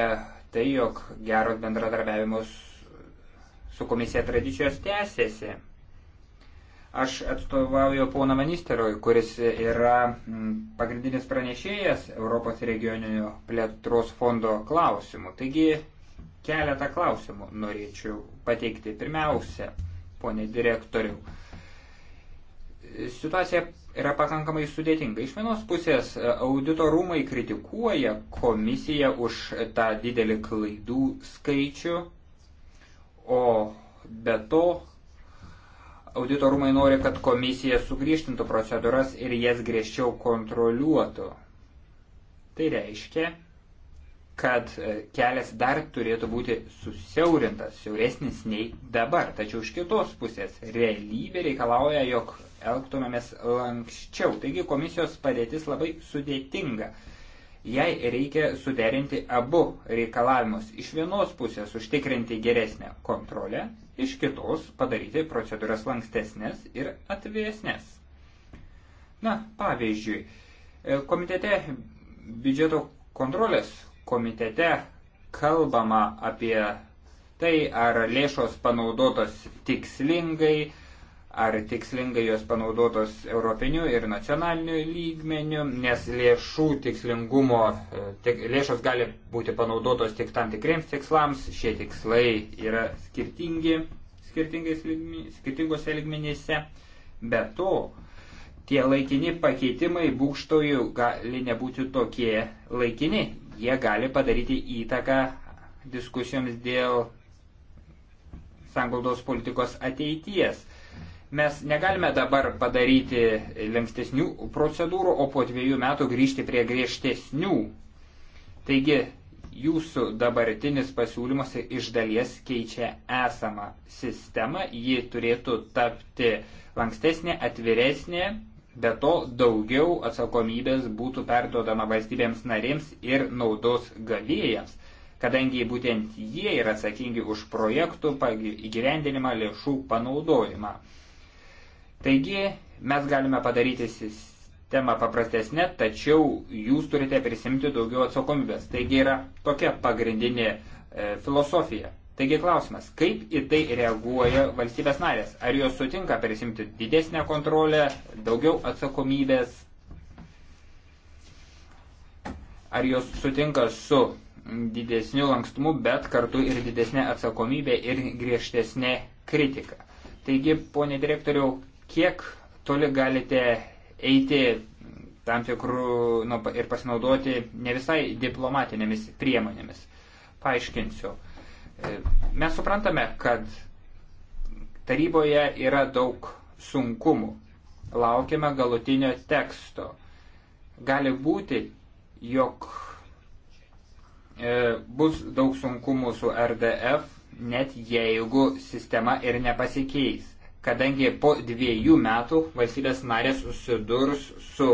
tai, jog geros bendradarbiavimus su komisija tradicijos tęsiasi. Aš atstovauju poną ministeroj, kuris yra pagrindinis pranešėjas Europos regioninio plėtros fondo klausimų. Taigi keletą klausimų norėčiau pateikti. Pirmiausia, ponė direktoriu, situacija yra pakankamai sudėtinga. Iš vienos pusės audito rūmai kritikuoja komisiją už tą didelį klaidų skaičių, o be to Auditorumai nori, kad komisija sugrįžtintų procedūras ir jas griežčiau kontroliuotų. Tai reiškia, kad e, kelias dar turėtų būti susiaurintas, siauresnis nei dabar. Tačiau iš kitos pusės realybė reikalauja, jog elgtumėmės lankščiau. Taigi komisijos padėtis labai sudėtinga. Jai reikia suderinti abu reikalavimus. Iš vienos pusės užtikrinti geresnę kontrolę, iš kitos padaryti procedūras lankstesnės ir atvėsnės. Na, pavyzdžiui, e, komitete, biudžeto kontrolės komitete kalbama apie tai, ar lėšos panaudotos tikslingai, ar tikslingai jos panaudotos europiniu ir nacionaliniu lygmeniu, nes lėšų tikslingumo, e, tik, lėšos gali būti panaudotos tik tam tikriems tikslams, šie tikslai yra skirtingi, skirtingose lygmenyse, bet to tie laikini pakeitimai būkštojų gali nebūti tokie laikini, jie gali padaryti įtaką diskusijoms dėl sanglaudos politikos ateities. Mes negalime dabar padaryti lankstesnių procedūrų, o po dviejų metų grįžti prie griežtesnių. Taigi, jūsų dabartinis pasiūlymas iš dalies keičia esamą sistemą, ji turėtų tapti lankstesnė, atviresnė, be to daugiau atsakomybės būtų perduodama valstybėms narėms ir naudos gavėjams, kadangi būtent jie yra atsakingi už projektų įgyvendinimą lėšų panaudojimą. Taigi mes galime padaryti sistemą paprastesnę, tačiau jūs turite prisimti daugiau atsakomybės. Taigi yra tokia pagrindinė e, filosofija. Taigi klausimas, kaip į tai reaguoja valstybės narės? Ar jos sutinka prisimti didesnę kontrolę, daugiau atsakomybės? Ar jos sutinka su didesniu lankstumu, bet kartu ir didesnė atsakomybė ir griežtesnė kritika? Taigi, ponė direktoriau, kiek toli galite eiti tam tikrų nu, ir pasinaudoti ne visai diplomatinėmis priemonėmis. Paaiškinsiu. E, mes suprantame, kad taryboje yra daug sunkumų. Laukime galutinio teksto. Gali būti, jog e, bus daug sunkumų su RDF, net jeigu sistema ir nepasikeis kadangi po dviejų metų valstybės narės susidurs su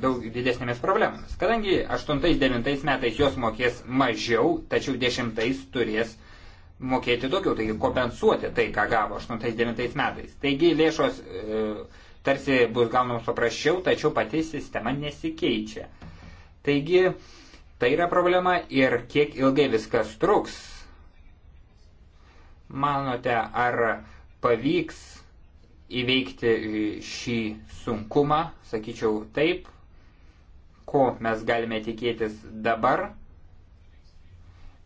daug didesnėmis problemomis. Kadangi 8-9 metais jos mokės mažiau, tačiau 10 turės mokėti daugiau, taigi kompensuoti tai, ką gavo 8-9 metais. Taigi lėšos e, tarsi bus gaunamos paprasčiau, tačiau pati sistema nesikeičia. Taigi tai yra problema ir kiek ilgai viskas truks. Manote, ar pavyks įveikti šį sunkumą, sakyčiau taip, ko mes galime tikėtis dabar.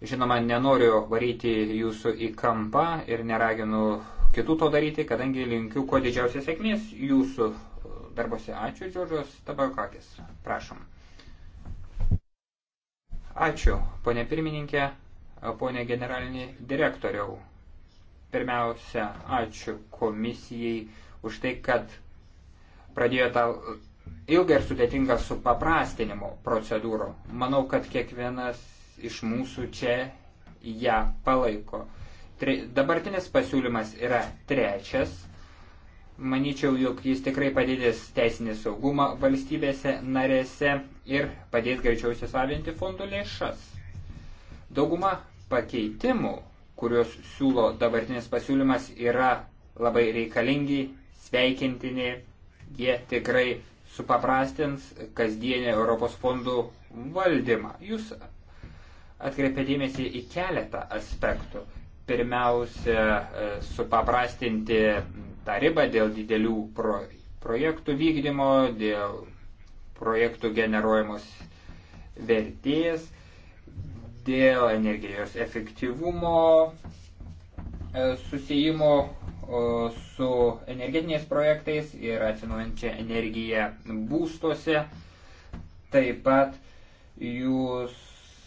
Žinoma, nenoriu varyti jūsų į kampą ir neraginu kitų to daryti, kadangi linkiu kuo didžiausios sėkmės jūsų darbose. Ačiū, Džiordžios Tabakakis. Prašom. Ačiū, ponė pirmininkė, ponė generalinė direktoriau. Pirmiausia, ačiū komisijai už tai, kad pradėjo tą ilgą ir sudėtingą supaprastinimo procedūrą. Manau, kad kiekvienas iš mūsų čia ją palaiko. Tre, dabartinis pasiūlymas yra trečias. Manyčiau, jog jis tikrai padidės teisinį saugumą valstybėse narėse ir padės greičiau įsisavinti fondų lėšas. Dauguma pakeitimų kuriuos siūlo dabartinis pasiūlymas, yra labai reikalingi, sveikintini, jie tikrai supaprastins kasdienį Europos fondų valdymą. Jūs atkreipėdėmėsi į keletą aspektų. Pirmiausia, e, supaprastinti tą ribą dėl didelių pro, projektų vykdymo, dėl projektų generuojamos vertės dėl energijos efektyvumo e, susijimo su energetiniais projektais ir atsinaujančia energija būstuose. Taip pat jūs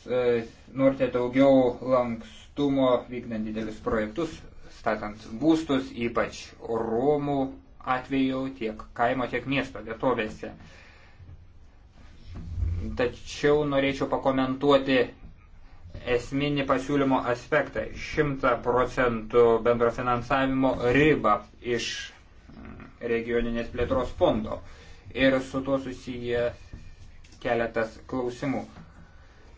e, norite daugiau lankstumo vykdant didelius projektus, statant būstus, ypač Romų atveju tiek kaimo, tiek miesto vietovėse. Tačiau norėčiau pakomentuoti esminį pasiūlymo aspektą - 100 procentų bendro finansavimo ribą iš mm, regioninės plėtros fondo. Ir su tuo susiję keletas klausimų.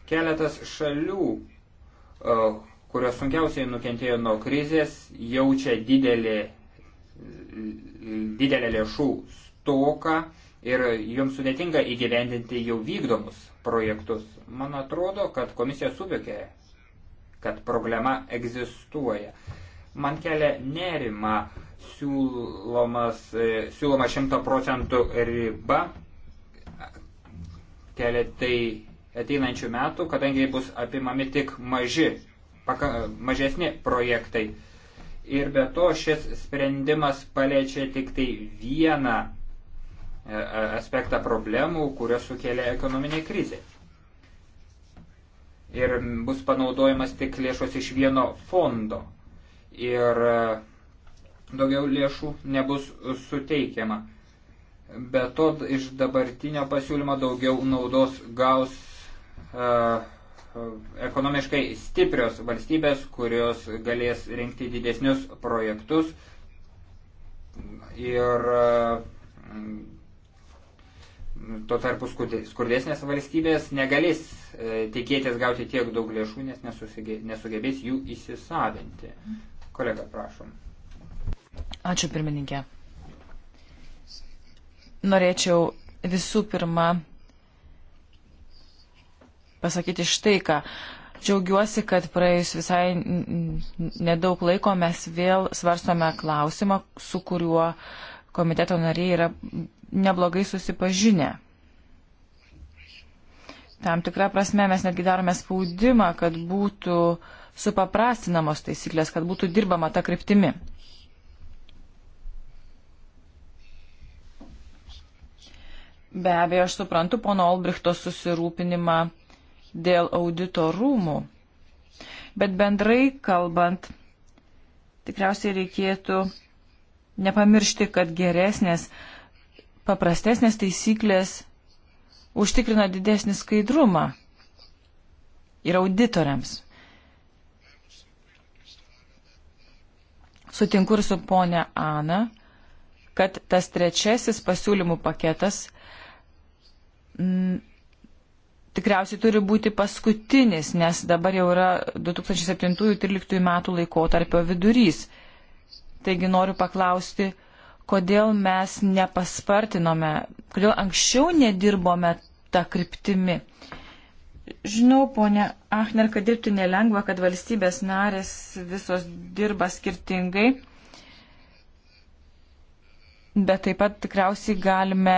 Keletas šalių, e, kurios sunkiausiai nukentėjo nuo krizės, jaučia didelį, didelę lėšų stoką ir joms sudėtinga įgyvendinti jau vykdomus projektus. Man atrodo, kad komisija suvokė, kad problema egzistuoja. Man kelia nerima siūlomas, e, siūloma 100 procentų riba keletai ateinančių metų, kadangi bus apimami tik maži, paka, mažesni projektai. Ir be to šis sprendimas paliečia tik tai vieną E, e, aspektą problemų, kurios sukėlė ekonominė krizė. Ir bus panaudojamas tik lėšos iš vieno fondo. Ir e, daugiau lėšų nebus suteikiama. Be to, iš dabartinio pasiūlymo daugiau naudos gaus uh, ekonomiškai stiprios valstybės, kurios galės rinkti didesnius projektus ir uh, Tuo tarpu skurdesnės valstybės negalės e, tikėtis gauti tiek daug lėšų, nes nesugebės jų įsisavinti. Kolega, prašom. Ačiū, pirmininkė. Norėčiau visų pirma pasakyti štai ką. Džiaugiuosi, kad praėjus visai nedaug laiko mes vėl svarstome klausimą, su kuriuo uh, komiteto nariai yra neblogai susipažinę. Tam tikrą prasme mes netgi darome spaudimą, kad būtų supaprastinamos taisyklės, kad būtų dirbama tą kryptimi. Be abejo, aš suprantu pono Olbrichto susirūpinimą dėl audito rūmų. Bet bendrai kalbant, tikriausiai reikėtų nepamiršti, kad geresnės, paprastesnės taisyklės užtikrina didesnį skaidrumą ir auditoriams. Sutinku ir su ponia Ana, kad tas trečiasis pasiūlymų paketas m, mm, tikriausiai turi būti paskutinis, nes dabar jau yra 2007-2013 metų laikotarpio vidurys. Taigi noriu paklausti, kodėl mes nepaspartinome, kodėl anksčiau nedirbome tą kryptimi. Žinau, ponė Achner, kad dirbti nelengva, kad valstybės narės visos dirba skirtingai, bet taip pat tikriausiai galime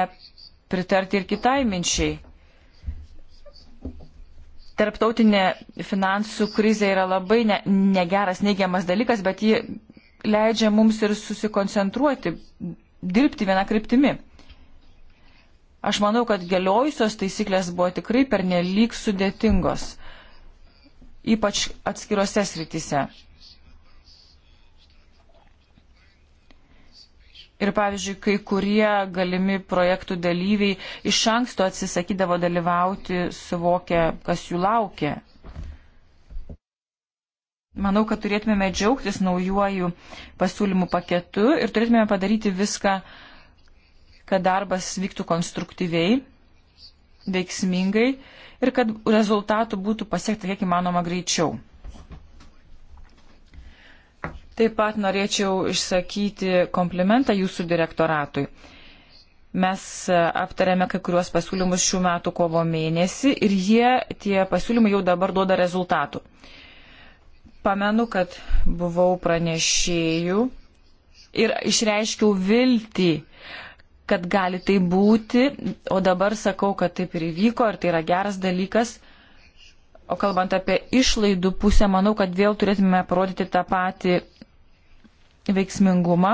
pritarti ir kitai minčiai. Tarptautinė finansų krizė yra labai ne, negeras, neigiamas dalykas, bet ji leidžia mums ir susikoncentruoti, dirbti vieną kryptimį. Aš manau, kad galiojusios taisyklės buvo tikrai pernelyg sudėtingos, ypač atskirose srityse. Ir pavyzdžiui, kai kurie galimi projektų dalyviai iš anksto atsisakydavo dalyvauti, suvokę, kas jų laukia. Manau, kad turėtumėme džiaugtis naujuoju pasiūlymų paketu ir turėtumėme padaryti viską, kad darbas vyktų konstruktyviai, veiksmingai ir kad rezultatų būtų pasiekta kiek įmanoma greičiau. Taip pat norėčiau išsakyti komplimentą jūsų direktoratui. Mes aptarėme kai kuriuos pasiūlymus šių metų kovo mėnesį ir jie, tie pasiūlymai jau dabar duoda rezultatų. Pamenu, kad buvau pranešėjų ir išreiškiau viltį, kad gali tai būti, o dabar sakau, kad taip ir įvyko ir tai yra geras dalykas. O kalbant apie išlaidų pusę, manau, kad vėl turėtume parodyti tą patį veiksmingumą,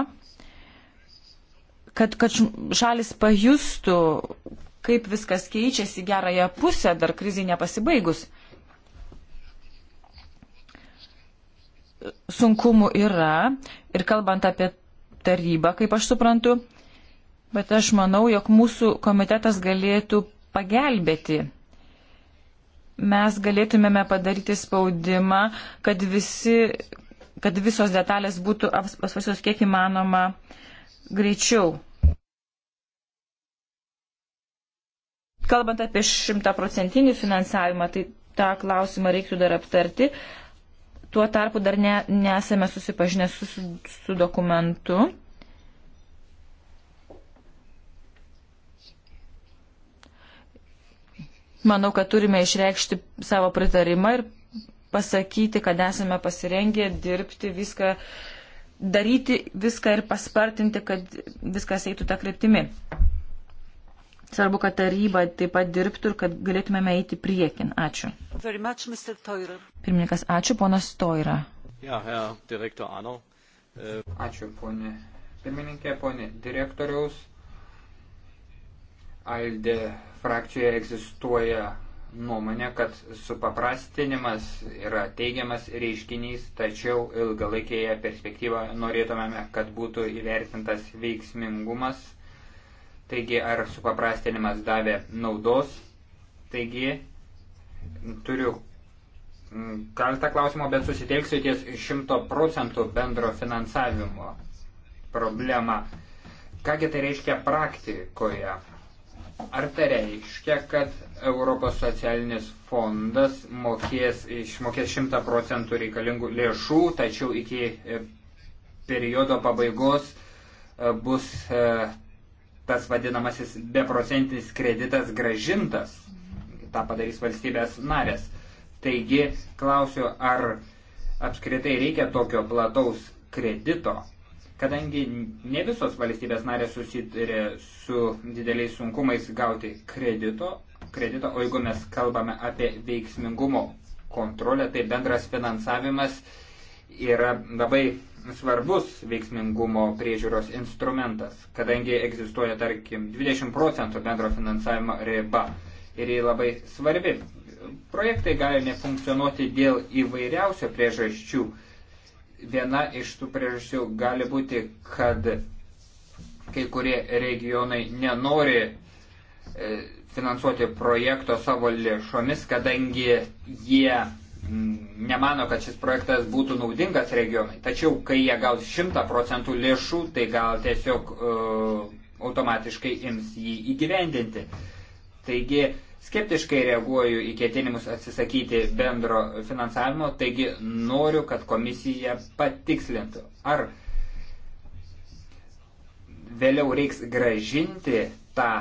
kad, kad šalis pajustų, kaip viskas keičiasi gerąją pusę dar krizį nepasibaigus. sunkumų yra ir kalbant apie tarybą, kaip aš suprantu, bet aš manau, jog mūsų komitetas galėtų pagelbėti. Mes galėtumėme padaryti spaudimą, kad, visi, kad visos detalės būtų apsvarsios kiek įmanoma greičiau. Kalbant apie šimtaprocentinį finansavimą, tai tą klausimą reiktų dar aptarti. Tuo tarpu dar ne, nesame susipažinę su, su, su dokumentu. Manau, kad turime išreikšti savo pritarimą ir pasakyti, kad esame pasirengę dirbti viską, daryti viską ir paspartinti, kad viskas eitų tą kryptimį. Svarbu, kad taryba taip pat dirbtų ir kad galėtumėme eiti priekin. Ačiū. Much, Pirmininkas, ačiū, ponas Toira. Ja, äh, ačiū, ponė. Pirmininkė, ponė direktoriaus. Alde frakcijoje egzistuoja nuomonė, kad supaprastinimas yra teigiamas reiškinys, tačiau ilgalaikėje perspektyvoje norėtumėme, kad būtų įvertintas veiksmingumas Taigi, ar supaprastinimas davė naudos? Taigi, turiu mm, keletą klausimų, bet susitelksiu ties 100 procentų bendro finansavimo problema. Kągi tai reiškia praktikoje? Ar tai reiškia, kad Europos socialinis fondas mokės, išmokės 100 procentų reikalingų lėšų, tačiau iki e, periodo pabaigos e, bus e, tas vadinamasis beprocentinis kreditas gražintas. Ta padarys valstybės narės. Taigi, klausiu, ar apskritai reikia tokio plataus kredito, kadangi ne visos valstybės narės susitarė su dideliais sunkumais gauti kredito, kredito, o jeigu mes kalbame apie veiksmingumo kontrolę, tai bendras finansavimas yra labai svarbus veiksmingumo priežiūros instrumentas, kadangi egzistuoja, tarkim, 20 procentų bendro finansavimo riba ir jį labai svarbi. Projektai gali nefunkcionuoti dėl įvairiausio priežasčių. Viena iš tų priežasčių gali būti, kad kai kurie regionai nenori e, finansuoti projekto savo lėšomis, kadangi jie nemano, kad šis projektas būtų naudingas regionai. Tačiau, kai jie gaus 100 procentų lėšų, tai gal tiesiog uh, automatiškai ims jį įgyvendinti. Taigi, skeptiškai reaguoju į ketinimus atsisakyti bendro finansavimo, taigi noriu, kad komisija patikslintų, ar vėliau reiks gražinti tą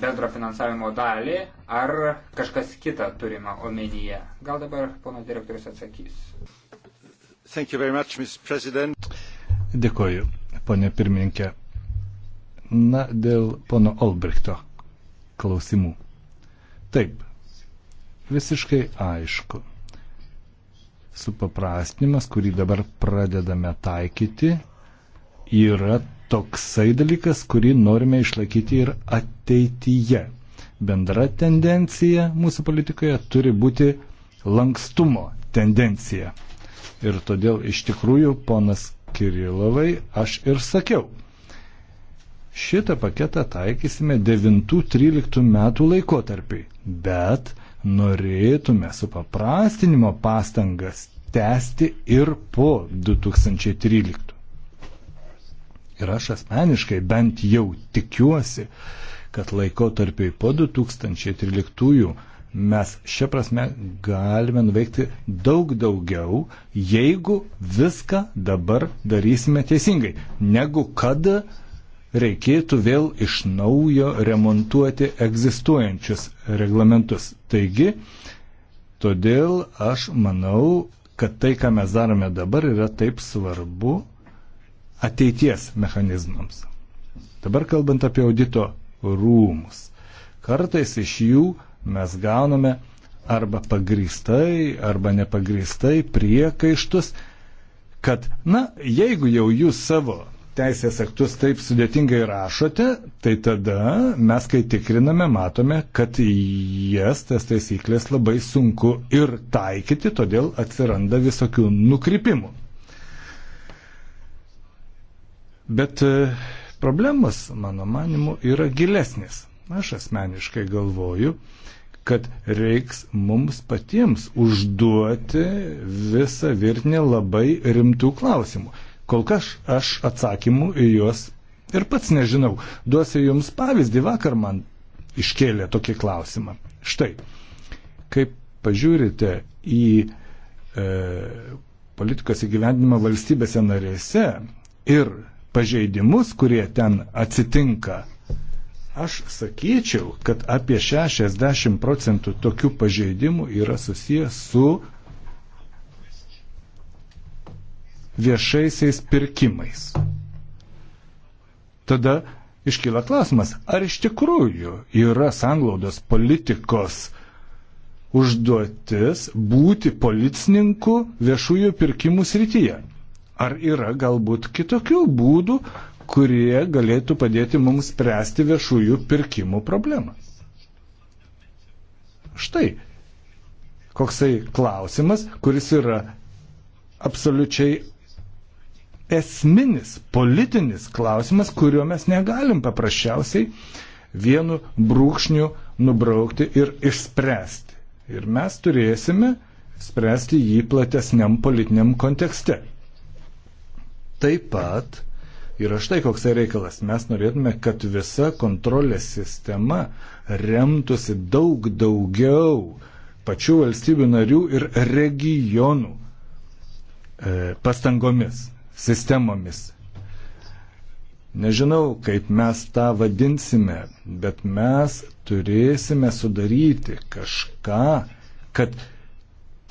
bendro finansavimo dalį, ar kažkas kita turima omenyje. Gal dabar ponas direktorius atsakys. Much, Dėkoju, ponė pirmininkė. Na, dėl pono Olbrichto klausimų. Taip, visiškai aišku. Supaprastinimas, kurį dabar pradedame taikyti, yra toksai dalykas, kurį norime išlaikyti ir ateityje. Bendra tendencija mūsų politikoje turi būti lankstumo tendencija. Ir todėl iš tikrųjų, ponas Kirilovai, aš ir sakiau, šitą paketą taikysime 9-13 metų laikotarpiai, bet norėtume su paprastinimo pastangas tęsti ir po 2013. Ir aš asmeniškai bent jau tikiuosi, kad laiko tarpiai po 2013 mes šią prasme galime nuveikti daug daugiau, jeigu viską dabar darysime teisingai, negu kad reikėtų vėl iš naujo remontuoti egzistuojančius reglamentus. Taigi, todėl aš manau, kad tai, ką mes darome dabar, yra taip svarbu, ateities mechanizmams. Dabar kalbant apie audito rūmus. Kartais iš jų mes gauname arba pagristai, arba nepagristai priekaištus, kad, na, jeigu jau jūs savo teisės aktus taip sudėtingai rašote, tai tada mes, kai tikriname, matome, kad jas, tas taisyklės labai sunku ir taikyti, todėl atsiranda visokių nukrypimų. Bet e, problemas, mano manimu, yra gilesnės. Aš asmeniškai galvoju, kad reiks mums patiems užduoti visą virtinę labai rimtų klausimų. Kol kas aš atsakymų į juos ir pats nežinau. Duosiu jums pavyzdį, vakar man iškėlė tokį klausimą. Štai, kaip pažiūrite į e, politikos įgyvendinimą valstybėse narėse ir pažeidimus, kurie ten atsitinka. Aš sakyčiau, kad apie 60 procentų tokių pažeidimų yra susijęs su viešaisiais pirkimais. Tada iškyla klausimas, ar iš tikrųjų yra sanglaudos politikos užduotis būti policininku viešųjų pirkimų srityje. Ar yra galbūt kitokių būdų, kurie galėtų padėti mums spręsti viešųjų pirkimų problemą? Štai koksai klausimas, kuris yra absoliučiai esminis politinis klausimas, kurio mes negalim paprasčiausiai vienu brūkšniu nubraukti ir išspręsti. Ir mes turėsime spręsti jį platesniam politiniam kontekste. Taip pat yra štai koksai reikalas. Mes norėtume, kad visa kontrolės sistema remtųsi daug daugiau pačių valstybių narių ir regionų e, pastangomis, sistemomis. Nežinau, kaip mes tą vadinsime, bet mes turėsime sudaryti kažką, kad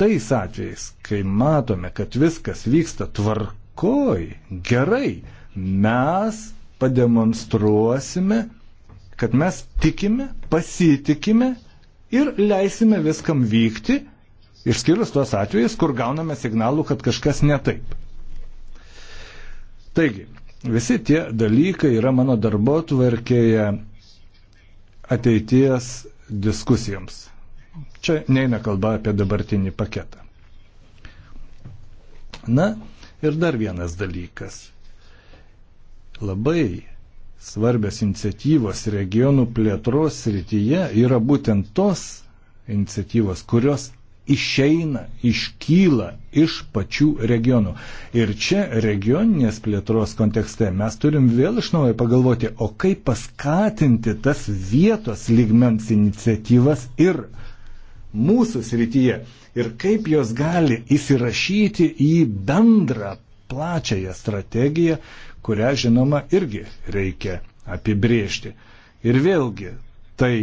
tais atvejais, kai matome, kad viskas vyksta tvarka, tvarkoj, gerai, mes pademonstruosime, kad mes tikime, pasitikime ir leisime viskam vykti, išskyrus tuos atvejus, kur gauname signalų, kad kažkas ne taip. Taigi, visi tie dalykai yra mano darbo tvarkėje ateities diskusijoms. Čia neina kalba apie dabartinį paketą. Na, Ir dar vienas dalykas. Labai svarbios iniciatyvos regionų plėtros srityje yra būtent tos iniciatyvos, kurios išeina, iškyla iš pačių regionų. Ir čia regioninės plėtros kontekste mes turim vėl iš naujo pagalvoti, o kaip paskatinti tas vietos lygmens iniciatyvas ir uh, mūsų srityje ir kaip jos gali įsirašyti į bendrą plačiąją strategiją, kurią žinoma irgi reikia apibriežti. Ir vėlgi tai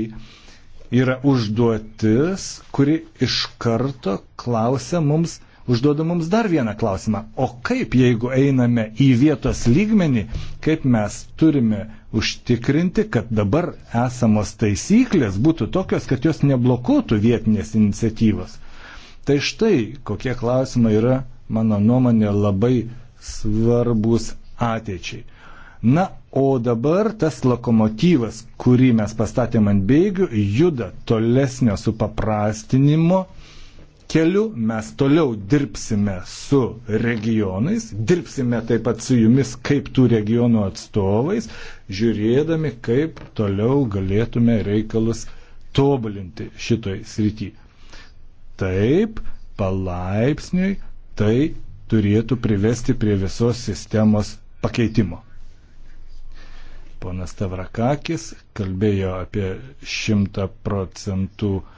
yra užduotis, kuri iš karto klausia mums, užduoda mums dar vieną klausimą. O kaip, jeigu einame į vietos lygmenį, kaip mes turime užtikrinti, kad dabar esamos taisyklės būtų tokios, kad jos neblokuotų vietinės iniciatyvos. Tai štai kokie klausimai yra, mano nuomonė, labai svarbus ateičiai. Na, o dabar tas lokomotyvas, kurį mes pastatėme ant bėgių, juda tolesnio supaprastinimo keliu, mes toliau dirbsime su regionais, dirbsime taip pat su jumis kaip tų regionų atstovais, žiūrėdami, kaip toliau galėtume reikalus tobulinti šitoj srity. Taip, palaipsniui tai turėtų privesti prie visos sistemos pakeitimo. Ponas Tavrakakis kalbėjo apie 100 procentų uh,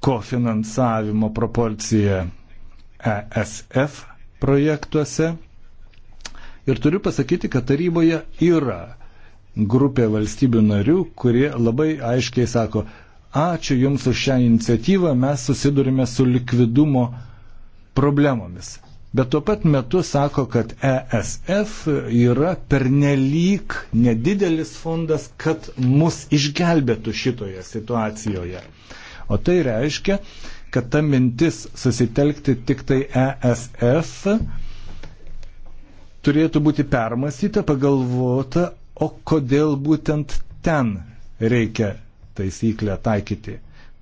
kofinansavimo proporcija ESF projektuose. Ir turiu pasakyti, kad taryboje yra grupė valstybių narių, kurie labai aiškiai sako, ačiū Jums už šią iniciatyvą, mes susidurime su likvidumo problemomis. Bet tuo pat metu sako, kad ESF yra pernelyg nedidelis fondas, kad mus išgelbėtų šitoje situacijoje. O tai reiškia, kad ta mintis susitelkti tik tai ESF turėtų būti permastyta, pagalvota, o kodėl būtent ten reikia taisyklę taikyti.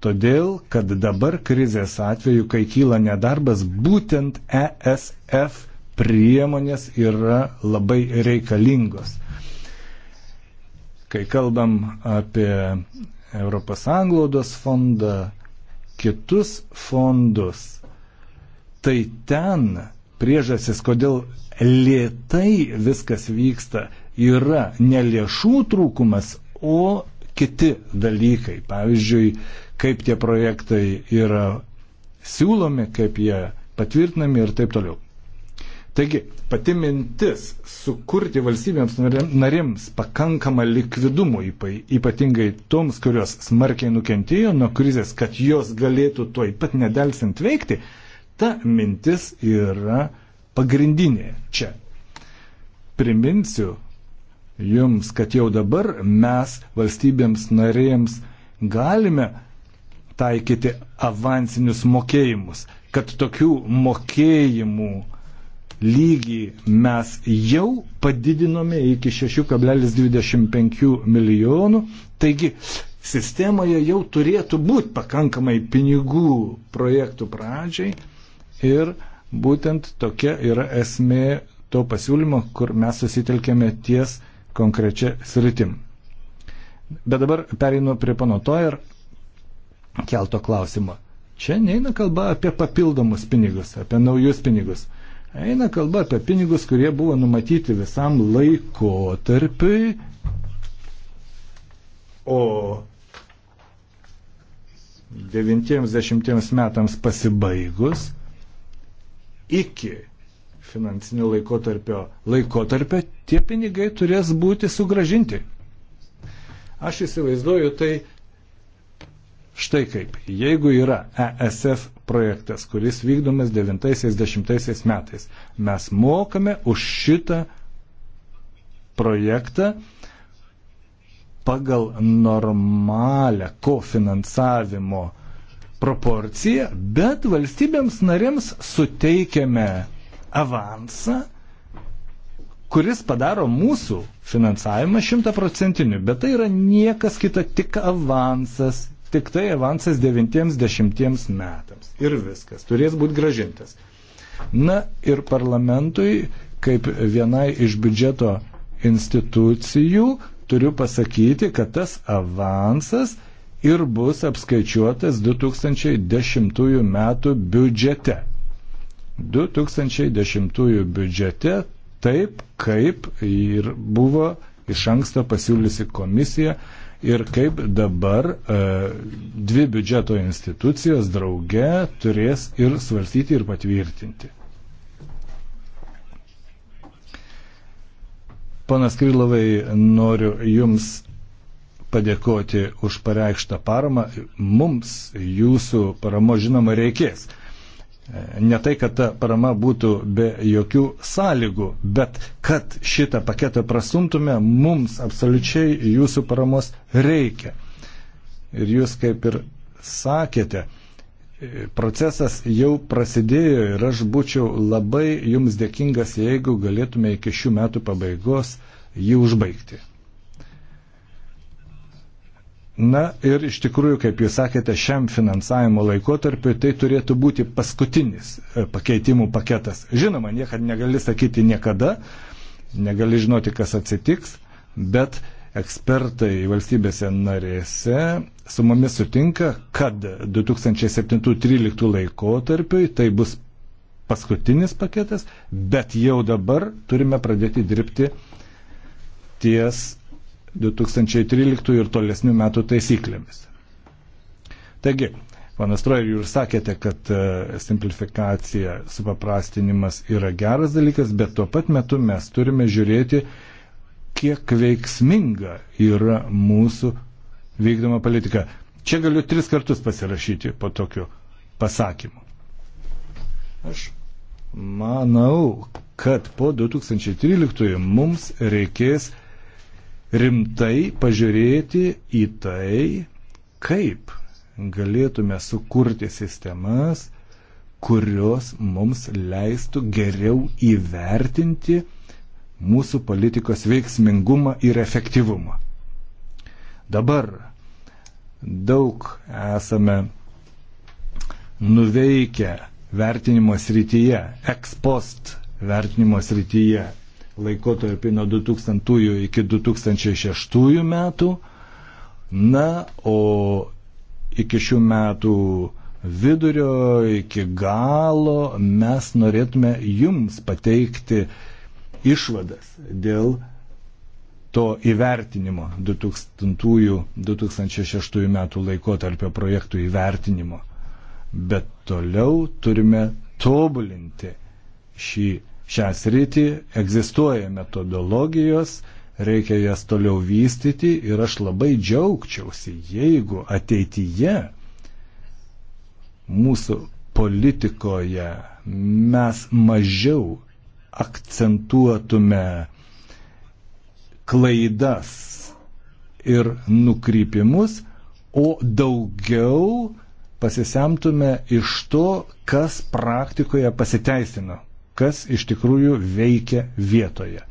Todėl, kad dabar krizės atveju, kai kyla nedarbas, būtent ESF priemonės yra labai reikalingos. Kai kalbam apie Europos Anglaudos fondą, kitus fondus, tai ten priežasis, kodėl lietai viskas vyksta, yra ne lėšų trūkumas, o kiti dalykai. Pavyzdžiui, kaip tie projektai yra siūlomi, kaip jie patvirtinami ir taip toliau. Taigi, pati mintis sukurti valstybėms narims pakankamą likvidumą, ypatingai toms, kurios smarkiai nukentėjo nuo krizės, kad jos galėtų tuoj pat nedelsint veikti, ta mintis yra pagrindinė čia. Priminsiu jums, kad jau dabar mes valstybėms narėms galime taikyti avansinius mokėjimus, kad tokių mokėjimų lygį mes jau padidinome iki 6,25 milijonų. Taigi sistemoje jau turėtų būti pakankamai pinigų projektų pradžiai ir būtent tokia yra esmė to pasiūlymo, kur mes susitelkėme ties konkrečia sritim. Bet dabar pereinu prie panoto ir kelto klausimo. Čia neina kalba apie papildomus pinigus, apie naujus pinigus. Eina kalba apie pinigus, kurie buvo numatyti visam laikotarpiui, o 90 metams pasibaigus iki finansinio laikotarpio laikotarpio tie pinigai turės būti sugražinti. Aš įsivaizduoju tai Štai kaip, jeigu yra ESF projektas, kuris vykdomas 90 metais, mes mokame už šitą projektą pagal normalią kofinansavimo proporciją, bet valstybėms narėms suteikiame avansą, kuris padaro mūsų finansavimą šimtaprocentiniu, bet tai yra niekas kita, tik avansas, tik tai avansas 90 metams. Ir viskas. Turės būti gražintas. Na ir parlamentui, kaip vienai iš biudžeto institucijų, turiu pasakyti, kad tas avansas ir bus apskaičiuotas 2010 metų biudžete. 2010 biudžete taip, kaip ir buvo iš anksto pasiūlysi komisija ir kaip dabar e, dvi biudžeto institucijos drauge turės ir svarstyti ir patvirtinti. Panas Krylovai, noriu Jums padėkoti už pareikštą paramą. Mums Jūsų paramo žinoma reikės ne tai, kad ta parama būtų be jokių sąlygų, bet kad šitą paketą prasumtume, mums absoliučiai jūsų paramos reikia. Ir jūs kaip ir sakėte, procesas jau prasidėjo ir aš būčiau labai jums dėkingas, jeigu galėtume iki šių metų pabaigos jį užbaigti. Na ir iš tikrųjų, kaip jūs sakėte, šiam finansavimo laikotarpiu tai turėtų būti paskutinis e, pakeitimų paketas. Žinoma, niekada negali sakyti niekada, negali žinoti, kas atsitiks, bet ekspertai valstybėse narėse su mumis sutinka, kad 2007-2013 laikotarpiui tai bus paskutinis paketas, bet jau dabar turime pradėti dirbti ties 2013 ir tolesnių metų taisyklėmis. Taigi, panas Trojer, jūs sakėte, kad e, simplifikacija, supaprastinimas yra geras dalykas, bet tuo pat metu mes turime žiūrėti, kiek veiksminga yra mūsų vykdoma politika. Čia galiu tris kartus pasirašyti po tokiu pasakymu. Aš manau, kad po 2013 mums reikės rimtai pažiūrėti į tai, kaip galėtume sukurti sistemas, kurios mums leistų geriau įvertinti mūsų politikos veiksmingumą ir efektyvumą. Dabar daug esame nuveikę vertinimo srityje, ekspost vertinimo srityje laikotarpį nuo 2000 iki 2006 metų. Na, o iki šių metų vidurio, iki galo mes norėtume jums pateikti išvadas dėl to įvertinimo 2000-2006 metų laikotarpio projektų įvertinimo. Bet toliau turime tobulinti šį šią sritį, egzistuoja metodologijos, reikia jas toliau vystyti ir aš labai džiaugčiausi, jeigu ateityje mūsų politikoje mes mažiau akcentuotume klaidas ir nukrypimus, o daugiau pasisemtume iš to, kas praktikoje pasiteisino kas iš tikrųjų veikia vietoje.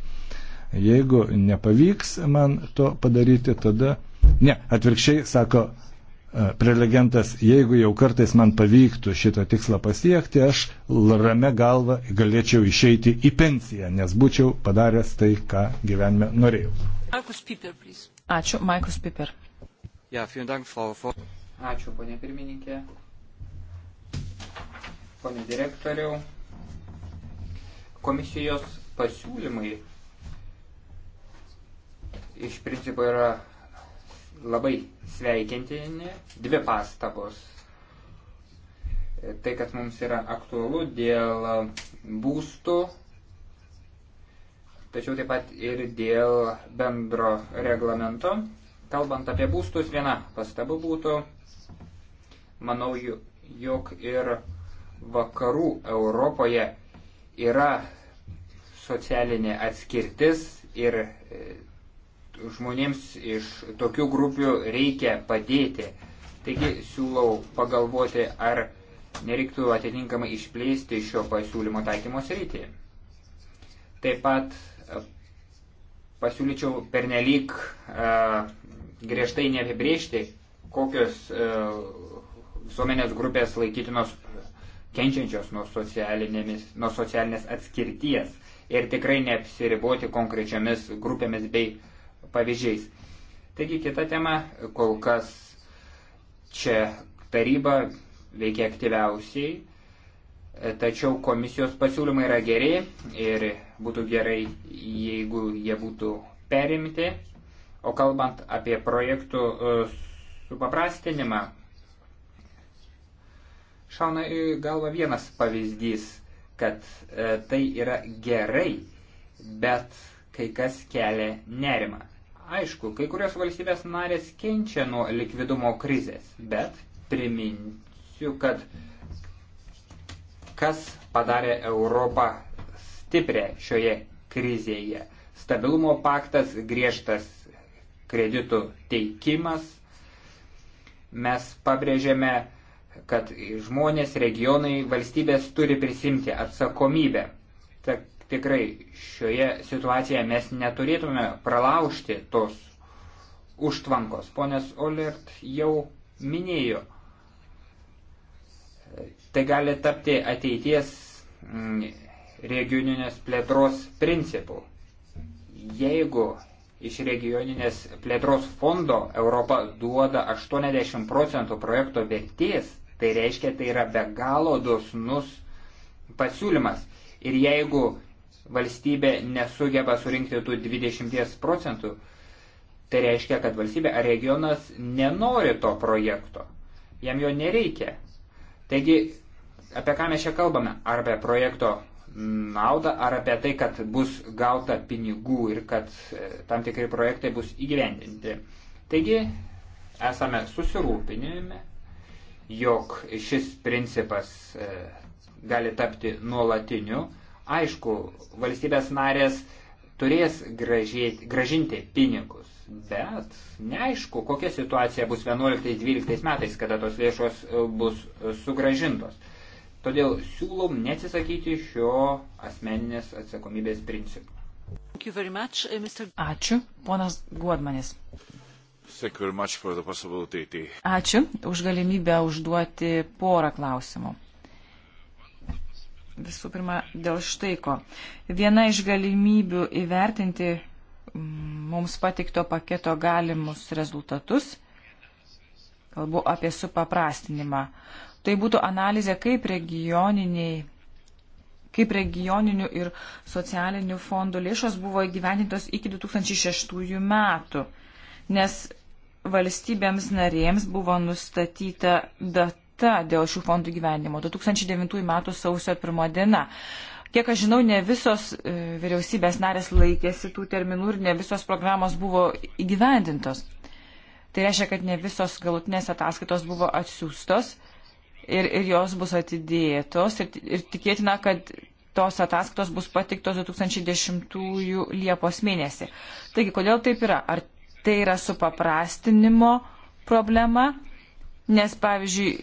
Jeigu nepavyks man to padaryti, tada. Ne, atvirkščiai sako e, prelegentas, jeigu jau kartais man pavyktų šitą tikslą pasiekti, aš rame galva galėčiau išeiti į pensiją, nes būčiau padaręs tai, ką gyvenime norėjau. Markus Piper, please. Ačiū, Markus Piper. Ja, dank, Frau Ford. Ačiū, ponė pirmininkė. Pone direktoriau, Komisijos pasiūlymai iš principo yra labai sveikintini, dvi pastabos. Tai, kas mums yra aktualu dėl būstų, tačiau taip pat ir dėl bendro reglamento. Kalbant apie būstus, viena pastaba būtų, manau, jog ir vakarų Europoje Yra socialinė atskirtis ir e, žmonėms iš tokių grupių reikia padėti. Taigi siūlau pagalvoti, ar nereiktų atitinkamai išplėsti šio pasiūlymo taikymo sritį. Taip pat e, pasiūlyčiau pernelyg uh, griežtai neapibriežti, kokios uh, visuomenės grupės laikytinos kenčiančios nuo, nuo socialinės atskirties ir tikrai neapsiriboti konkrečiomis grupėmis bei pavyzdžiais. Taigi kita tema, kol kas čia taryba veikia aktyviausiai, tačiau komisijos pasiūlymai yra geri ir būtų gerai, jeigu jie būtų perimti. O kalbant apie projektų e, supaprastinimą, šauna į galvą vienas pavyzdys, kad e, tai yra gerai, bet kai kas kelia nerimą. Aišku, kai kurios valstybės narės kenčia nuo likvidumo krizės, bet priminsiu, kad kas padarė Europą stiprią šioje krizėje. Stabilumo paktas, griežtas kreditų teikimas. Mes pabrėžėme kad žmonės, regionai, valstybės turi prisimti atsakomybę. Ta, tikrai šioje situacijoje mes neturėtume pralaužti tos užtvankos. Ponas Olert jau minėjo, tai gali tapti ateities mm, regioninės plėtros principų. Jeigu iš regioninės plėtros fondo Europa duoda 80 procentų projekto vertės, Tai reiškia, tai yra be galo dosnus pasiūlymas. Ir jeigu valstybė nesugeba surinkti tų 20 procentų, tai reiškia, kad valstybė ar regionas nenori to projekto. Jam jo nereikia. Taigi, apie ką mes čia kalbame? Ar apie projekto naudą, ar apie tai, kad bus gauta pinigų ir kad e, tam tikri projektai bus įgyvendinti. Taigi, esame susirūpinimi jog šis principas e, gali tapti nuolatiniu. Aišku, valstybės narės turės gražėti, gražinti pinigus, bet neaišku, kokia situacija bus 11-12 metais, kada tos lėšos e, bus e, sugražintos. Todėl siūlom neatsisakyti šio asmeninės atsakomybės principų. Much, Ačiū, ponas Guodmanis. Ačiū už galimybę užduoti porą klausimų. Visų pirma, dėl štai ko. Viena iš galimybių įvertinti mm, mums patikto paketo galimus rezultatus, kalbu apie supaprastinimą, tai būtų analizė, kaip regioniniai kaip regioninių ir socialinių fondų lėšos buvo įgyvendintos iki 2006 metų nes valstybėms narėms buvo nustatyta data dėl šių fondų gyvenimo 2009 m. sausio 1 diena. Kiek aš žinau, ne visos e, vyriausybės narės laikėsi tų terminų ir ne visos programos buvo įgyvendintos. Tai reiškia, kad ne visos galutinės ataskaitos buvo atsiūstos ir, ir jos bus atidėtos ir, ir tikėtina, kad tos ataskaitos bus patiktos 2010 Liepos mėnesį. Taigi, kodėl taip yra? Ar tai yra supaprastinimo problema, nes, pavyzdžiui,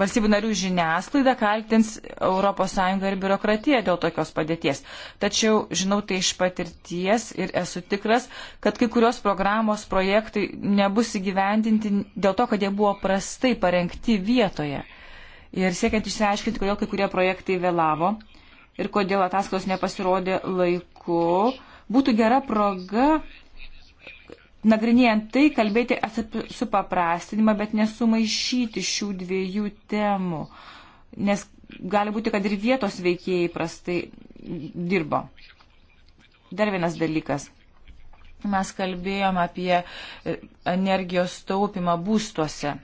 valstybių narių žiniasklaida kaltins ES ir biurokratiją dėl tokios padėties. Tačiau žinau tai iš patirties ir esu tikras, kad kai kurios programos projektai nebus įgyvendinti dėl to, kad jie buvo prastai parengti vietoje. Ir siekiant išsiaiškinti, kodėl kai kurie projektai vėlavo ir kodėl ataskaitos nepasirodė laiku, būtų gera proga nagrinėjant tai, kalbėti apie supaprastinimą, bet nesumaišyti šių dviejų temų, nes gali būti, kad ir vietos veikėjai prastai dirbo. Dar vienas dalykas. Mes kalbėjom apie e, energijos taupimą būstuose,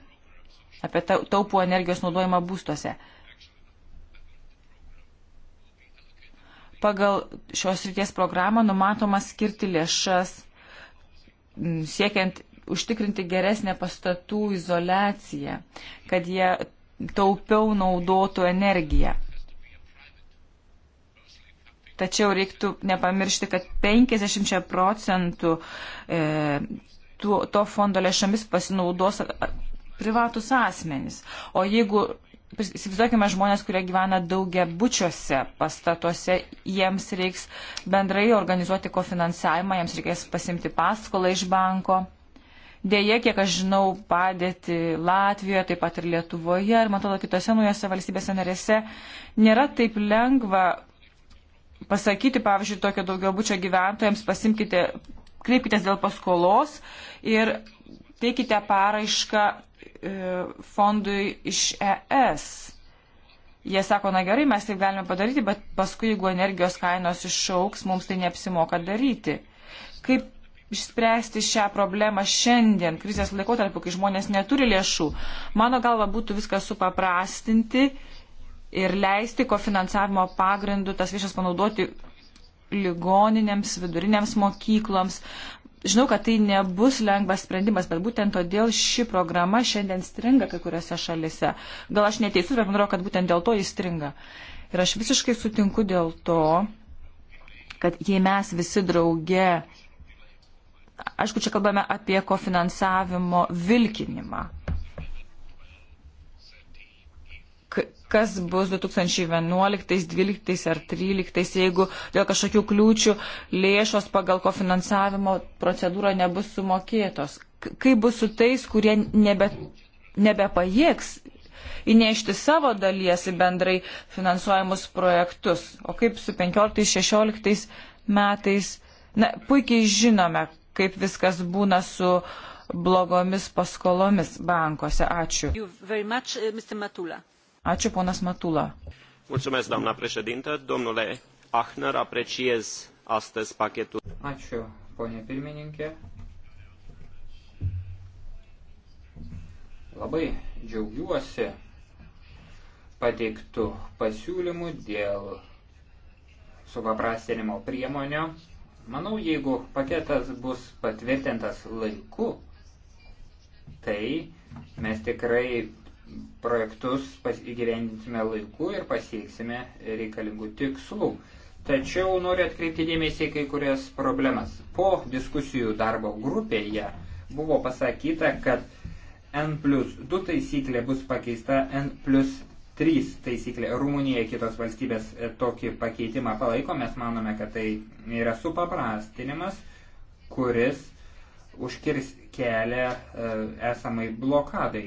apie taupų energijos naudojimą būstuose. Pagal šios ryties programą numatoma skirti lėšas siekiant užtikrinti geresnę pastatų izolaciją, kad jie taupiau naudotų energiją. Tačiau reiktų nepamiršti, kad 50 procentų e, to, to fondo lėšomis pasinaudos privatus asmenys. O jeigu Įsivaizduokime žmonės, kurie gyvena daugia bučiuose pastatuose, jiems reiks bendrai organizuoti kofinansavimą, jiems reikės pasimti paskolą iš banko. Deja, kiek aš žinau, padėti Latvijoje, taip pat ir Lietuvoje ir, man atrodo, kitose naujose valstybėse narėse nėra taip lengva pasakyti, pavyzdžiui, tokio daugiau būčio gyventojams, pasimkite, kreipkite dėl paskolos ir teikite paraišką E, fondui iš ES. Jie sako, na gerai, mes taip galime padaryti, bet paskui, jeigu energijos kainos išauks, mums tai neapsimoka daryti. Kaip išspręsti šią problemą šiandien, krizės laikotarpiu, kai žmonės neturi lėšų? Mano galva būtų viskas supaprastinti ir leisti kofinansavimo pagrindu tas lėšas panaudoti ligoninėms, vidurinėms mokykloms, Žinau, kad tai nebus lengvas sprendimas, bet būtent todėl ši programa šiandien stringa kai kuriuose šalise. Gal aš neteisus, bet man atrodo, kad būtent dėl to jis stringa. Ir aš visiškai sutinku dėl to, kad jei mes visi drauge, aišku, čia kalbame apie kofinansavimo vilkinimą. kas bus 2011, 2012 ar 2013, jeigu dėl kažkokių kliūčių lėšos pagal kofinansavimo procedūrą nebus sumokėtos. Kaip bus su tais, kurie nebe, nebepajėgs įnešti savo dalies į bendrai finansuojamus projektus? O kaip su 15-16 metais? Na, puikiai žinome, kaip viskas būna su blogomis paskolomis bankuose. Ačiū. Much, uh, Ačiū, ponas Matula. Mulțumesc, doamna președintă. Domnule Achner, apreciez astăzi pachetul. Ačiū, ponė pirmininkė. Labai džiaugiuosi pateiktų pasiūlymų dėl supaprastinimo priemonio. Manau, jeigu paketas bus patvirtintas laiku, tai mes tikrai projektus įgyvendinsime laiku ir pasieksime reikalingų tikslų. Tačiau noriu atkreipti dėmesį į kai kurias problemas. Po diskusijų darbo grupėje buvo pasakyta, kad N plus 2 taisyklė bus pakeista N plus 3 taisyklė. Rumunija kitos valstybės e, tokį pakeitimą palaiko, mes manome, kad tai yra supaprastinimas, kuris užkirs kelią e, esamai blokadai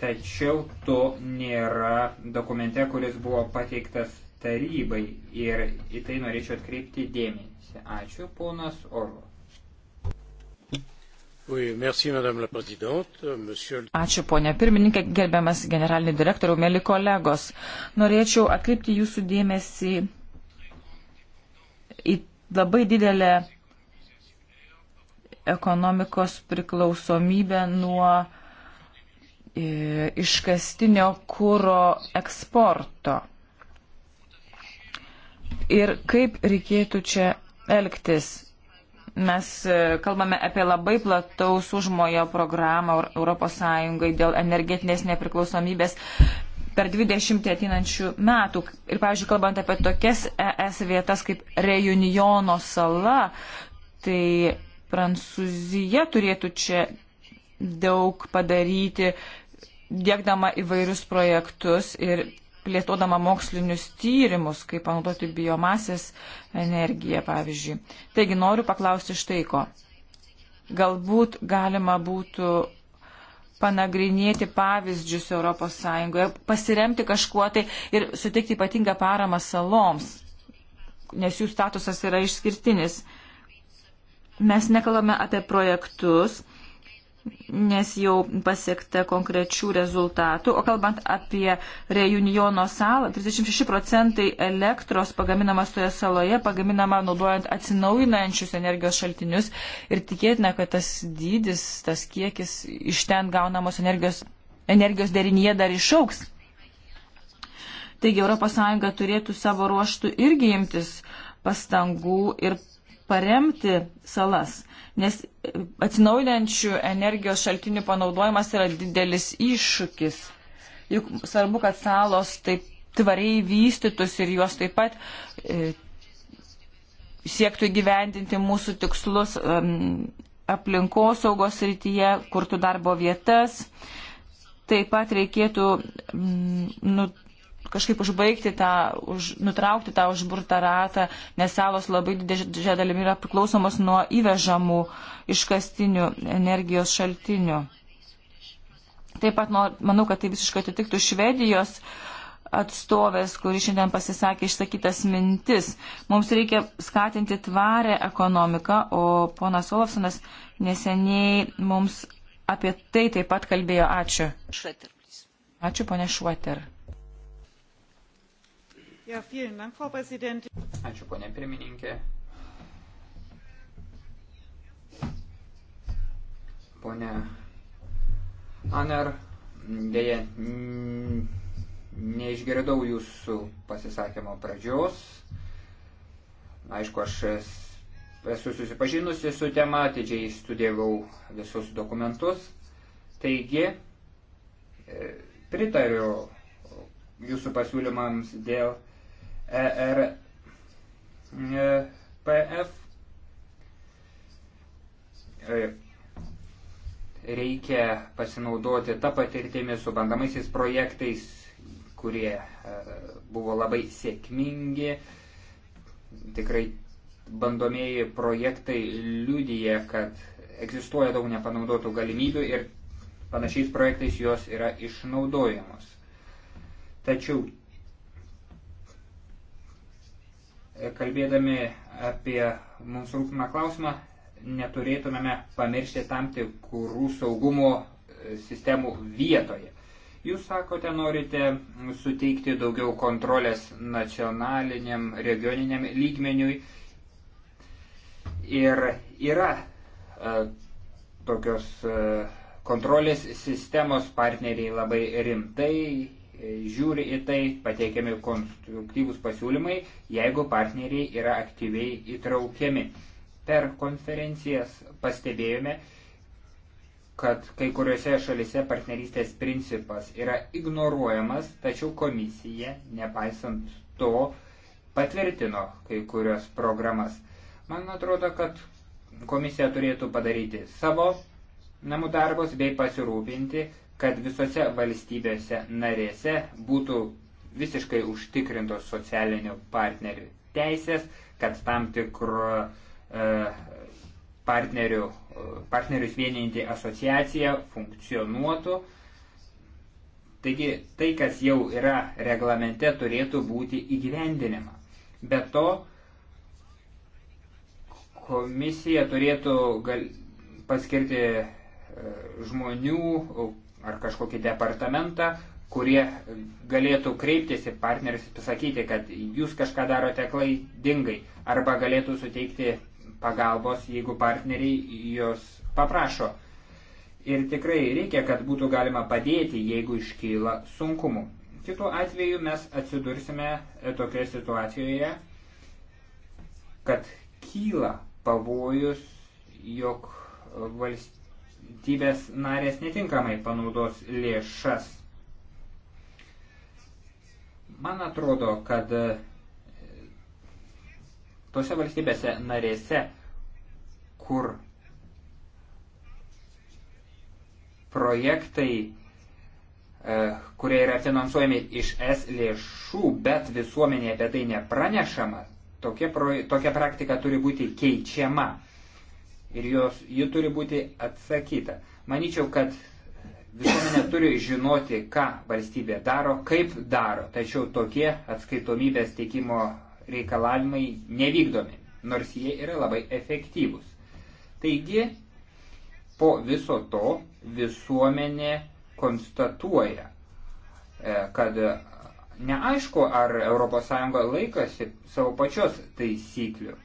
tačiau to nėra dokumente, kuris buvo pateiktas tarybai ir į tai norėčiau atkreipti dėmesį. Ačiū, ponas Orlo. Oui, merci, Monsieur... Ačiū, ponė pirmininkė, gerbiamas generalinį direktorių, mėly kolegos. Norėčiau atkreipti jūsų dėmesį į labai didelę ekonomikos priklausomybę nuo E, iškastinio kūro eksporto. Ir kaip reikėtų čia elgtis? Mes e, kalbame apie labai plataus užmojo programą ES dėl energetinės nepriklausomybės per 20 ateinančių metų. Ir, pavyzdžiui, kalbant apie tokias ES vietas kaip Reunijono sala, tai Prancūzija turėtų čia daug padaryti dėkdama įvairius projektus ir plėtodama mokslinius tyrimus, kaip panaudoti biomasės energiją, pavyzdžiui. Taigi noriu paklausti štai ko. Galbūt galima būtų panagrinėti pavyzdžius ES, pasiremti kažkuo tai ir suteikti ypatingą paramą saloms, nes jų statusas yra išskirtinis. Mes nekalbame apie projektus, nes jau pasiekta konkrečių rezultatų. O kalbant apie Reunijono salą, 36 procentai elektros pagaminamas toje saloje pagaminama naudojant atsinaujinančius energijos šaltinius ir tikėtina, kad tas dydis, tas kiekis iš ten gaunamos energijos, energijos derinyje dar išauks. Taigi ES turėtų savo ruoštų irgi imtis pastangų ir paremti salas nes e, atsinaujinančių energijos šaltinių panaudojimas yra didelis iššūkis. Juk svarbu, kad salos taip tvariai vystytus ir juos taip pat e, siektų įgyvendinti mūsų tikslus um, aplinkosaugos rytyje, kurtų darbo vietas. Taip pat reikėtų mm, nu, kažkaip užbaigti tą, už, nutraukti tą užburtą ratą, nes salos labai didžiąją dalimi yra priklausomos nuo įvežamų iškastinių energijos šaltinių. Taip pat manau, kad tai visiškai atitiktų Švedijos atstovės, kuri šiandien pasisakė išsakytas mintis. Mums reikia skatinti tvarę ekonomiką, o ponas Olafsonas neseniai mums apie tai taip pat kalbėjo. Ačiū. Ačiū, ponė Šuoter. Ja, Dank, Frau Ačiū, ponė pirmininkė. Pone Aner, dėja, neišgirdau jūsų pasisakymo pradžios. Aišku, aš esu susipažinusi su tema, atidžiai studijavau visus dokumentus. Taigi, e, pritariu jūsų pasiūlymams dėl ERPF. E, reikia pasinaudoti tą patirtimį su bandamaisiais projektais, kurie e, buvo labai sėkmingi. Tikrai bandomieji projektai liudyje, kad egzistuoja daug nepanaudotų galimybių ir panašiais projektais jos yra išnaudojamos. Tačiau kalbėdami apie mums rūpimą klausimą, neturėtumėme pamiršti tam tikrų saugumo e, sistemų vietoje. Jūs sakote, norite suteikti daugiau kontrolės nacionaliniam, regioniniam lygmeniui. Ir yra e, tokios e, kontrolės sistemos partneriai labai rimtai žiūri į tai, pateikiami konstruktyvūs pasiūlymai, jeigu partneriai yra aktyviai įtraukiami. Per konferencijas pastebėjome, kad kai kuriuose šalise partnerystės principas yra ignoruojamas, tačiau komisija, nepaisant to, patvirtino kai kurios programas. Man atrodo, kad komisija turėtų padaryti savo namų darbus bei pasirūpinti, kad visose valstybėse narėse būtų visiškai užtikrintos socialinių partnerių teisės, kad tam tikro e, partnerių, e, partnerius vieninti asociacija funkcionuotų. Taigi tai, kas jau yra reglamente, turėtų būti įgyvendinima. Be to, komisija turėtų gal, paskirti e, žmonių, ar kažkokį departamentą, kurie galėtų kreiptis į partnerius ir pasakyti, kad jūs kažką darote klaidingai, arba galėtų suteikti pagalbos, jeigu partneriai jos paprašo. Ir tikrai reikia, kad būtų galima padėti, jeigu iškyla sunkumų. Kitu atveju mes atsidursime e, tokioje situacijoje, kad kyla pavojus, jog valstybė valstybės narės netinkamai panaudos lėšas. Man atrodo, kad e, tose valstybėse narėse, kur projektai, e, kurie yra finansuojami iš S lėšų, bet visuomenė apie tai nepranešama, tokia, tokia praktika turi būti keičiama ir jos, ji turi būti atsakyta. Manyčiau, kad visuomenė turi žinoti, ką valstybė daro, kaip daro, tačiau tokie atskaitomybės teikimo reikalavimai nevykdomi, nors jie yra labai efektyvūs. Taigi, po viso to visuomenė konstatuoja, e, kad neaišku, ar ES laikosi savo pačios taisyklių.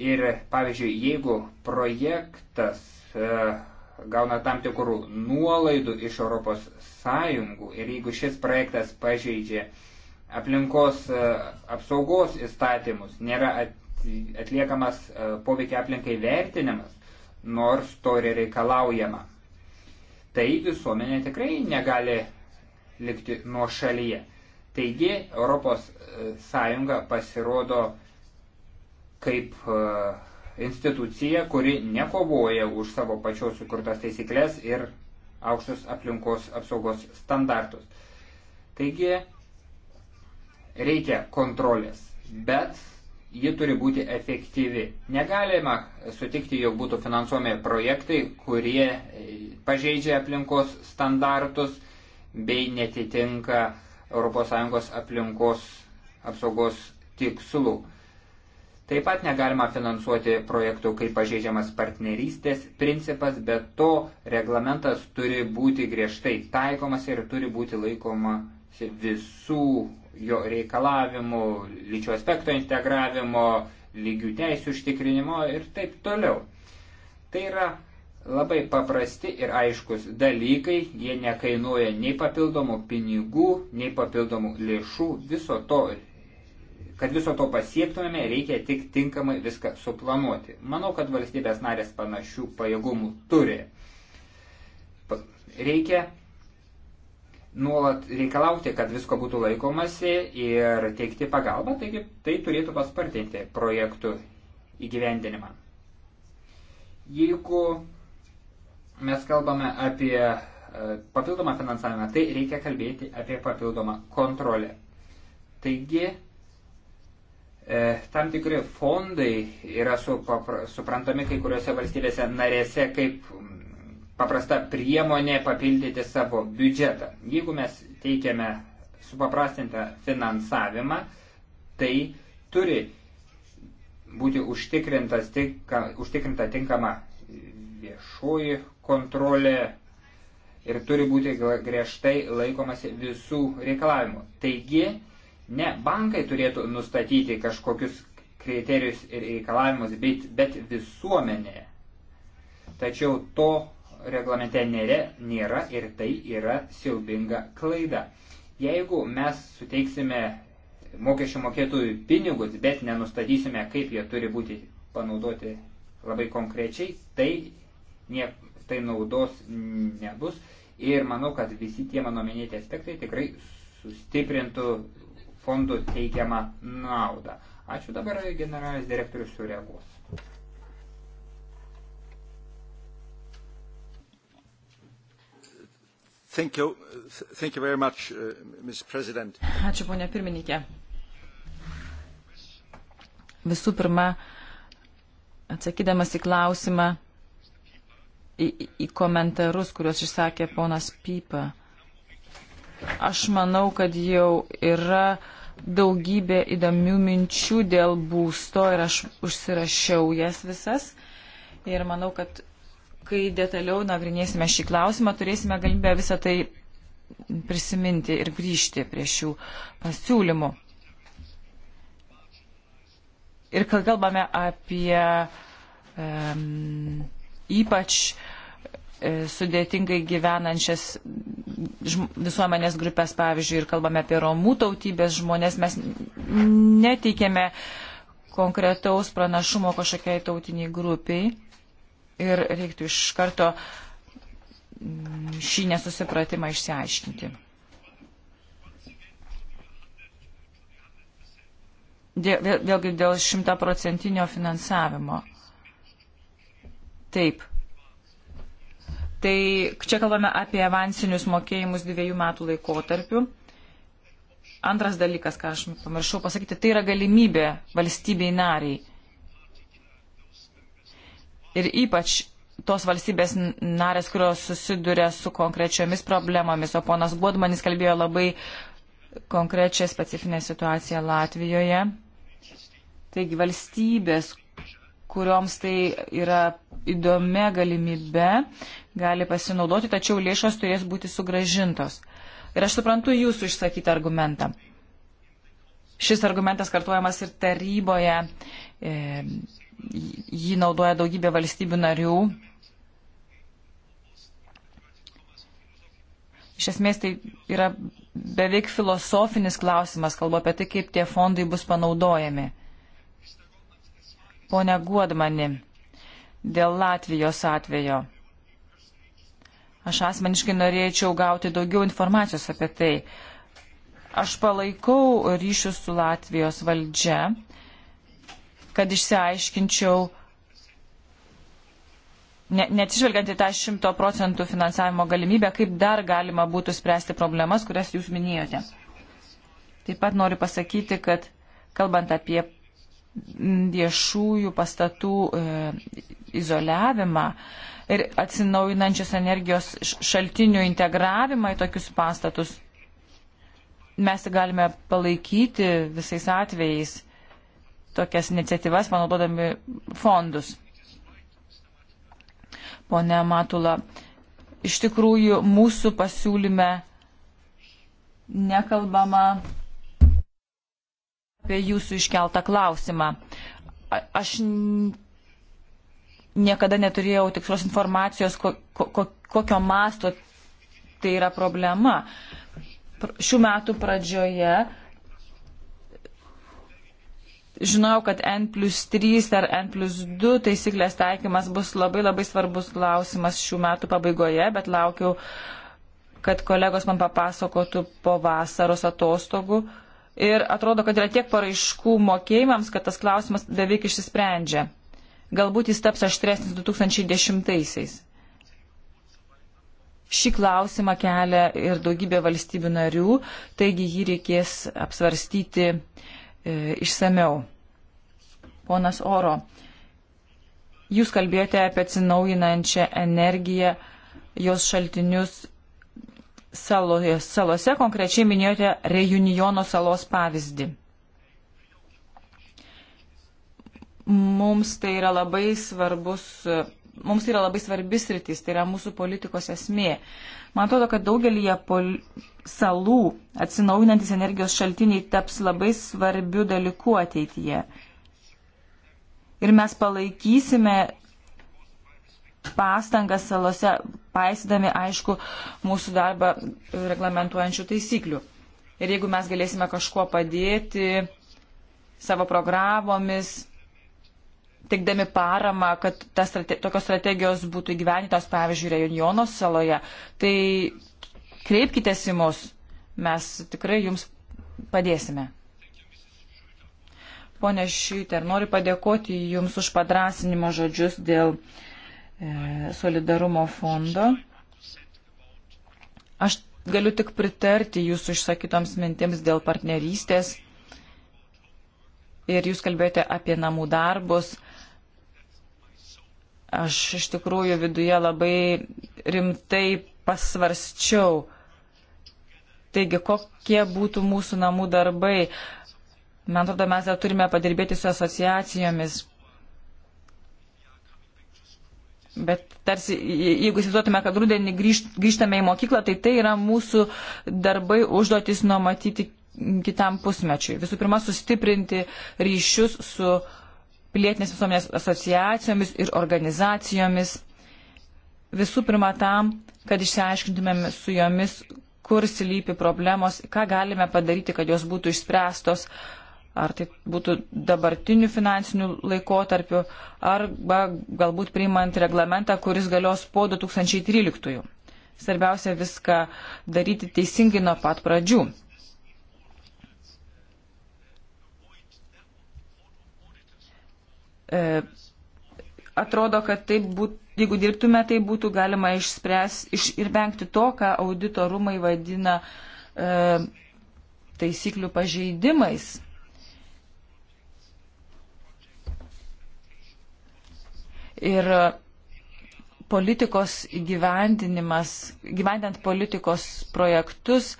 Ir pavyzdžiui, jeigu projektas e, gauna tam tikrų nuolaidų iš Europos Sąjungų ir jeigu šis projektas pažeidžia aplinkos e, apsaugos įstatymus, nėra at, atliekamas e, poveikia aplinkai vertinimas, nors to ir reikalaujama, tai visuomenė tikrai negali likti nuo šalyje. Taigi Europos e, Sąjunga pasirodo kaip e, institucija, kuri nekovoja už savo pačios sukurtas taisyklės ir aukštus aplinkos apsaugos standartus. Taigi, reikia kontrolės, bet ji turi būti efektyvi. Negalima sutikti, jog būtų finansuomi projektai, kurie e, pažeidžia aplinkos standartus bei netitinka ES aplinkos apsaugos tikslų. Taip pat negalima finansuoti projektų, kai pažeidžiamas partnerystės principas, bet to reglamentas turi būti griežtai taikomas ir turi būti laikoma visų jo reikalavimų, lyčių aspekto integravimo, lygių teisų užtikrinimo ir taip toliau. Tai yra labai paprasti ir aiškus dalykai, jie nekainuoja nei papildomų pinigų, nei papildomų lėšų, viso to Kad viso to pasiektumėme, reikia tik tinkamai viską suplanuoti. Manau, kad valstybės narės panašių pajėgumų turi. Reikia nuolat reikalauti, kad visko būtų laikomasi ir teikti pagalbą, taigi tai turėtų paspartinti projektų įgyvendinimą. Jeigu mes kalbame apie e, papildomą finansavimą, tai reikia kalbėti apie papildomą kontrolę. Taigi, E, tam tikri fondai yra suprantami kai kuriuose valstybėse narėse kaip mm, paprasta priemonė papildyti savo biudžetą. Jeigu mes teikiame supaprastintą finansavimą, tai turi būti tinka, užtikrinta tinkama viešoji kontrolė ir turi būti griežtai laikomasi visų reikalavimų. Taigi, Ne bankai turėtų nustatyti kažkokius kriterijus ir reikalavimus, bet, bet visuomenė. Tačiau to reglamente nėra, nėra ir tai yra siaubinga klaida. Jeigu mes suteiksime mokesčių mokėtųjų pinigus, bet nenustatysime, kaip jie turi būti panaudoti labai konkrečiai, tai, nie, tai naudos nebus. Ir manau, kad visi tie mano minėti aspektai tikrai sustiprintų fondų teikiamą naudą. Ačiū dabar generalinis direktorius sureaguos. Thank you. Thank you very much, uh, Ms. President. Ačiū, ponė pirmininkė. Visų pirma, atsakydamas į klausimą, į, į komentarus, kuriuos išsakė ponas Pypa Aš manau, kad jau yra daugybė įdomių minčių dėl būsto ir aš užsirašiau jas visas. Ir manau, kad kai detaliau nagrinėsime šį klausimą, turėsime galimybę visą tai prisiminti ir grįžti prie šių pasiūlymų. Ir kai kalbame apie um, ypač uh, E, sudėtingai gyvenančias visuomenės grupės, pavyzdžiui, ir kalbame apie romų tautybės žmonės, mes neteikėme konkretaus pranašumo kažkokiai tautiniai grupiai ir reiktų iš karto mm, šį nesusipratimą išsiaiškinti. Dėl, vėlgi dėl šimtaprocentinio finansavimo. Taip, Tai čia kalbame apie avansinius mokėjimus dviejų metų laikotarpių. Antras dalykas, ką aš pamiršau pasakyti, tai yra galimybė valstybei nariai. Ir ypač tos valstybės narės, kurios susiduria su konkrečiomis problemomis, o ponas Bodmanis kalbėjo labai konkrečią specifinę situaciją Latvijoje. Taigi valstybės, kurioms tai yra įdomia galimybe, gali pasinaudoti, tačiau lėšos turės būti sugražintos. Ir aš suprantu jūsų išsakytą argumentą. Šis argumentas kartuojamas ir taryboje, e, jį naudoja daugybė valstybių narių. Iš esmės tai yra beveik filosofinis klausimas, kalbu apie tai, kaip tie fondai bus panaudojami. Pone Guodmani, dėl Latvijos atvejo. Aš asmeniškai norėčiau gauti daugiau informacijos apie tai. Aš palaikau ryšius su Latvijos valdžia, kad išsiaiškinčiau, neatsižvelgiant į tą 100 procentų finansavimo galimybę, kaip dar galima būtų spręsti problemas, kurias jūs minėjote. Taip pat noriu pasakyti, kad kalbant apie viešųjų pastatų e, izoliavimą ir atsinaujinančios energijos šaltinių integravimą į tokius pastatus. Mes galime palaikyti visais atvejais tokias iniciatyvas, panaudodami fondus. Pone Matula, iš tikrųjų mūsų pasiūlyme nekalbama apie jūsų iškeltą klausimą. Aš niekada neturėjau tikslios informacijos, ko, ko, kokio masto tai yra problema. Šių metų pradžioje žinojau, kad N plus 3 ar N plus 2 taisyklės taikymas bus labai labai svarbus klausimas šių metų pabaigoje, bet laukiau, kad kolegos man papasakotų po vasaros atostogų. Ir atrodo, kad yra tiek paraiškų mokėjimams, kad tas klausimas beveik išsisprendžia. Galbūt jis taps aštresnis 2010-aisiais. Šį klausimą kelia ir daugybė valstybių narių, taigi jį reikės apsvarstyti e, išsameu. Ponas Oro, jūs kalbėjote apie atsinaujinančią energiją, jos šaltinius saloje. Salose konkrečiai minėjote Reunijono salos pavyzdį. mums tai yra labai svarbus, mums tai yra labai svarbis rytis, tai yra mūsų politikos esmė. Man atrodo, kad daugelį pol... salų atsinaujinantis energijos šaltiniai taps labai svarbių dalykų ateityje. Ir mes palaikysime pastangas salose, paisydami, aišku, mūsų darbą reglamentuojančių taisyklių. Ir jeigu mes galėsime kažkuo padėti savo programomis, teikdami paramą, kad ta strate tokios strategijos būtų įgyvenytos, pavyzdžiui, Reunjono saloje, tai kreipkite į mus, mes tikrai jums padėsime. Pone Šyter, noriu padėkoti Jums už padrasinimo žodžius dėl e, solidarumo fondo. Aš galiu tik pritarti Jūsų išsakytoms mintims dėl partnerystės. Ir Jūs kalbėjote apie namų darbus. E, Aš iš tikrųjų viduje labai rimtai pasvarščiau. Taigi, kokie būtų mūsų namų darbai? Man atrodo, mes dar turime padirbėti su asociacijomis. Bet tarsi, jeigu įsivaizduotume, kad rudenį grįž, grįžtame į mokyklą, tai tai yra mūsų darbai užduotis numatyti kitam pusmečiui. Visų pirma, sustiprinti ryšius su uh, pilietinės visuomenės asociacijomis ir organizacijomis. Visų pirma tam, kad išsiaiškintumėm su jomis, kur slypi problemos, ką galime padaryti, kad jos būtų išspręstos, ar tai būtų dabartiniu finansiniu laikotarpiu, arba galbūt priimant reglamentą, kuris galios po 2013. Svarbiausia viską daryti teisingai nuo pat pradžių. E, atrodo, kad taip būtų, jeigu dirbtume, tai būtų galima išspręsti iš, ir vengti to, ką audito rūmai vadina e, taisyklių pažeidimais. Ir politikos įgyvendinimas, gyvendant politikos projektus,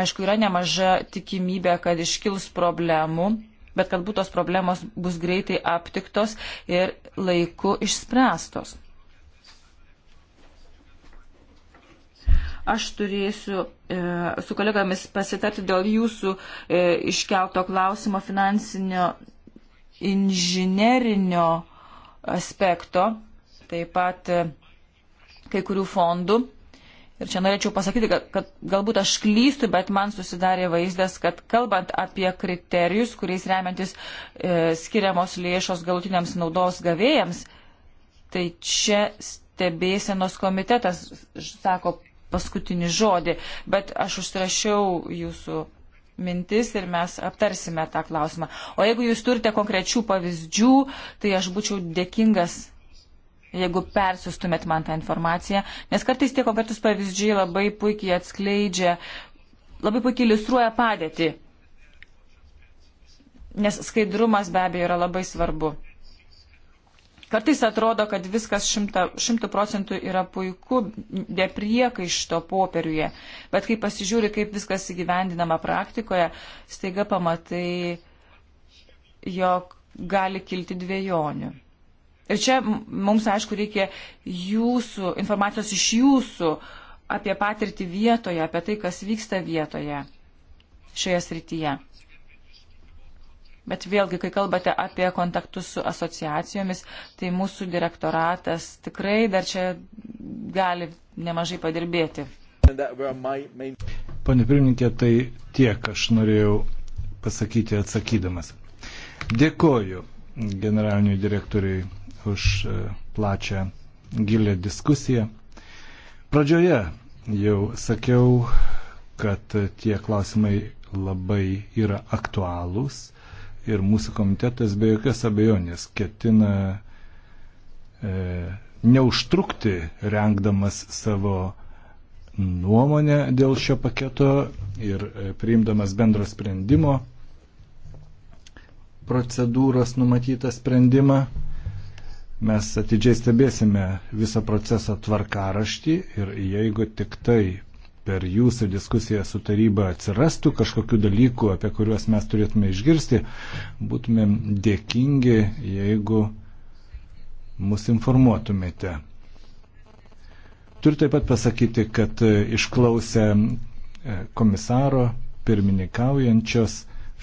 aišku, yra nemaža tikimybė, kad iškils problemų bet kad būtos problemos bus greitai aptiktos ir laiku išspręstos. Aš turėsiu e, su kolegomis pasitarti dėl jūsų e, iškelto klausimo finansinio inžinerinio aspekto, taip pat e, kai kurių fondų Ir čia norėčiau pasakyti, kad, kad galbūt aš klystu, bet man susidarė vaizdas, kad kalbant apie kriterijus, kuriais remiantis e, skiriamos lėšos galutiniams naudos gavėjams, tai čia stebėsenos komitetas sako paskutinį žodį. Bet aš užsirašiau jūsų mintis ir mes aptarsime tą klausimą. O jeigu jūs turite konkrečių pavyzdžių, tai aš būčiau dėkingas jeigu persiustumėt man tą informaciją, nes kartais tie konkretus pavyzdžiai labai puikiai atskleidžia, labai puikiai iliustruoja padėtį, nes skaidrumas be abejo yra labai svarbu. Kartais atrodo, kad viskas šimtų procentų yra puiku, depriekaišto popieriuje, bet kai pasižiūri, kaip viskas įgyvendinama praktikoje, staiga pamatai, jog gali kilti dviejonių. Ir čia mums, aišku, reikia jūsų, informacijos iš jūsų apie patirtį vietoje, apie tai, kas vyksta vietoje šioje srityje. Bet vėlgi, kai kalbate apie kontaktus su asociacijomis, tai mūsų direktoratas tikrai dar čia gali nemažai padirbėti. Pane pirmininkė, tai tiek aš norėjau pasakyti atsakydamas. Dėkoju generaliniui direktoriui už e, plačią gilę diskusiją. Pradžioje jau sakiau, kad tie klausimai labai yra aktualūs ir mūsų komitetas be jokios abejonės ketina e, neužtrukti rengdamas savo nuomonę dėl šio paketo ir e, priimdamas bendro sprendimo procedūros numatytą sprendimą. Mes atidžiai stebėsime visą proceso tvarkaraštį ir jeigu tik tai per jūsų diskusiją su taryba atsirastų kažkokių dalykų, apie kuriuos mes turėtume išgirsti, būtumėm dėkingi, jeigu mus informuotumėte. Turiu taip pat pasakyti, kad išklausę e, komisaro pirmininkaujančios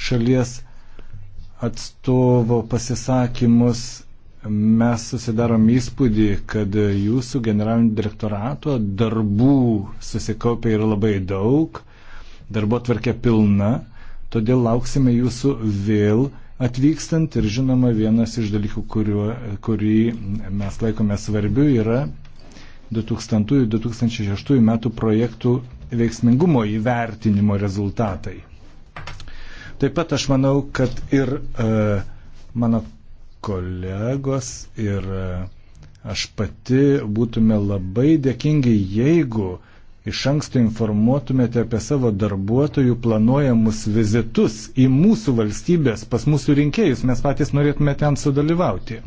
šalies atstovo pasisakymus mes susidarom įspūdį, kad jūsų generalinio direktorato darbų susikaupia yra labai daug, darbo tvarkė pilna, todėl lauksime jūsų vėl atvykstant ir žinoma vienas iš dalykų, kuriuo, kurį mes laikome svarbiu, yra 2000-2006 metų projektų veiksmingumo įvertinimo rezultatai. Taip pat aš manau, kad ir e, mano kolegos ir e, aš pati būtume labai dėkingi, jeigu iš anksto informuotumėte apie savo darbuotojų planuojamus vizitus į mūsų valstybės, pas mūsų rinkėjus, mes patys norėtume ten sudalyvauti.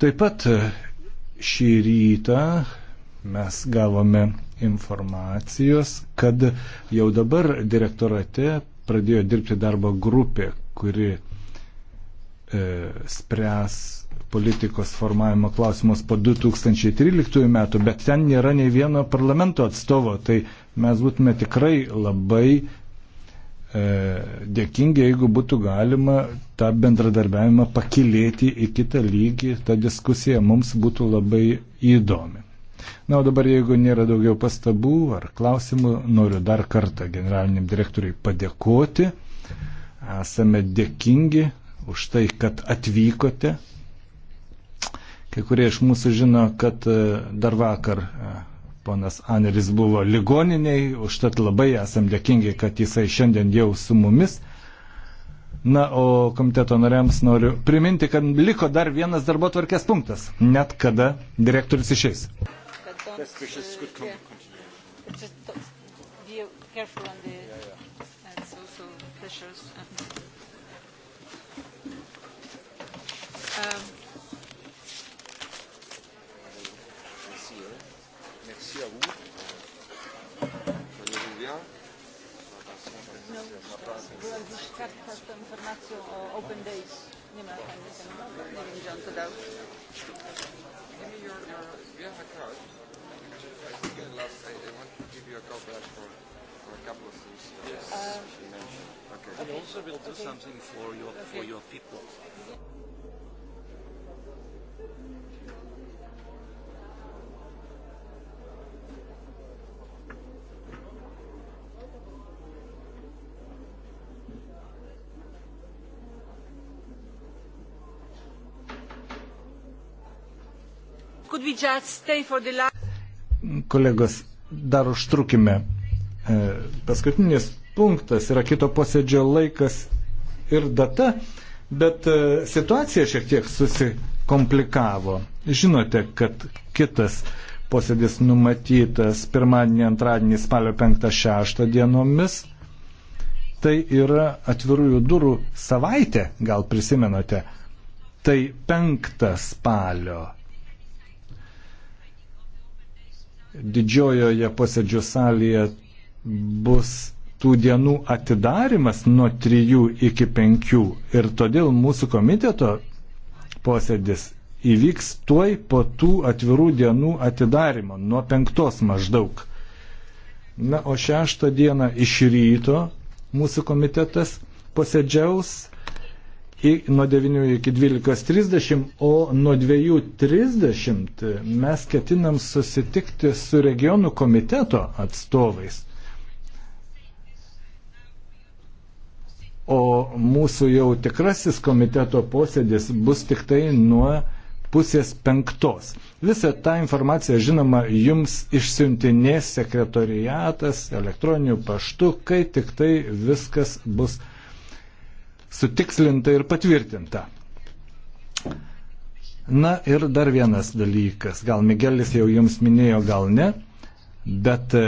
Taip pat e, šį rytą mes gavome informacijos, kad jau dabar direktorate pradėjo dirbti darbo grupė, kuri E, spręs politikos formavimo klausimus po 2013 metų, bet ten nėra nei vieno parlamento atstovo, tai mes būtume tikrai labai e, dėkingi, jeigu būtų galima tą bendradarbiavimą pakilėti į kitą lygį, ta diskusija mums būtų labai įdomi. Na, o dabar, jeigu nėra daugiau pastabų ar klausimų, noriu dar kartą generaliniam direktoriai padėkoti. Esame dėkingi už tai, kad atvykote. Kai kurie iš mūsų žino, kad e, dar vakar e, ponas Aneris buvo ligoniniai, užtat labai esam dėkingi, kad jisai šiandien jau su mumis. Na, o komiteto nariams noriu priminti, kad liko dar vienas darbo tvarkės punktas, net kada direktorius išeis. Best wishes could come. Yeah. Just be careful on the byłam już tak tą informacją o Open Days. Nie ma pani samochodu. Nie wiem, gdzie on to dał. Give me your, your, you have a card. I think in last, I, I want to give you a call back for, for a couple of things. Yes. Uh, you mentioned. Okay. We also will do okay. something for your, okay. for your people. the... Kolegos, dar užtrukime. E, paskutinis punktas yra kito posėdžio laikas ir data, bet e, situacija šiek tiek susikomplikavo. Žinote, kad kitas posėdis numatytas pirmadienį, antradienį, spalio 5-6 dienomis. Tai yra atvirųjų durų savaitė, gal prisimenate. Tai 5 spalio didžiojoje posėdžių salėje bus tų dienų atidarimas nuo 3 iki 5 ir todėl mūsų komiteto posėdis įvyks tuoj po tų atvirų dienų atidarimo, nuo 5 maždaug. Na, o 6 dieną iš ryto mūsų komitetas posėdžiaus nuo 9 iki 12.30, o nuo 2.30 mes ketinam susitikti su regionų komiteto atstovais. O mūsų jau tikrasis komiteto posėdis bus tik tai nuo pusės penktos. Visą tą informaciją, žinoma, jums išsiuntinės sekretoriatas elektroniniu paštu, kai tik tai viskas bus sutikslinta ir patvirtinta. Na ir dar vienas dalykas, gal Migelis jau jums minėjo, gal ne, bet e,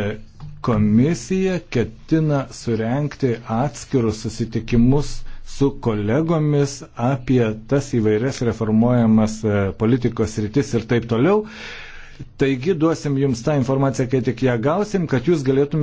komisija ketina surenkti atskirus susitikimus su kolegomis apie tas įvairias reformuojamas e, politikos rytis ir taip toliau. Taigi duosim jums tą informaciją, kai tik ją gausim, kad jūs galėtumėte